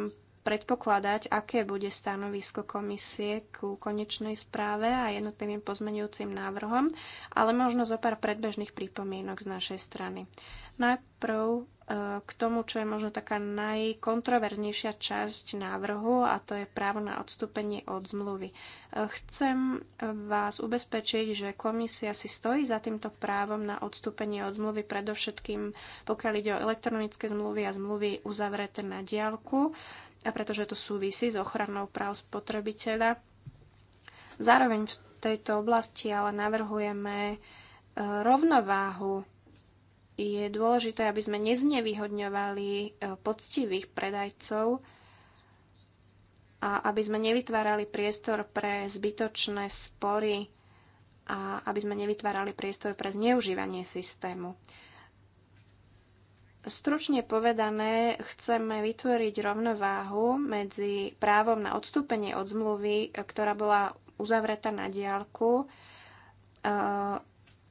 predpokladať, aké bude stanovisko komisie ku konečnej správe a jednotlivým pozmenujúcim návrhom, ale možno zo pár predbežných pripomienok z našej strany. Najprv e, k tomu, čo je možno taká najkontroverznejšia časť návrhu a to je právo na odstúpenie od zmluvy. E, chcem vás ubezpečiť, že komisia si stojí za týmto právom na odstúpenie od zmluvy, predovšetkým pokiaľ ide o elektronické zmluvy a zmluvy uzavreté na diálku a pretože to súvisí s ochranou práv spotrebiteľa. Zároveň v tejto oblasti ale navrhujeme e, rovnováhu je dôležité, aby sme neznevýhodňovali e, poctivých predajcov a aby sme nevytvárali priestor pre zbytočné spory a aby sme nevytvárali priestor pre zneužívanie systému. Stručne povedané, chceme vytvoriť rovnováhu medzi právom na odstúpenie od zmluvy, e, ktorá bola uzavretá na diálku, e,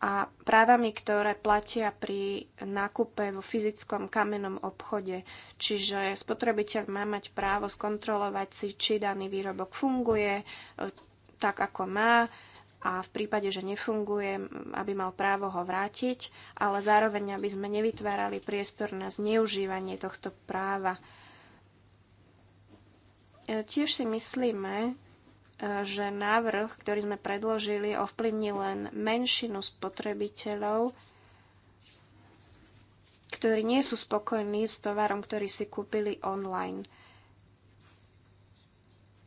a právami, ktoré platia pri nákupe vo fyzickom kamennom obchode. Čiže spotrebiteľ má mať právo skontrolovať si, či daný výrobok funguje e, tak, ako má a v prípade, že nefunguje, aby mal právo ho vrátiť, ale zároveň, aby sme nevytvárali priestor na zneužívanie tohto práva. E, tiež si myslíme, E, že návrh, ktorý sme predložili, ovplyvní len menšinu spotrebiteľov, ktorí nie sú spokojní s tovarom, ktorý si kúpili online.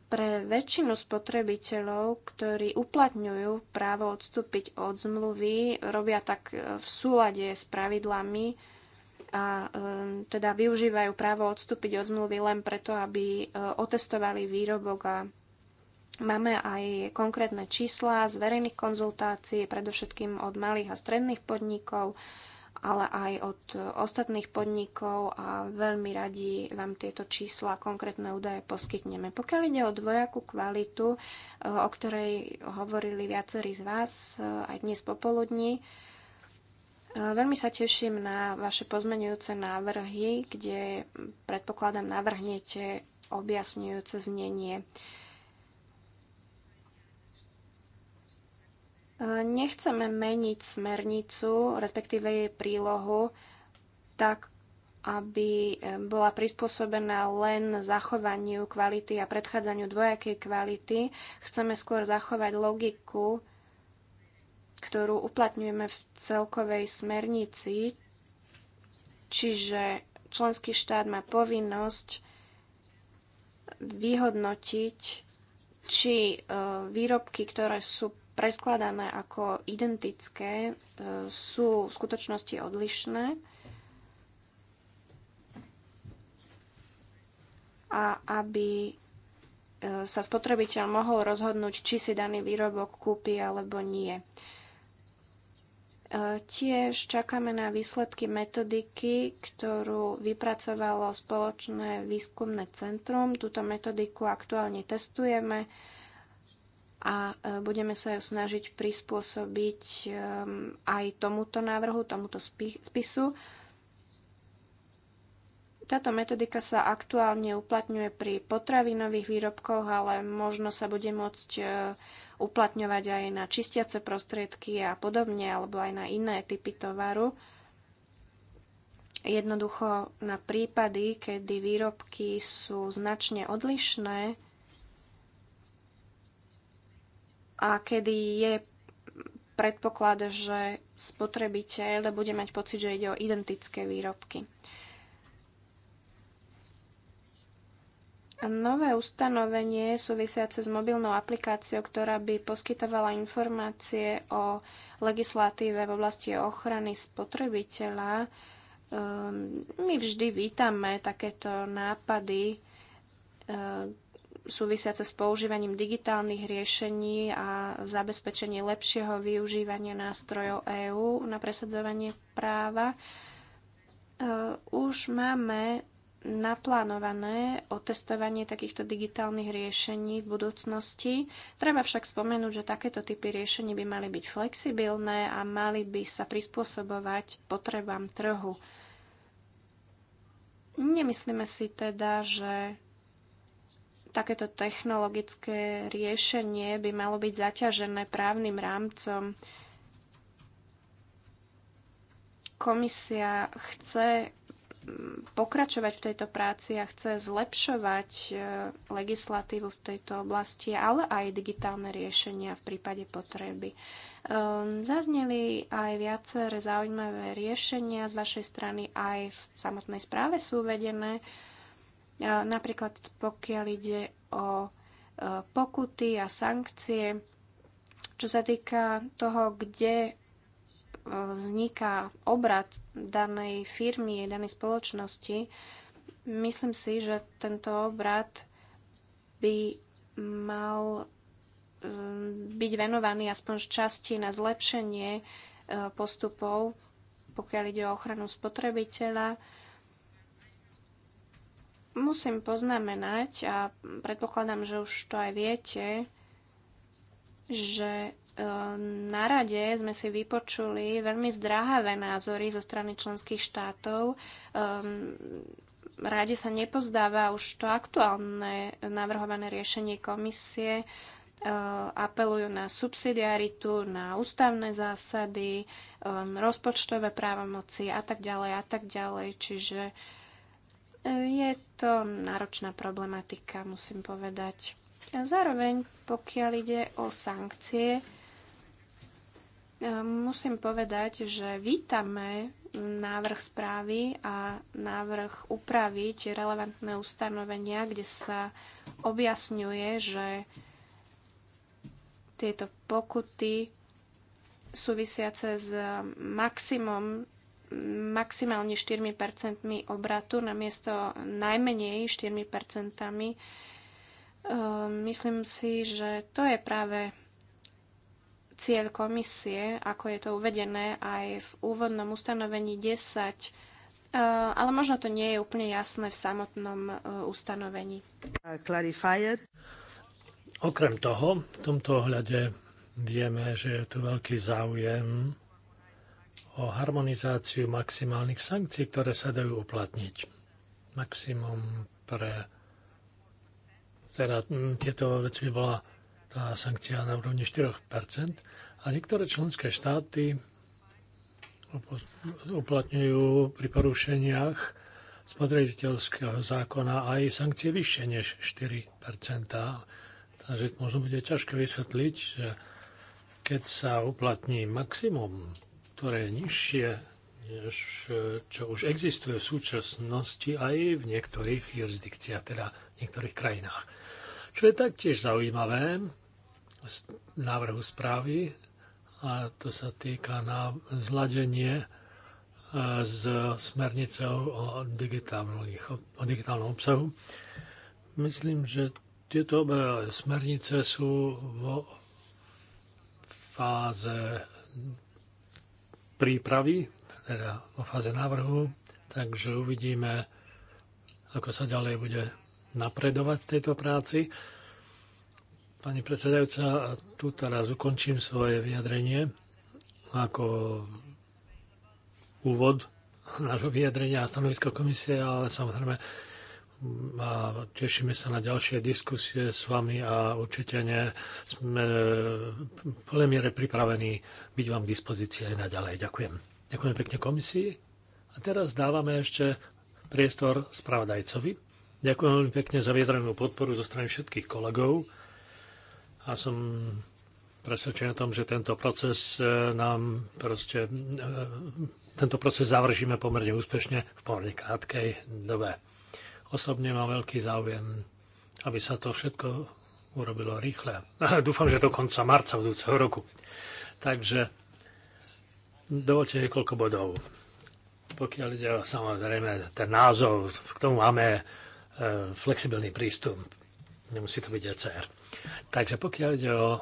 Pre väčšinu spotrebiteľov, ktorí uplatňujú právo odstúpiť od zmluvy, robia tak e, v súlade s pravidlami a e, teda využívajú právo odstúpiť od zmluvy len preto, aby otestovali výrobok a Máme aj konkrétne čísla z verejných konzultácií, predovšetkým od malých a stredných podnikov, ale aj od ostatných podnikov a veľmi radi vám tieto čísla, konkrétne údaje poskytneme. Pokiaľ ide o dvojakú kvalitu, eh, o ktorej hovorili viacerí z vás eh, aj dnes popoludní, eh, Veľmi sa teším na vaše pozmenujúce návrhy, kde predpokladám navrhnete objasňujúce znenie. E, nechceme meniť smernicu, respektíve jej prílohu, tak, aby e, bola prispôsobená len zachovaniu kvality a predchádzaniu dvojakej kvality. Chceme skôr zachovať logiku, ktorú uplatňujeme v celkovej smernici, čiže členský štát má povinnosť vyhodnotiť, či e, výrobky, ktoré sú predkladáme ako identické, e, sú v skutočnosti odlišné. A aby e, sa spotrebiteľ mohol rozhodnúť, či si daný výrobok kúpi alebo nie. E, tiež čakáme na výsledky metodiky, ktorú vypracovalo spoločné výskumné centrum. Túto metodiku aktuálne testujeme a e, budeme sa ju snažiť prispôsobiť e, aj tomuto návrhu, tomuto spisu. Táto metodika sa aktuálne uplatňuje pri potravinových výrobkoch, ale možno sa bude môcť e, uplatňovať aj na čistiace prostriedky a podobne, alebo aj na iné typy tovaru. Jednoducho na prípady, kedy výrobky sú značne odlišné, a kedy je predpoklad, že spotrebiteľ bude mať pocit, že ide o identické výrobky. Nové ustanovenie súvisiace s mobilnou aplikáciou, ktorá by poskytovala informácie o legislatíve v oblasti ochrany spotrebiteľa, ehm, my vždy vítame takéto nápady, ehm, súvisiace s používaním digitálnych riešení a zabezpečenie lepšieho využívania nástrojov EÚ na presadzovanie práva. E, už máme naplánované otestovanie takýchto digitálnych riešení v budúcnosti. Treba však spomenúť, že takéto typy riešení by mali byť flexibilné a mali by sa prispôsobovať potrebám trhu. Nemyslíme si teda, že takéto technologické riešenie by malo byť zaťažené právnym rámcom. Komisia chce mm, pokračovať v tejto práci a chce zlepšovať e, legislatívu v tejto oblasti, ale aj digitálne riešenia v prípade potreby. Ehm, zazneli aj viaceré zaujímavé riešenia z vašej strany, aj v samotnej správe sú uvedené. Napríklad pokiaľ ide o e, pokuty a sankcie, čo sa týka toho, kde e, vzniká obrad danej firmy, danej spoločnosti, myslím si, že tento obrad by mal e, byť venovaný aspoň z časti na zlepšenie postupov, pokiaľ ide o ochranu spotrebiteľa Musím poznamenať a predpokladám, že už to aj viete, že e, na rade sme si vypočuli veľmi zdráhavé názory zo strany členských štátov. Ehm, rade sa nepozdáva už to aktuálne navrhované riešenie komisie. E, apelujú na subsidiaritu, na ústavné zásady, ehm, rozpočtové právomoci a tak ďalej a tak ďalej. Čiže je to náročná problematika, musím povedať. A zároveň, pokiaľ ide o sankcie, eh, musím povedať, že vítame návrh správy a návrh upraviť relevantné ustanovenia, kde sa objasňuje, že tieto pokuty súvisiace s maximum maximálne 4% obratu namiesto najmenej 4%. E, myslím si, že to je práve cieľ komisie, ako je to uvedené aj v úvodnom ustanovení 10, e, ale možno to nie je úplne jasné v samotnom e, ustanovení. Okrem toho, v tomto ohľade vieme, že je tu veľký záujem o harmonizáciu maximálnych sankcií, ktoré sa dajú uplatniť. Maximum pre teda mm, tieto veci by bola tá sankcia na úrovni 4 a niektoré členské štáty uplatňujú pri porušeniach spotrebiteľského zákona aj sankcie vyššie než 4 Takže možno bude ťažké vysvetliť, že keď sa uplatní maximum ktoré je nižšie, než čo už existuje v súčasnosti aj v niektorých jurisdikciách, teda v niektorých krajinách. Čo je taktiež zaujímavé z návrhu správy, a to sa týka na zladenie s e, smernicou o, o digitálnom obsahu. Myslím, že tieto obe smernice sú vo fáze prípravy, teda vo fáze návrhu, takže uvidíme, ako sa ďalej bude napredovať v tejto práci. Pani predsedajúca, tu teraz ukončím svoje vyjadrenie ako úvod nášho vyjadrenia a stanoviska komisie, ale samozrejme a tešíme sa na ďalšie diskusie s vami a určite ne, sme v plnej miere pripravení byť vám k dispozícii aj naďalej. Ďakujem. Ďakujem pekne komisii. A teraz dávame ešte priestor spravodajcovi. Ďakujem veľmi pekne za viedrenú podporu zo strany všetkých kolegov a som presvedčený o tom, že tento proces e, nám proste, e, tento proces završíme pomerne úspešne v pomerne krátkej dobe osobne mám veľký záujem, aby sa to všetko urobilo rýchle. Dúfam, že do konca marca budúceho roku. Takže dovolte niekoľko bodov. Pokiaľ ide o samozrejme ten názov, k tomu máme e, flexibilný prístup. Nemusí to byť ECR. Takže pokiaľ ide o e,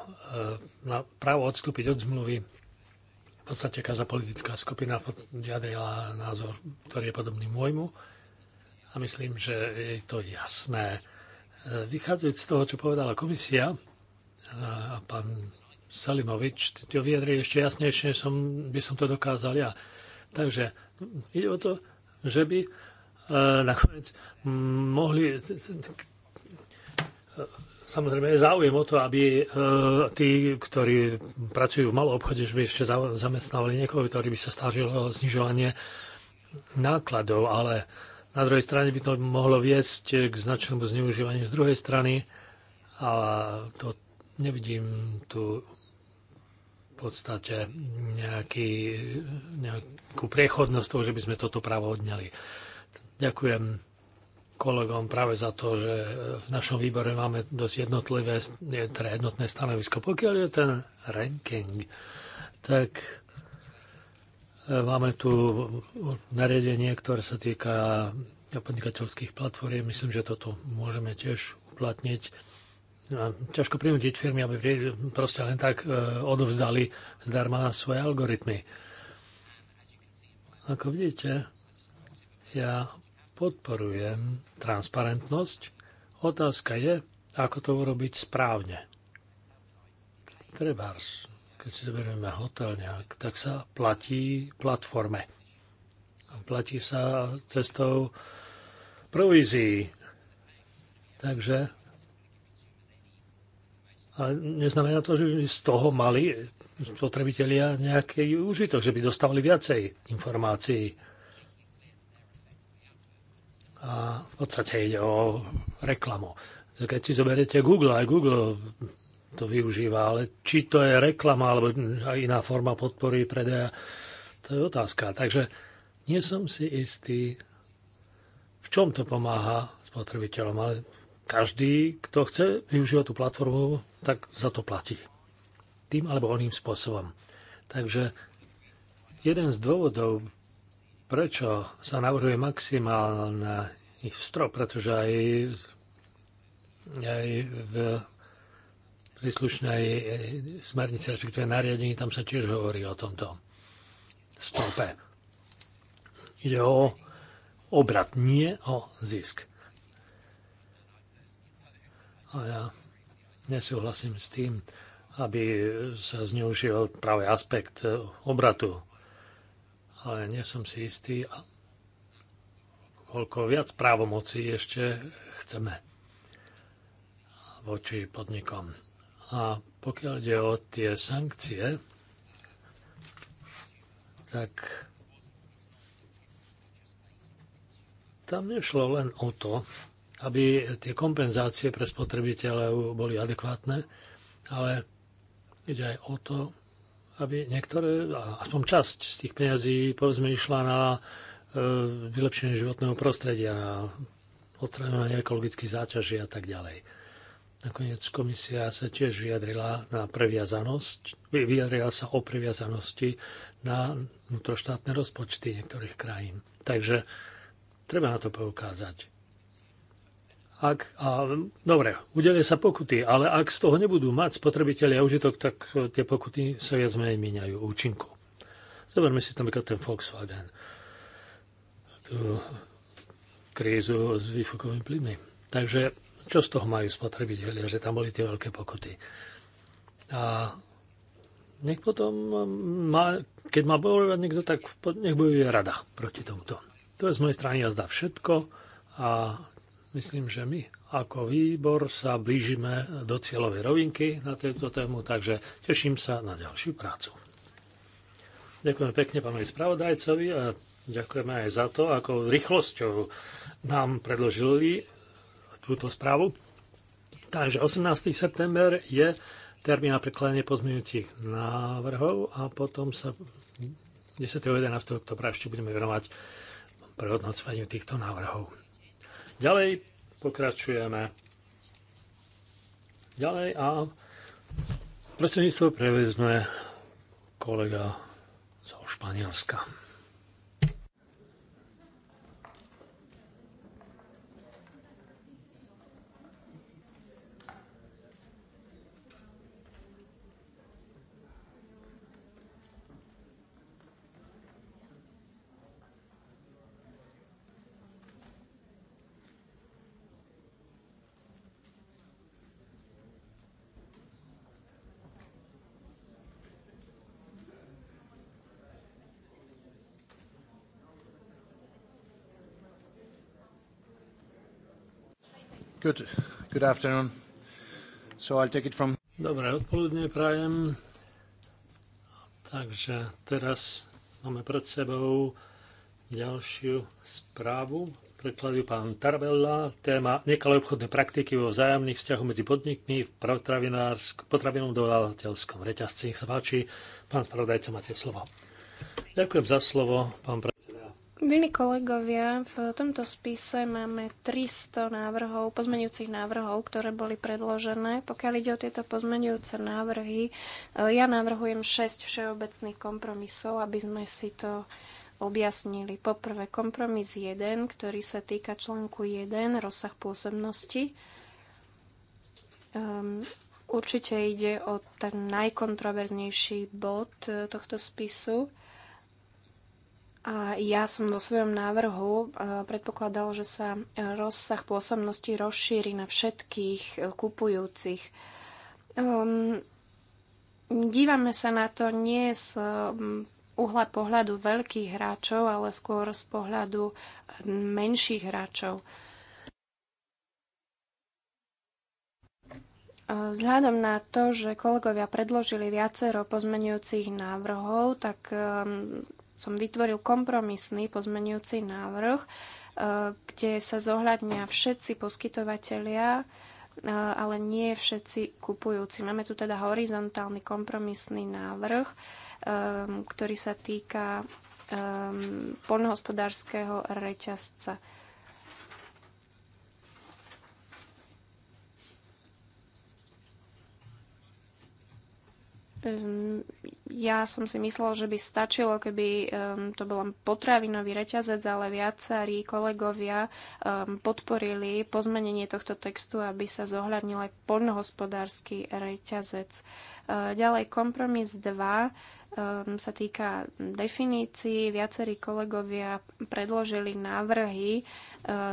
na právo odstúpiť od zmluvy, v podstate každá politická skupina vyjadrila názor, ktorý je podobný môjmu a myslím, že je to jasné. Vychádzajúc z toho, čo povedala komisia a pán Salimovič, to vyjadri ešte jasnejšie, som, by som to dokázal ja. Takže ide o to, že by e, nakoniec mohli samozrejme je záujem o to, aby e, tí, ktorí pracujú v malom obchode, že by ešte zamestnávali niekoho, ktorý by sa snažil o znižovanie nákladov, ale na druhej strane by to mohlo viesť k značnému zneužívaniu z druhej strany a to nevidím tu v podstate nejaký, nejakú priechodnosť toho, že by sme toto právo odňali. Ďakujem kolegom práve za to, že v našom výbore máme dosť jednotlivé, teda jednotné stanovisko. Pokiaľ je ten ranking, tak Máme tu nariadenie, ktoré sa týka podnikateľských platform. Myslím, že toto môžeme tiež uplatniť. Ťažko prinútiť firmy, aby proste len tak e, odovzdali zdarma svoje algoritmy. Ako vidíte, ja podporujem transparentnosť. Otázka je, ako to urobiť správne. Trebárs keď si zoberieme hotel nejak, tak sa platí platforme. Platí sa cestou provízií. Takže a neznamená to, že by z toho mali spotrebitelia nejaký užitok, že by dostávali viacej informácií. A v podstate ide o reklamu. Keď si zoberiete Google, aj Google to využíva, ale či to je reklama alebo iná forma podpory predaja, to je otázka. Takže nie som si istý, v čom to pomáha spotrebiteľom, ale každý, kto chce využívať tú platformu, tak za to platí. Tým alebo oným spôsobom. Takže jeden z dôvodov, prečo sa navrhuje maximálna strop, pretože aj, aj v príslušnej e, smernice, respektíve nariadení, tam sa tiež hovorí o tomto stope. Ide o obrat, nie o zisk. A ja nesúhlasím s tým, aby sa zneužil práve aspekt e, obratu. Ale nie som si istý, koľko viac právomocí ešte chceme voči podnikom. A pokiaľ ide o tie sankcie, tak tam nešlo len o to, aby tie kompenzácie pre spotrebiteľov boli adekvátne, ale ide aj o to, aby niektoré, aspoň časť z tých peňazí, povedzme, išla na e, vylepšenie životného prostredia, na odstraňovanie ekologických záťaží a tak ďalej. Nakoniec komisia sa tiež vyjadrila na previazanosť, vyjadrila sa o previazanosti na vnútroštátne rozpočty niektorých krajín. Takže treba na to poukázať. Ak, a, dobre, udelia sa pokuty, ale ak z toho nebudú mať spotrebitelia užitok, tak tie pokuty sa viac menej míňajú účinku. Zoberme si tam ten Volkswagen. Tú krízu s výfukovými plynmi. Takže čo z toho majú spotrebitelia, že tam boli tie veľké pokuty? A nech potom, má, keď má bojovať niekto, tak nech bojuje rada proti tomuto. To je z mojej strany jazda všetko a myslím, že my ako výbor sa blížime do cieľovej rovinky na tejto tému, takže teším sa na ďalšiu prácu. Ďakujem pekne pánovi spravodajcovi a ďakujeme aj za to, ako rýchlosťou nám predložili túto správu. Takže 18. september je termín na prekladanie pozmeňujúcich návrhov a potom sa 10. 11. oktobra ešte budeme venovať prehodnocovaniu týchto návrhov. Ďalej pokračujeme. Ďalej a prostredníctvo prevezme kolega zo Španielska. Good, good afternoon. So I'll take it from... Dobré odpoludne prajem. Takže teraz máme pred sebou ďalšiu správu. Prekladujú pán Tarabella Téma nekalé obchodné praktiky vo vzájomných vzťahoch medzi podnikmi v potravinom dodávateľskom reťazci. Nech sa páči, pán spravodajca, máte slovo. Ďakujem za slovo, pán pre... Milí kolegovia, v tomto spise máme 300 návrhov, pozmenujúcich návrhov, ktoré boli predložené. Pokiaľ ide o tieto pozmenujúce návrhy, e, ja navrhujem 6 všeobecných kompromisov, aby sme si to objasnili. Poprvé kompromis 1, ktorý sa týka článku 1, rozsah pôsobnosti. Um, určite ide o ten najkontroverznejší bod e, tohto spisu. A ja som vo svojom návrhu e, predpokladal, že sa e, rozsah pôsobnosti rozšíri na všetkých e, kupujúcich. Um, dívame sa na to nie z mm, uhla pohľadu veľkých hráčov, ale skôr z pohľadu menších hráčov. Vzhľadom na to, že kolegovia predložili viacero pozmenujúcich návrhov, tak ehm, som vytvoril kompromisný pozmenujúci návrh, e, kde sa zohľadnia všetci poskytovateľia, e, ale nie všetci kupujúci. Máme tu teda horizontálny kompromisný návrh, e, ktorý sa týka poľnohospodárskeho reťazca. Ehm, ja som si myslela, že by stačilo, keby ehm, to bol len potravinový reťazec, ale viacerí kolegovia ehm, podporili pozmenenie tohto textu, aby sa zohľadnil aj poľnohospodársky reťazec. Ďalej kompromis 2 Ehm, sa týka definícií. Viacerí kolegovia predložili návrhy ehm,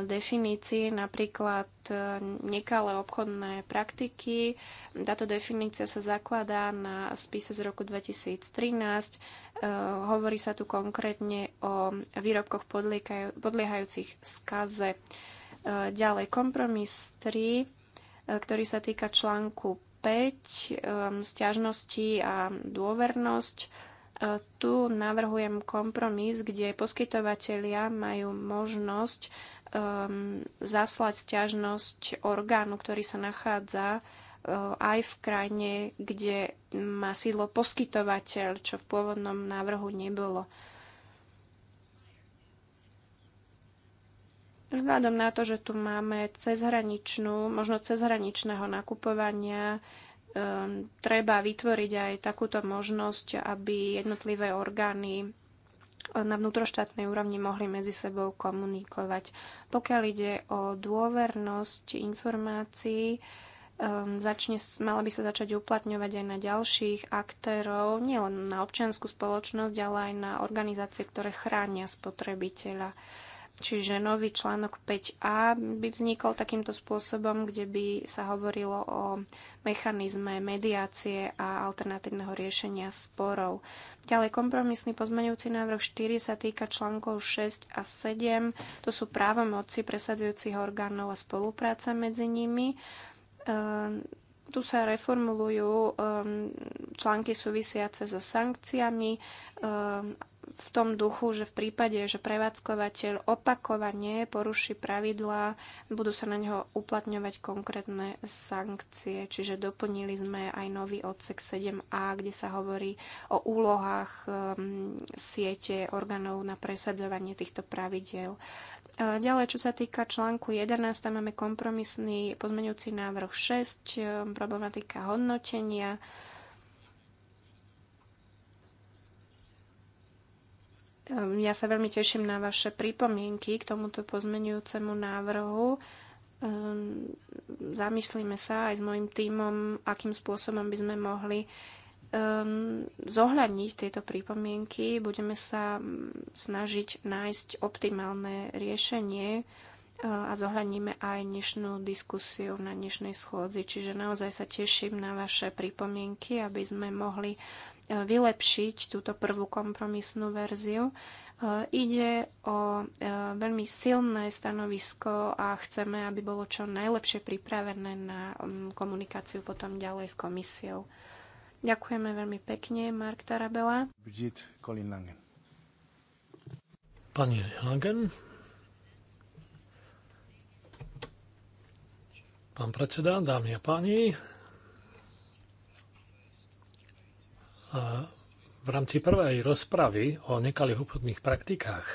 definícií, napríklad ehm, nekalé obchodné praktiky. Táto definícia sa zakladá na spise z roku 2013. Hovorí sa tu konkrétne o výrobkoch podliehajúcich skaze. Ďalej kompromis 3 ktorý sa týka článku 5, um, stiažnosti a dôvernosť. Uh, tu navrhujem kompromis, kde poskytovateľia majú možnosť um, zaslať stiažnosť orgánu, ktorý sa nachádza uh, aj v krajine, kde má sídlo poskytovateľ, čo v pôvodnom návrhu nebolo. Vzhľadom na to, že tu máme cezhraničnú, možno cezhraničného nakupovania, um, treba vytvoriť aj takúto možnosť, aby jednotlivé orgány eh, na vnútroštátnej úrovni mohli medzi sebou komunikovať. Pokiaľ ide o dôvernosť informácií, um, začne, mala by sa začať uplatňovať aj na ďalších aktérov, nielen na občianskú spoločnosť, ale aj na organizácie, ktoré chránia spotrebiteľa. Uh, Čiže nový článok 5a by vznikol takýmto spôsobom, kde by sa hovorilo o mechanizme mediácie a alternatívneho riešenia sporov. Ďalej kompromisný pozmeňujúci návrh 4 sa týka článkov 6 a 7. To sú moci presadzujúcich orgánov a spolupráca medzi nimi. Ehm, tu sa reformulujú ehm, články súvisiace so sankciami ehm, v tom duchu, že v prípade, že prevádzkovateľ opakovane poruší pravidlá, budú sa na neho uplatňovať konkrétne sankcie. Čiže doplnili sme aj nový odsek 7a, kde sa hovorí o úlohách um, siete orgánov na presadzovanie týchto pravidiel. E, ďalej, čo sa týka článku 11, tam máme kompromisný pozmeňujúci návrh 6, e, problematika hodnotenia. Ehm, ja sa veľmi teším na vaše pripomienky k tomuto pozmenujúcemu návrhu. Ehm, zamyslíme sa aj s mojim tímom, akým spôsobom by sme mohli ehm, zohľadniť tieto pripomienky. Budeme sa mm, snažiť nájsť optimálne riešenie a zohľadníme aj dnešnú diskusiu na dnešnej schôdzi. Čiže naozaj sa teším na vaše pripomienky, aby sme mohli E, vylepšiť túto prvú kompromisnú verziu. E, ide o e, veľmi silné stanovisko a chceme, aby bolo čo najlepšie pripravené na komunikáciu potom ďalej s komisiou. Ďakujeme veľmi pekne, Mark Tarabela. Bridget Colin Langen. Pani Langen. Pán predseda, dámy a páni, v rámci prvej rozpravy o nekalých obchodných praktikách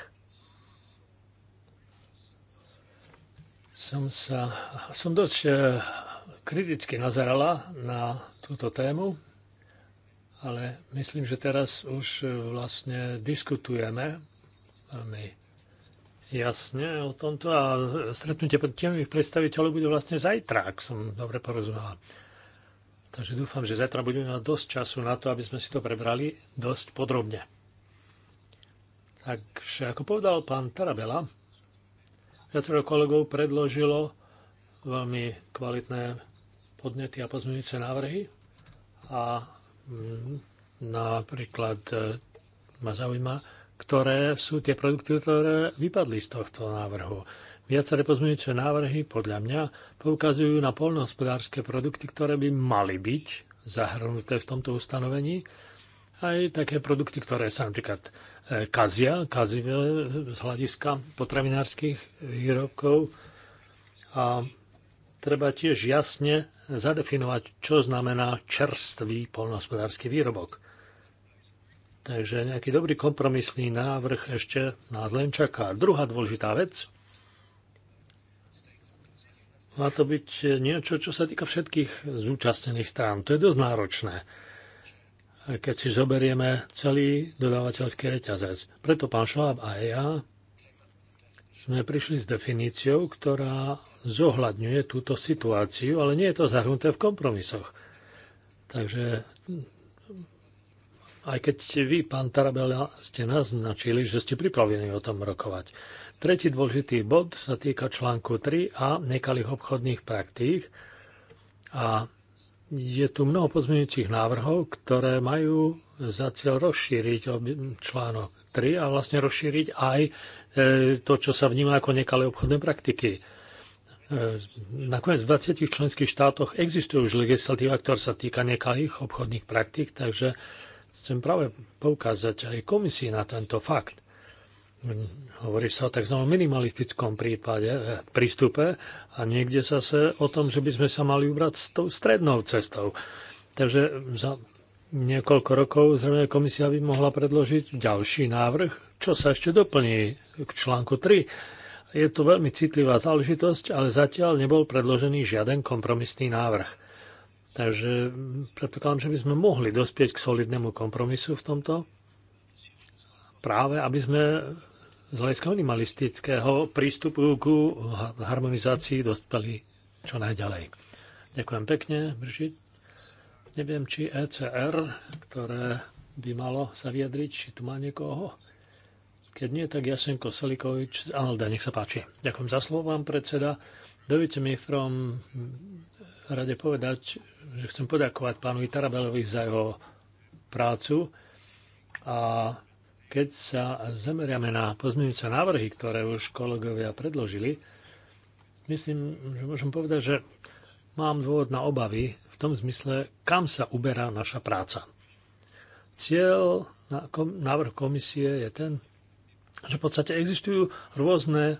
som, sa, som dosť e, kriticky nazerala na túto tému, ale myslím, že teraz už e, vlastne diskutujeme veľmi jasne o tomto a stretnutie pod tými predstaviteľov bude vlastne zajtra, ak som dobre porozumela. Takže dúfam, že zajtra budeme mať dosť času na to, aby sme si to prebrali dosť podrobne. Takže, ako povedal pán Tarabela, viacero kolegov predložilo veľmi kvalitné podnety a pozmeňujúce návrhy a mm, napríklad e, ma zaujíma, ktoré sú tie produkty, ktoré vypadli z tohto návrhu. Viaceré pozmeňujúce návrhy podľa mňa poukazujú na polnohospodárske produkty, ktoré by mali byť zahrnuté v tomto ustanovení. Aj také produkty, ktoré sa napríklad e, kazia, kazivé z hľadiska potravinárskych výrobkov. A treba tiež jasne zadefinovať, čo znamená čerstvý polnohospodársky výrobok. Takže nejaký dobrý kompromisný návrh ešte nás len čaká. Druhá dôležitá vec – má to byť niečo, čo sa týka všetkých zúčastnených strán. To je dosť náročné, keď si zoberieme celý dodávateľský reťazec. Preto pán Šváb a ja sme prišli s definíciou, ktorá zohľadňuje túto situáciu, ale nie je to zahrnuté v kompromisoch. Takže aj keď vy, pán Tarabela, ste naznačili, že ste pripravení o tom rokovať. Tretí dôležitý bod sa týka článku 3 a nekalých obchodných praktík. A je tu mnoho pozmeňujúcich návrhov, ktoré majú za cieľ rozšíriť článok 3 a vlastne rozšíriť aj e, to, čo sa vníma ako nekalé obchodné praktiky. E, nakoniec v 20 členských štátoch existuje už legislatíva, ktorá sa týka nekalých obchodných praktík, takže chcem práve poukázať aj komisii na tento fakt. Hovorí sa o tzv. minimalistickom prípade, eh, prístupe a niekde sa sa o tom, že by sme sa mali ubrať s tou strednou cestou. Takže za niekoľko rokov zrejme komisia by mohla predložiť ďalší návrh, čo sa ešte doplní k článku 3. Je to veľmi citlivá záležitosť, ale zatiaľ nebol predložený žiaden kompromisný návrh. Takže predpokladám, že by sme mohli dospieť k solidnému kompromisu v tomto, práve aby sme z hľadiska minimalistického prístupu ku harmonizácii dospeli čo najďalej. Ďakujem pekne, Bržit. Neviem, či ECR, ktoré by malo sa vyjadriť, či tu má niekoho. Keď nie, tak Jasenko Selikovič z Alda, nech sa páči. Ďakujem za slovo vám, predseda. Dovíte mi from rade povedať, že chcem poďakovať pánovi Tarabelovi za jeho prácu a keď sa zameriame na pozmeňujúce návrhy, ktoré už kolegovia predložili, myslím, že môžem povedať, že mám dôvod na obavy v tom zmysle, kam sa uberá naša práca. Cieľ návrh komisie je ten, že v podstate existujú rôzne e,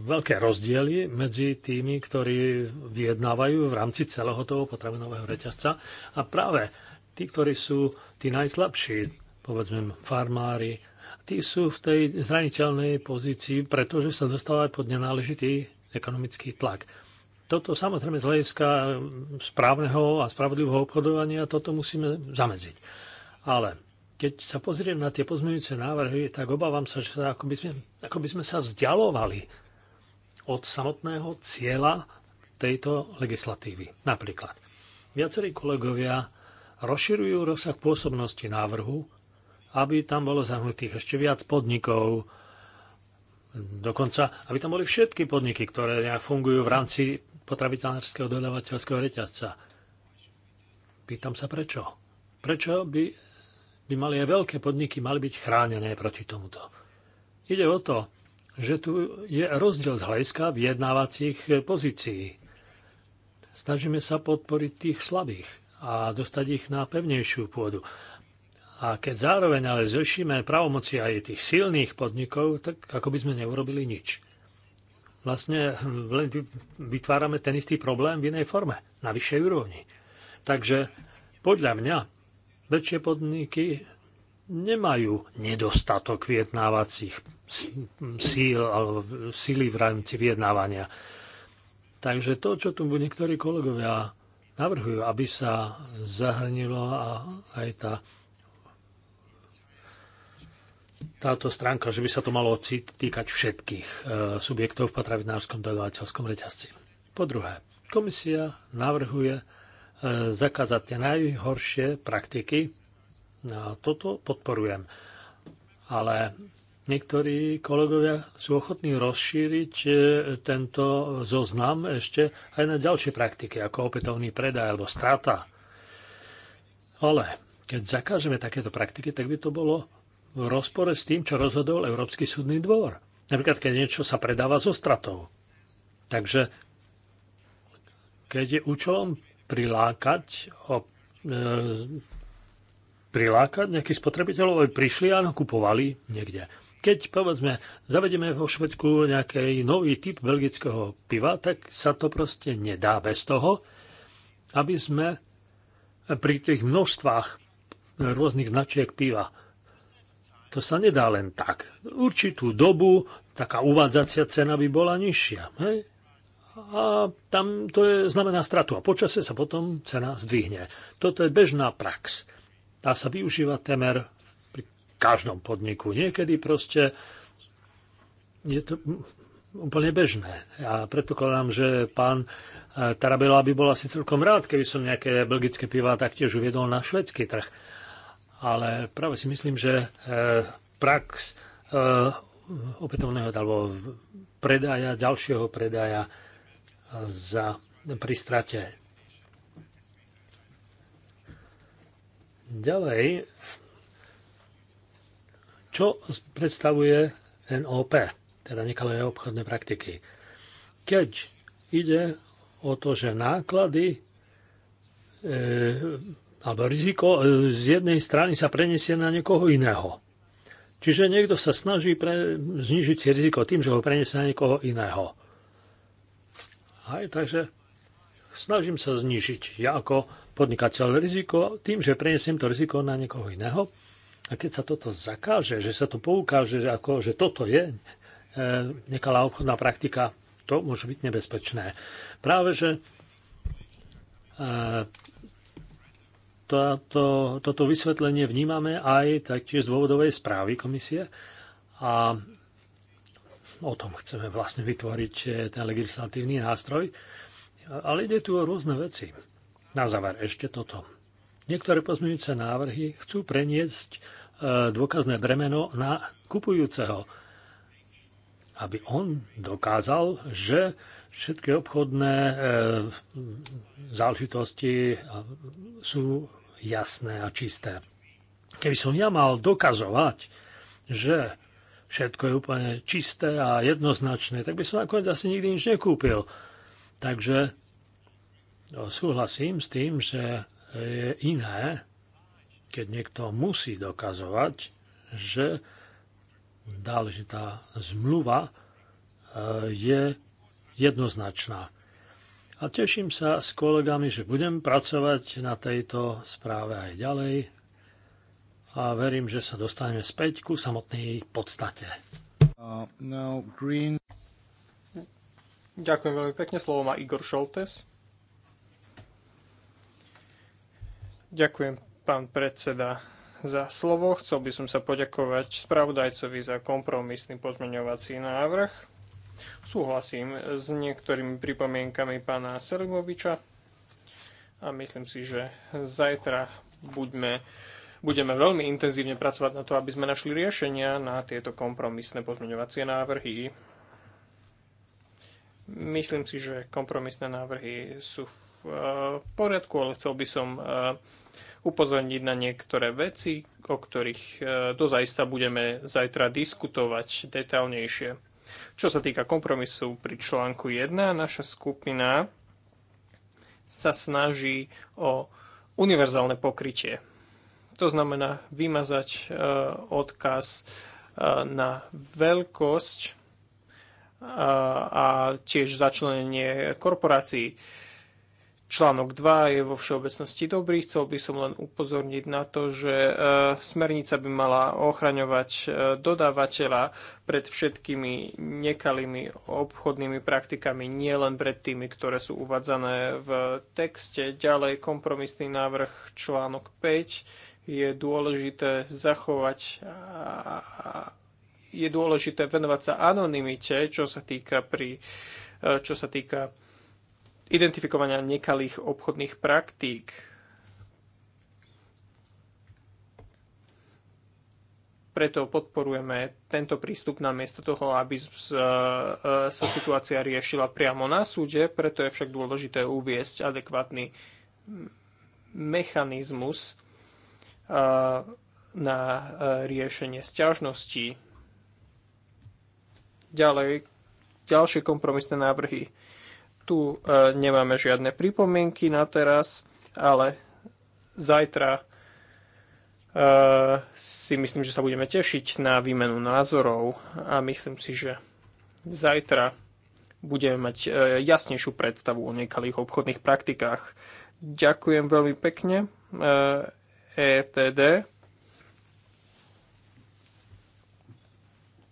veľké rozdiely medzi tými, ktorí vyjednávajú v rámci celého toho potravinového reťazca a práve tí, ktorí sú tí najslabší, povedzme farmári, tí sú v tej zraniteľnej pozícii, pretože sa dostávajú pod nenáležitý ekonomický tlak. Toto samozrejme z hľadiska mm, správneho a spravodlivého obchodovania toto musíme zamedziť. Ale keď sa pozriem na tie pozmeňujúce návrhy, tak obávam sa, že sa ako, by sme, ako by sme sa vzdialovali od samotného cieľa tejto legislatívy. Napríklad, viacerí kolegovia rozširujú rozsah pôsobnosti návrhu aby tam bolo zahnutých ešte viac podnikov, dokonca, aby tam boli všetky podniky, ktoré fungujú v rámci potravitárskeho dodávateľského reťazca. Pýtam sa prečo. Prečo by, by mali aj veľké podniky mali byť chránené proti tomuto? Ide o to, že tu je rozdiel z hľadiska vyjednávacích pozícií. Snažíme sa podporiť tých slabých a dostať ich na pevnejšiu pôdu. A keď zároveň ale zrušíme právomoci aj tých silných podnikov, tak ako by sme neurobili nič. Vlastne hm, len vytvárame ten istý problém v inej forme, na vyššej úrovni. Takže podľa mňa väčšie podniky nemajú nedostatok vyjednávacích síl alebo síly v rámci vyjednávania. Takže to, čo tu niektorí kolegovia navrhujú, aby sa zahrnilo aj tá táto stránka, že by sa to malo týkať všetkých e, subjektov v potravinárskom dodávateľskom reťazci. Po druhé, komisia navrhuje e, zakázať tie najhoršie praktiky. A no, toto podporujem. Ale niektorí kolegovia sú ochotní rozšíriť e, tento zoznam ešte aj na ďalšie praktiky, ako opätovný predaj alebo strata. Ale keď zakážeme takéto praktiky, tak by to bolo v rozpore s tým, čo rozhodol Európsky súdny dvor. Napríklad, keď niečo sa predáva zo stratou. Takže keď je účelom prilákať, o, e, prilákať nejaký spotrebiteľov, aby prišli a nakupovali niekde. Keď, povedzme, zavedeme vo Švedsku nejaký nový typ belgického piva, tak sa to proste nedá bez toho, aby sme pri tých množstvách rôznych značiek piva to sa nedá len tak. Určitú dobu taká uvádzacia cena by bola nižšia. Hej? A tam to je, znamená stratu. A počasie sa potom cena zdvihne. Toto je bežná prax. Tá sa využíva temer pri každom podniku. Niekedy proste je to úplne bežné. Ja predpokladám, že pán e, Tarabela by bol asi celkom rád, keby som nejaké belgické piva taktiež uviedol na švedský trh ale práve si myslím, že eh, prax eh, opätovného alebo predaja, ďalšieho predaja eh, za pri strate. Ďalej, čo predstavuje NOP, teda nekalé obchodné praktiky. Keď ide o to, že náklady alebo riziko e, z jednej strany sa preniesie na niekoho iného. Čiže niekto sa snaží pre, znižiť si riziko tým, že ho preniesie na niekoho iného. Aj, takže snažím sa znižiť ja ako podnikateľ riziko tým, že prenesiem to riziko na niekoho iného. A keď sa toto zakáže, že sa to poukáže, ako, že toto je e, nekalá obchodná praktika, to môže byť nebezpečné. Práve, že e, toto, toto vysvetlenie vnímame aj taktiež z dôvodovej správy komisie a o tom chceme vlastne vytvoriť ten legislatívny nástroj. Ale ide tu o rôzne veci. Na záver ešte toto. Niektoré pozmeňujúce návrhy chcú preniesť e, dôkazné bremeno na kupujúceho, aby on dokázal, že všetky obchodné e, záležitosti sú jasné a čisté. Keby som ja mal dokazovať, že všetko je úplne čisté a jednoznačné, tak by som nakoniec asi nikdy nič nekúpil. Takže no, súhlasím s tým, že je iné, keď niekto musí dokazovať, že náležitá zmluva e, je jednoznačná a teším sa s kolegami, že budem pracovať na tejto správe aj ďalej a verím, že sa dostaneme späť ku samotnej podstate. Uh, no, green. Ďakujem veľmi pekne. Slovo má Igor Šoltes. Ďakujem, pán predseda, za slovo. Chcel by som sa poďakovať spravodajcovi za kompromisný pozmeňovací návrh Súhlasím s niektorými pripomienkami pána Selimoviča a myslím si, že zajtra buďme, budeme veľmi intenzívne pracovať na to, aby sme našli riešenia na tieto kompromisné pozmeňovacie návrhy. Myslím si, že kompromisné návrhy sú v eh, poriadku, ale chcel by som eh, upozorniť na niektoré veci, o ktorých eh, dozajista budeme zajtra diskutovať detailnejšie. Čo sa týka kompromisu pri článku 1, naša skupina sa snaží o univerzálne pokrytie. To znamená vymazať e, odkaz e, na veľkosť e, a tiež začlenenie korporácií Článok 2 je vo všeobecnosti dobrý. Chcel by som len upozorniť na to, že e, smernica by mala ochraňovať e, dodávateľa pred všetkými nekalými obchodnými praktikami, nielen pred tými, ktoré sú uvádzané v texte. Ďalej kompromisný návrh článok 5 je dôležité zachovať je dôležité venovať sa anonimite, čo sa týka pri e, čo sa týka identifikovania nekalých obchodných praktík. Preto podporujeme tento prístup namiesto toho, aby e, sa situácia riešila priamo na súde, preto je však dôležité uviesť adekvátny mechanizmus e, na e, riešenie sťažností. Ďalej, ďalšie kompromisné návrhy tu e, nemáme žiadne pripomienky na teraz, ale zajtra e, si myslím, že sa budeme tešiť na výmenu názorov a myslím si, že zajtra budeme mať e, jasnejšiu predstavu o nekalých obchodných praktikách. Ďakujem veľmi pekne EFTD.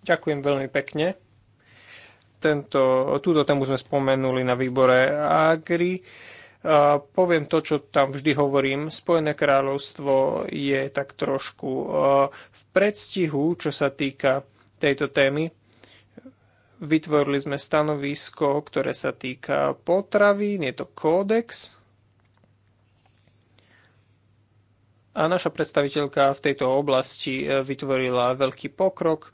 Ďakujem veľmi pekne. Tento, túto tému sme spomenuli na výbore Agri. A poviem to, čo tam vždy hovorím. Spojené kráľovstvo je tak trošku e, v predstihu, čo sa týka tejto témy. Vytvorili sme stanovisko, ktoré sa týka potravy, je to kódex. A naša predstaviteľka v tejto oblasti e, vytvorila veľký pokrok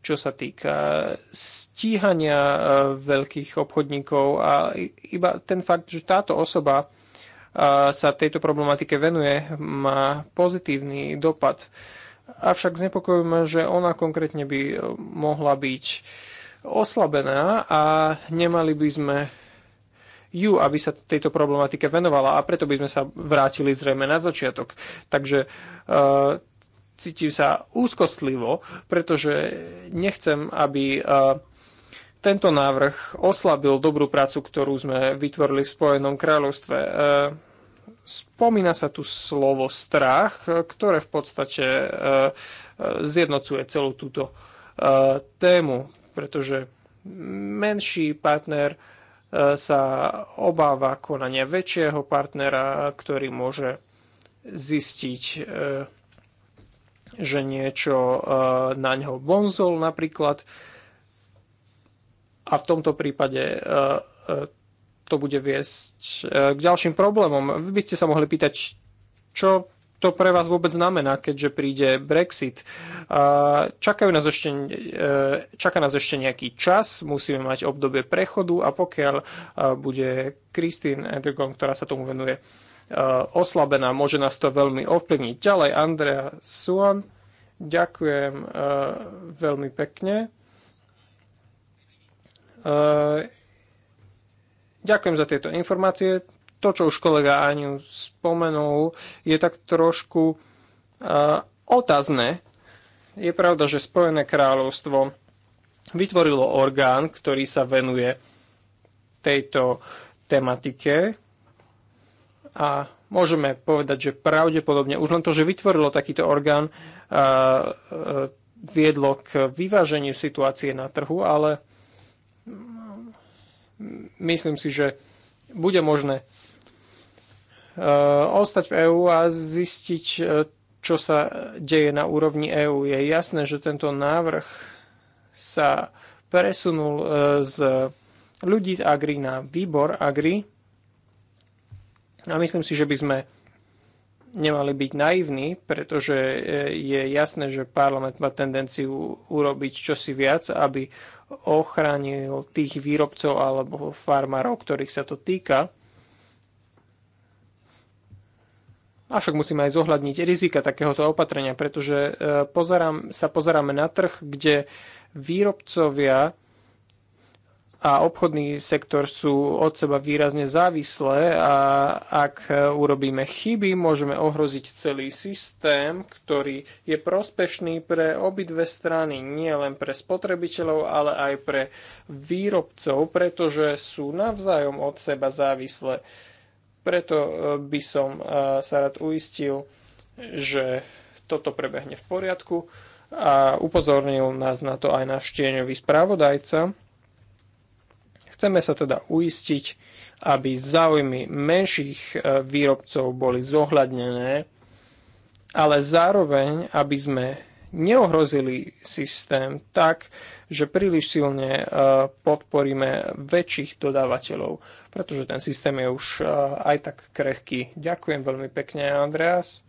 čo sa týka stíhania e, veľkých obchodníkov a iba ten fakt, že táto osoba e, sa tejto problematike venuje, má pozitívny dopad. Avšak znepokojujeme, že ona konkrétne by e, mohla byť oslabená a nemali by sme ju, aby sa tejto problematike venovala a preto by sme sa vrátili zrejme na začiatok. Takže cítim sa úzkostlivo, pretože nechcem, aby eh, tento návrh oslabil dobrú prácu, ktorú sme vytvorili v Spojenom kráľovstve. Eh, spomína sa tu slovo strach, ktoré v podstate eh, zjednocuje celú túto tému, pretože menší partner sa obáva konania väčšieho partnera, ktorý môže zistiť že niečo e, na ňo bonzol napríklad. A v tomto prípade e, e, to bude viesť k ďalším problémom. Vy by ste sa mohli pýtať, čo to pre vás vôbec znamená, keďže príde Brexit. Čakajú nás ešte, čaká nás ešte nejaký čas, musíme mať obdobie prechodu a pokiaľ bude Christine Erdogan, ktorá sa tomu venuje, Eh, oslabená. Môže nás to veľmi ovplyvniť. Ďalej Andrea Suan. Ďakujem eh, veľmi pekne. Eh, ďakujem za tieto informácie. To, čo už kolega Aniu spomenul, je tak trošku otázne. Je pravda, že Spojené kráľovstvo vytvorilo orgán, ktorý sa venuje tejto tematike a môžeme povedať, že pravdepodobne už len to, že vytvorilo takýto orgán, viedlo k vyváženiu situácie na trhu, ale mm, myslím si, že bude možné ostať v EÚ a zistiť, e, čo sa deje na úrovni EÚ. Je jasné, že tento návrh sa presunul e, z ľudí z Agri na výbor Agri, a myslím si, že by sme nemali byť naivní, pretože e, je jasné, že parlament má tendenciu urobiť čosi viac, aby ochránil tých výrobcov alebo farmárov, ktorých sa to týka. Avšak musíme aj zohľadniť rizika takéhoto opatrenia, pretože e, pozerám, sa pozeráme na trh, kde výrobcovia a obchodný sektor sú od seba výrazne závislé a ak e, urobíme chyby, môžeme ohroziť celý systém, ktorý je prospešný pre obidve strany, nie len pre spotrebiteľov, ale aj pre výrobcov, pretože sú navzájom od seba závislé. Preto e, by som e, sa rád uistil, že toto prebehne v poriadku a upozornil nás na to aj náš tieňový správodajca, Chceme sa teda uistiť, aby záujmy menších e, výrobcov boli zohľadnené, ale zároveň, aby sme neohrozili systém tak, že príliš silne e, podporíme väčších dodávateľov, pretože ten systém je už e, aj tak krehký. Ďakujem veľmi pekne, Andreas.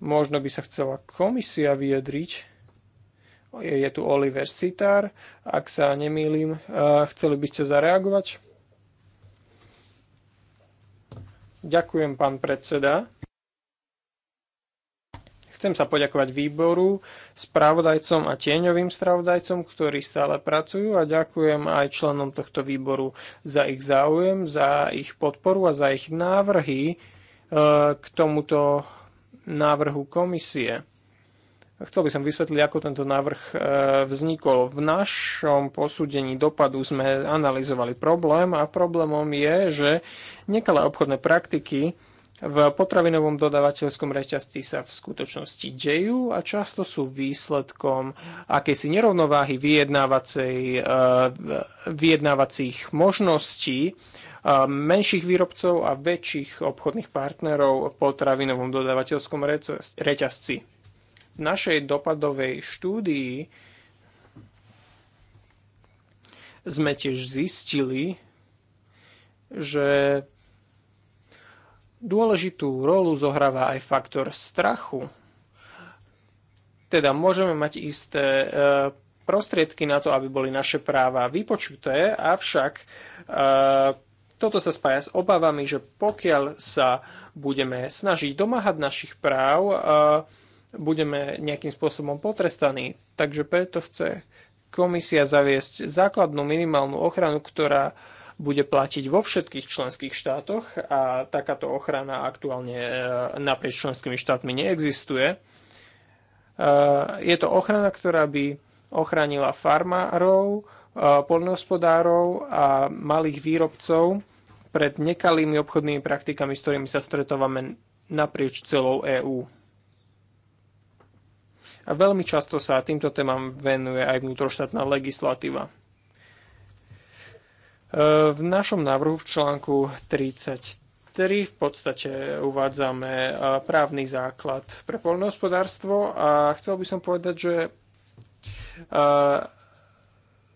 Možno by sa chcela komisia vyjadriť. No, je tu Oliver Sitár, ak sa nemýlim. Eh, chceli by ste zareagovať? Ďakujem, pán predseda. Chcem sa poďakovať výboru, spravodajcom a tieňovým spravodajcom, ktorí stále pracujú a ďakujem aj členom tohto výboru za ich záujem, za ich podporu a za ich návrhy eh, k tomuto návrhu komisie. Chcel by som vysvetliť, ako tento návrh e, vznikol. V našom posúdení dopadu sme analyzovali problém a problémom je, že nekalé obchodné praktiky v potravinovom dodávateľskom reťazci sa v skutočnosti dejú a často sú výsledkom akejsi nerovnováhy e, vyjednávacích možností e, menších výrobcov a väčších obchodných partnerov v potravinovom dodávateľskom reťazci. V našej dopadovej štúdii sme tiež zistili, že dôležitú rolu zohráva aj faktor strachu. Teda môžeme mať isté e, prostriedky na to, aby boli naše práva vypočuté, avšak e, toto sa spája s obavami, že pokiaľ sa budeme snažiť domáhať našich práv, e, budeme nejakým spôsobom potrestaní. Takže preto chce komisia zaviesť základnú minimálnu ochranu, ktorá bude platiť vo všetkých členských štátoch a takáto ochrana aktuálne e, naprieč členskými štátmi neexistuje. E, je to ochrana, ktorá by ochránila farmárov, e, poľnohospodárov a malých výrobcov pred nekalými obchodnými praktikami, s ktorými sa stretávame naprieč celou EÚ. A veľmi často sa týmto témam venuje aj vnútroštátna legislatíva. E, v našom návrhu v článku 33 v podstate uvádzame e, právny základ pre poľnohospodárstvo a chcel by som povedať, že e,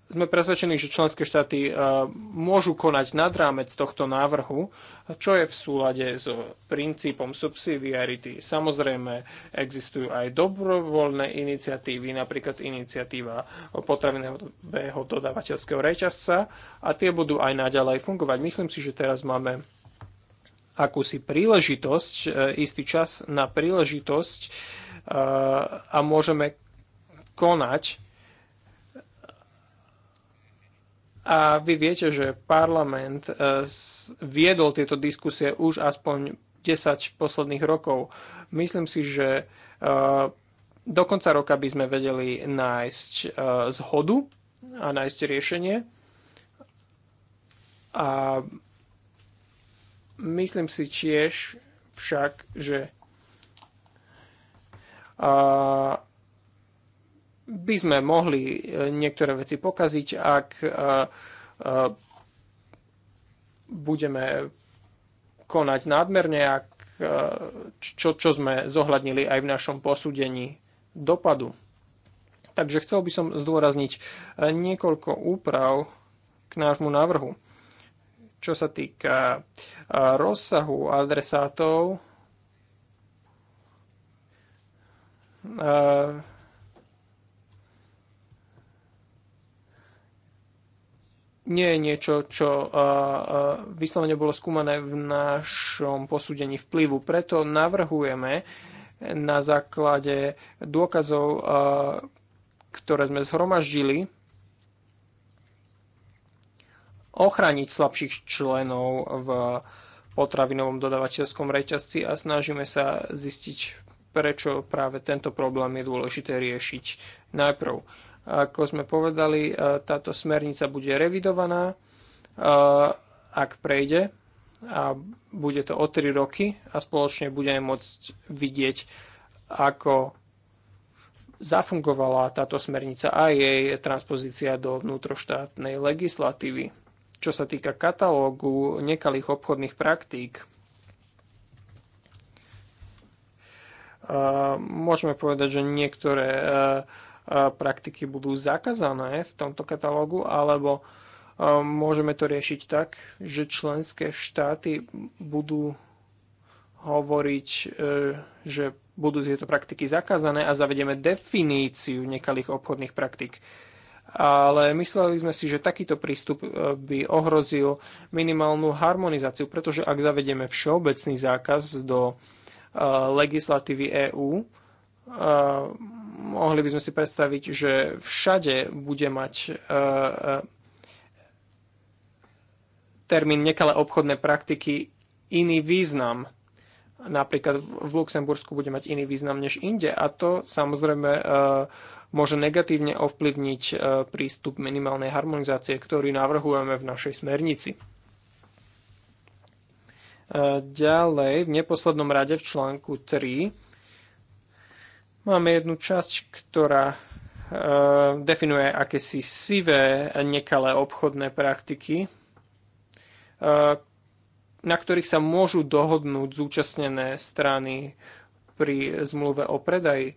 sme presvedčení, že členské štáty e, môžu konať nad rámec tohto návrhu, čo je v súlade s princípom subsidiarity. Samozrejme, existujú aj dobrovoľné iniciatívy, napríklad iniciatíva potravinového dodávateľského reťazca a tie budú aj naďalej fungovať. Myslím si, že teraz máme akúsi príležitosť, e, istý čas na príležitosť e, a môžeme konať A vy viete, že parlament e, viedol tieto diskusie už aspoň 10 posledných rokov. Myslím si, že e, do konca roka by sme vedeli nájsť e, zhodu a nájsť riešenie. A myslím si tiež však, že by sme mohli e, niektoré veci pokaziť, ak e, e, budeme konať nádmerne, ak, čo, čo sme zohľadnili aj v našom posúdení dopadu. Takže chcel by som zdôrazniť niekoľko úprav k nášmu návrhu. Čo sa týka rozsahu adresátov, nie je niečo, čo vyslovene bolo skúmané v našom posúdení vplyvu. Preto navrhujeme na základe dôkazov, ktoré sme zhromaždili, ochraniť slabších členov v potravinovom dodavateľskom reťazci a snažíme sa zistiť, prečo práve tento problém je dôležité riešiť najprv ako sme povedali, e, táto smernica bude revidovaná, e, ak prejde, a bude to o 3 roky a spoločne budeme môcť vidieť, ako zafungovala táto smernica a jej transpozícia do vnútroštátnej legislatívy. Čo sa týka katalógu nekalých obchodných praktík, e, môžeme povedať, že niektoré praktiky budú zakázané v tomto katalógu, alebo môžeme to riešiť tak, že členské štáty budú hovoriť, e, že budú tieto praktiky zakázané a zavedieme definíciu nekalých obchodných praktik. Ale mysleli sme si, že takýto prístup e, by ohrozil minimálnu harmonizáciu, pretože ak zavedieme všeobecný zákaz do e, legislatívy EÚ, mohli by sme si predstaviť, že všade bude mať e, e, termín nekalé obchodné praktiky iný význam. Napríklad v Luxembursku bude mať iný význam než inde a to samozrejme e, môže negatívne ovplyvniť prístup minimálnej harmonizácie, ktorý navrhujeme v našej smernici. Ďalej, v neposlednom rade v článku 3 Máme jednu časť, ktorá e, definuje akési sivé nekalé obchodné praktiky, e, na ktorých sa môžu dohodnúť zúčastnené strany pri zmluve o predaji. E,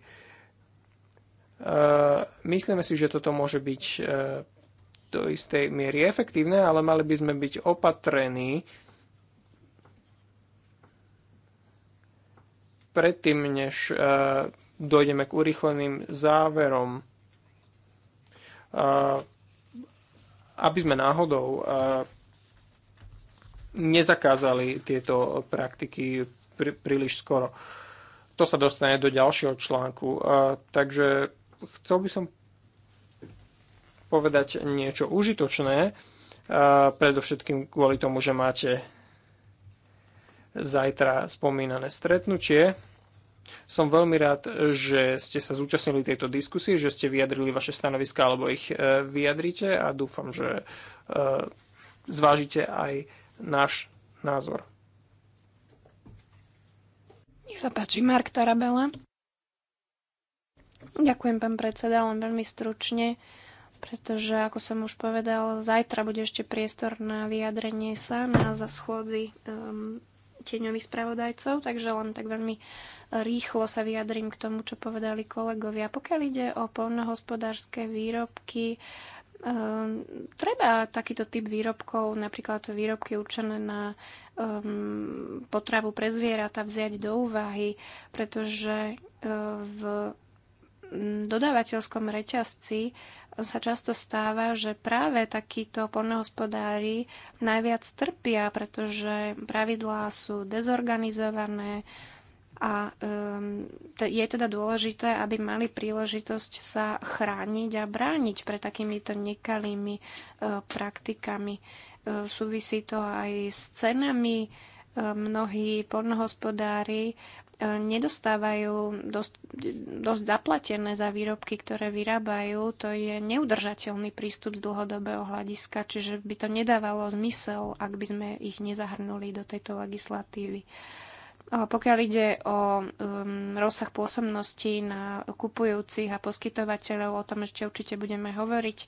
myslíme si, že toto môže byť do istej miery efektívne, ale mali by sme byť opatrení predtým, než dojdeme k urychleným záverom, aby sme náhodou nezakázali tieto praktiky príliš skoro. To sa dostane do ďalšieho článku. Takže chcel by som povedať niečo užitočné, predovšetkým kvôli tomu, že máte zajtra spomínané stretnutie. Som veľmi rád, že ste sa zúčastnili tejto diskusie, že ste vyjadrili vaše stanoviska alebo ich e, vyjadrite a dúfam, že e, zvážite aj náš názor. Nech sa páči, Mark Tarabela. Ďakujem, pán predseda, len veľmi stručne, pretože, ako som už povedal, zajtra bude ešte priestor na vyjadrenie sa na zaschôdzi um, ehm, tieňových spravodajcov, takže len tak veľmi rýchlo sa vyjadrím k tomu, čo povedali kolegovia. Pokiaľ ide o polnohospodárske výrobky, Um, treba takýto typ výrobkov, napríklad výrobky určené na um, potravu pre zvieratá, vziať do úvahy, pretože e, v dodávateľskom reťazci sa často stáva, že práve takíto poľnohospodári najviac trpia, pretože pravidlá sú dezorganizované, uh, a um, je teda dôležité, aby mali príležitosť sa chrániť a brániť pre takýmito nekalými uh, praktikami. Uh, súvisí to aj s cenami. Uh, mnohí pornohospodári nedostávajú dosť, dosť zaplatené za výrobky, ktoré vyrábajú. To je neudržateľný prístup z dlhodobého hľadiska, čiže by to nedávalo zmysel, ak by sme ich nezahrnuli do tejto legislatívy. Uh, pokiaľ ide o um, rozsah pôsobnosti na kupujúcich a poskytovateľov, o tom ešte určite budeme hovoriť.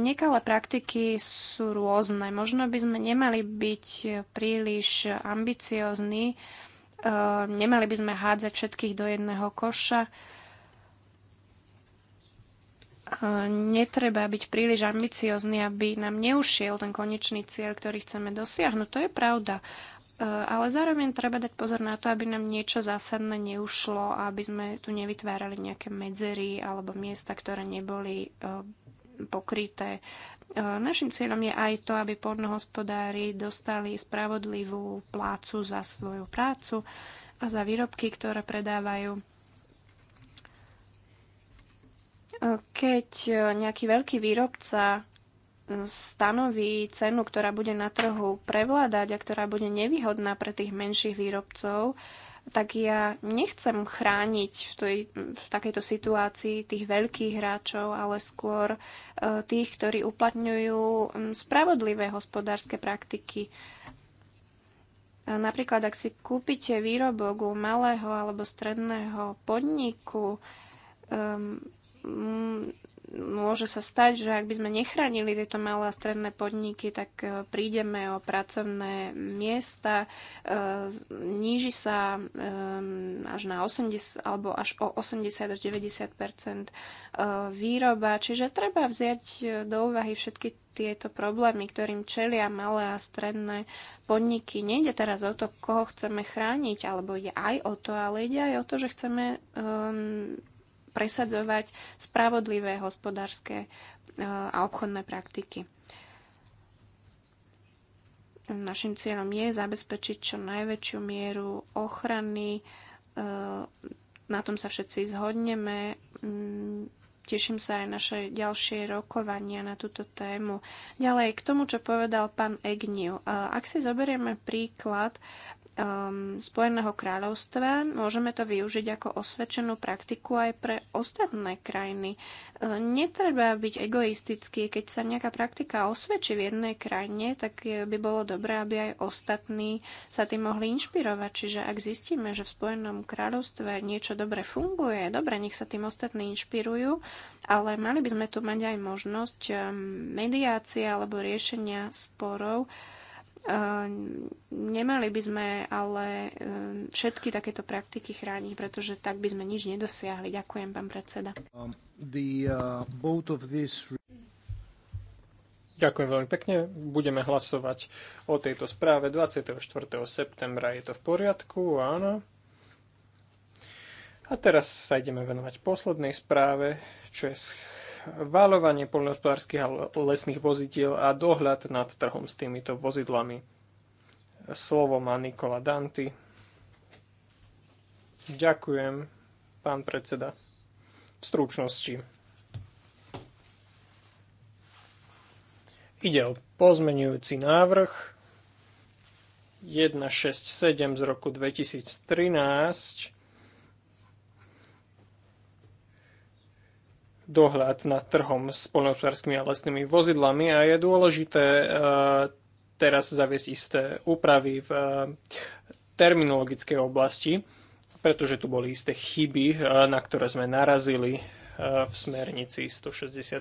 Nekalé praktiky sú rôzne. Možno by sme nemali byť príliš ambiciozní, uh, nemali by sme hádzať všetkých do jedného koša. netreba byť príliš ambiciozný, aby nám neušiel ten konečný cieľ, ktorý chceme dosiahnuť. To je pravda Eh, ale zároveň treba dať pozor na to, aby nám niečo zásadné neušlo a aby sme tu nevytvárali nejaké medzery alebo miesta, ktoré neboli eh, pokryté. Eh, našim cieľom je aj to, aby podnohospodári dostali spravodlivú plácu za svoju prácu a za výrobky, ktoré predávajú. Keď nejaký veľký výrobca stanoví cenu, ktorá bude na trhu prevládať a ktorá bude nevýhodná pre tých menších výrobcov, tak ja nechcem chrániť v, tej, v takejto situácii tých veľkých hráčov, ale skôr e, tých, ktorí uplatňujú spravodlivé hospodárske praktiky. Napríklad, ak si kúpite výrobok u malého alebo stredného podniku, um, môže sa stať, že ak by sme nechránili tieto malé a stredné podniky, tak e, prídeme o pracovné miesta, e, níži sa e, až na 80 alebo až o 80 až 90 výroba, čiže treba vziať do úvahy všetky tieto problémy, ktorým čelia malé a stredné podniky. Nejde teraz o to, koho chceme chrániť, alebo ide aj o to, ale ide aj o to, že chceme um, presadzovať spravodlivé hospodárske eh, a obchodné praktiky. Našim cieľom je zabezpečiť čo najväčšiu mieru ochrany. Eh, na tom sa všetci zhodneme. Mm, teším sa aj naše ďalšie rokovania na túto tému. Ďalej, k tomu, čo povedal pán Egniu. Eh, ak si zoberieme príklad um, Spojeného kráľovstva. Môžeme to využiť ako osvedčenú praktiku aj pre ostatné krajiny. Uh, netreba byť egoistický, keď sa nejaká praktika osvedčí v jednej krajine, tak by bolo dobré, aby aj ostatní sa tým mohli inšpirovať. Čiže ak zistíme, že v Spojenom kráľovstve niečo dobre funguje, dobre, nech sa tým ostatní inšpirujú, ale mali by sme tu mať aj možnosť um, mediácie alebo riešenia sporov, Ehm, nemali by sme ale ehm, všetky takéto praktiky chrániť, pretože tak by sme nič nedosiahli. Ďakujem, pán predseda. Um, uh, Ďakujem veľmi pekne. Budeme hlasovať o tejto správe 24. septembra. Je to v poriadku? Áno. A teraz sa ideme venovať poslednej správe, čo je Válovanie poľnohospodárských a lesných vozidiel a dohľad nad trhom s týmito vozidlami. Slovo má Nikola Danti. Ďakujem, pán predseda. V stručnosti. Ide o pozmenujúci návrh 167 z roku 2013 dohľad nad trhom s poľnohospodárskymi a lesnými vozidlami a je dôležité e, teraz zaviesť isté úpravy v e, terminologickej oblasti, pretože tu boli isté chyby, e, na ktoré sme narazili v smernici 167.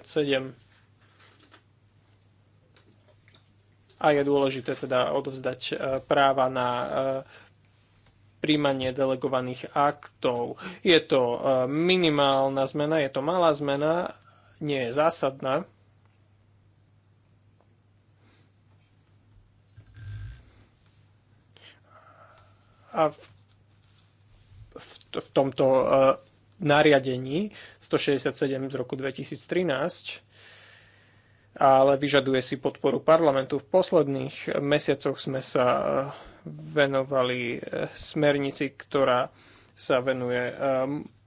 A je dôležité teda odovzdať práva na príjmanie delegovaných aktov. Je to e, minimálna zmena, je to malá zmena, nie je zásadná. A v, v, v tomto uh, nariadení 167 z roku 2013 ale vyžaduje si podporu parlamentu. V posledných mesiacoch sme sa uh, venovali eh, smernici, ktorá sa venuje eh,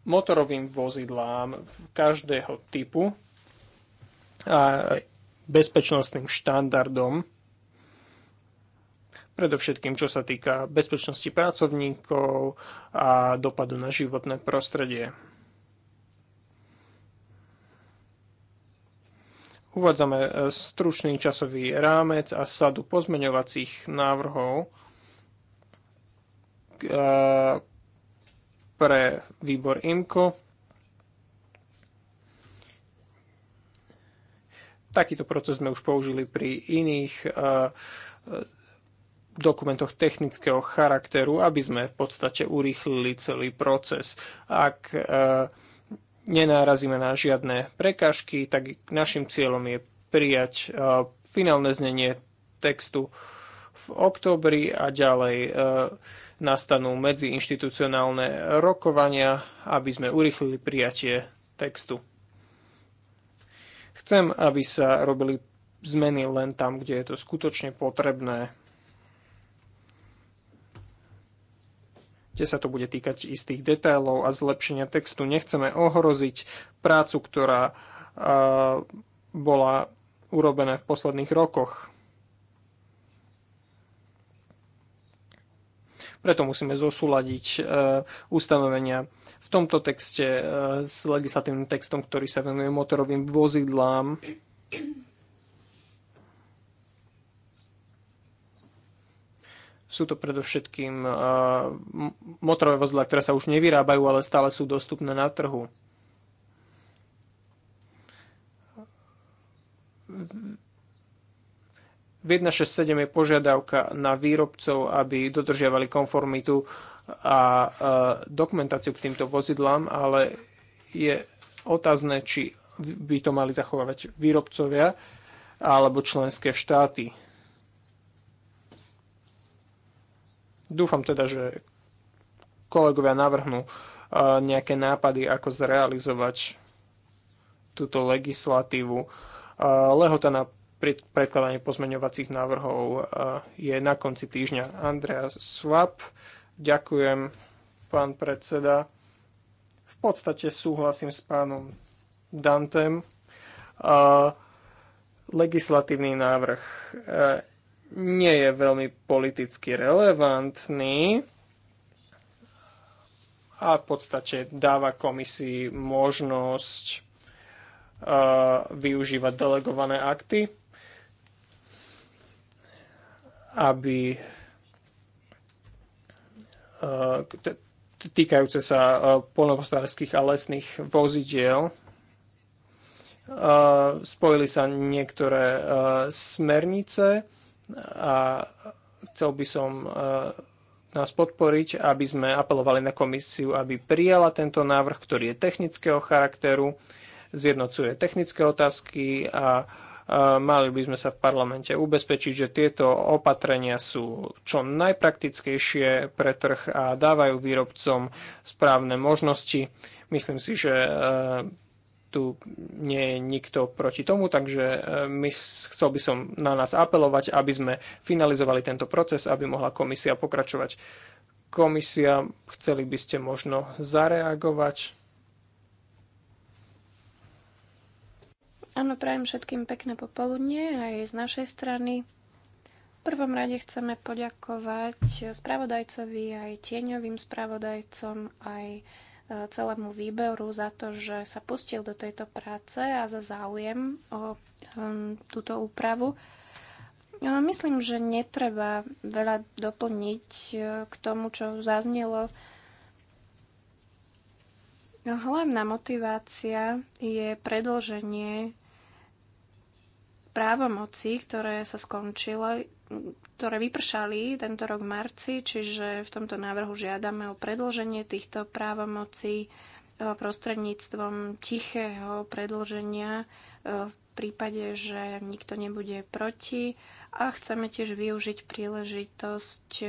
motorovým vozidlám každého typu a bezpečnostným štandardom, predovšetkým čo sa týka bezpečnosti pracovníkov a dopadu na životné prostredie. Uvádzame eh, stručný časový rámec a sadu pozmeňovacích návrhov, E, pre výbor IMCO. Takýto proces sme už použili pri iných e, e, dokumentoch technického charakteru, aby sme v podstate urýchlili celý proces. Ak nenárazíme na žiadne prekažky, tak našim cieľom je prijať finálne znenie textu v októbri a ďalej e, nastanú medziinštitucionálne rokovania, aby sme urychlili prijatie textu. Chcem, aby sa robili zmeny len tam, kde je to skutočne potrebné, kde sa to bude týkať istých detailov a zlepšenia textu. Nechceme ohroziť prácu, ktorá e, bola urobená v posledných rokoch. Preto musíme zosúľadiť e, ustanovenia v tomto texte e, s legislatívnym textom, ktorý sa venuje motorovým vozidlám. Sú to predovšetkým e, motorové vozidlá, ktoré sa už nevyrábajú, ale stále sú dostupné na trhu. V 167 je požiadavka na výrobcov, aby dodržiavali konformitu a e, dokumentáciu k týmto vozidlám, ale je otázne, či by to mali zachovávať výrobcovia alebo členské štáty. Dúfam teda, že kolegovia navrhnú e, nejaké nápady, ako zrealizovať túto legislatívu. E, lehota na pri predkladaní pozmeňovacích návrhov e, je na konci týždňa. Andrea Swap, ďakujem, pán predseda. V podstate súhlasím s pánom Dantem. E, legislatívny návrh e, nie je veľmi politicky relevantný a v podstate dáva komisii možnosť využívať delegované akty aby eh, týkajúce sa eh, polnohospodárských a lesných vozidiel. Eh, spojili sa niektoré smernice a chcel by som nás podporiť, aby sme apelovali na komisiu, aby prijala tento návrh, ktorý je technického charakteru, zjednocuje technické otázky a uh, Mali by sme sa v parlamente ubezpečiť, že tieto opatrenia sú čo najpraktickejšie pre trh a dávajú výrobcom správne možnosti. Myslím si, že e, tu nie je nikto proti tomu, takže e, my, chcel by som na nás apelovať, aby sme finalizovali tento proces, aby mohla komisia pokračovať. Komisia, chceli by ste možno zareagovať? Áno, prajem všetkým pekné popoludne aj z našej strany. V prvom rade chceme poďakovať spravodajcovi, aj tieňovým spravodajcom, aj e, celému výberu za to, že sa pustil do tejto práce a za záujem o e, túto úpravu. No, myslím, že netreba veľa doplniť e, k tomu, čo zaznelo. Hlavná motivácia je predlženie právomoci, ktoré sa skončilo, ktoré vypršali tento rok v marci, čiže v tomto návrhu žiadame o predlženie týchto právomocí e, prostredníctvom tichého predlženia e, v prípade, že nikto nebude proti a chceme tiež využiť príležitosť e,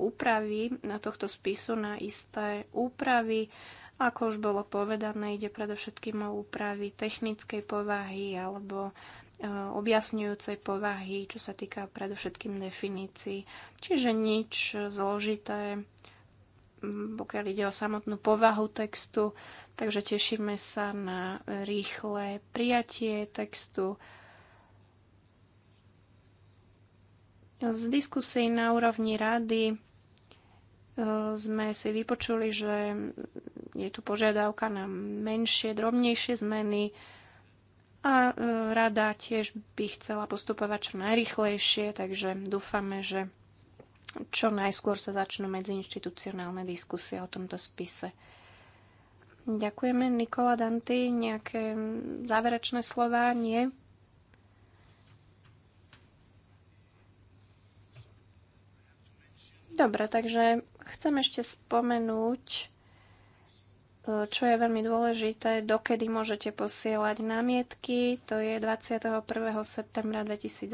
úpravy na tohto spisu na isté úpravy. Ako už bolo povedané, ide predovšetkým o úpravy technickej povahy alebo Eh, objasňujúcej povahy, čo sa týka predovšetkým definícií. Čiže nič zložité, mm, pokiaľ ide o samotnú povahu textu, takže tešíme sa na rýchle prijatie textu. Z diskusí na úrovni rady eh, sme si vypočuli, že je tu požiadavka na menšie, drobnejšie zmeny a e, rada tiež by chcela postupovať čo najrychlejšie, takže dúfame, že čo najskôr sa začnú medziinštitucionálne diskusie o tomto spise. Ďakujeme. Nikola Danty, nejaké záverečné slova? Nie? Dobre, takže chcem ešte spomenúť, E, čo je veľmi dôležité, dokedy môžete posielať námietky, to je 21. septembra 2018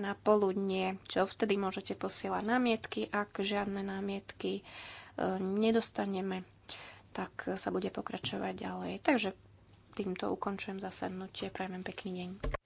na poludnie, čo vtedy môžete posielať námietky, ak žiadne námietky e, nedostaneme, tak sa bude pokračovať ďalej. Takže týmto ukončujem zasadnutie. Prajem pekný deň.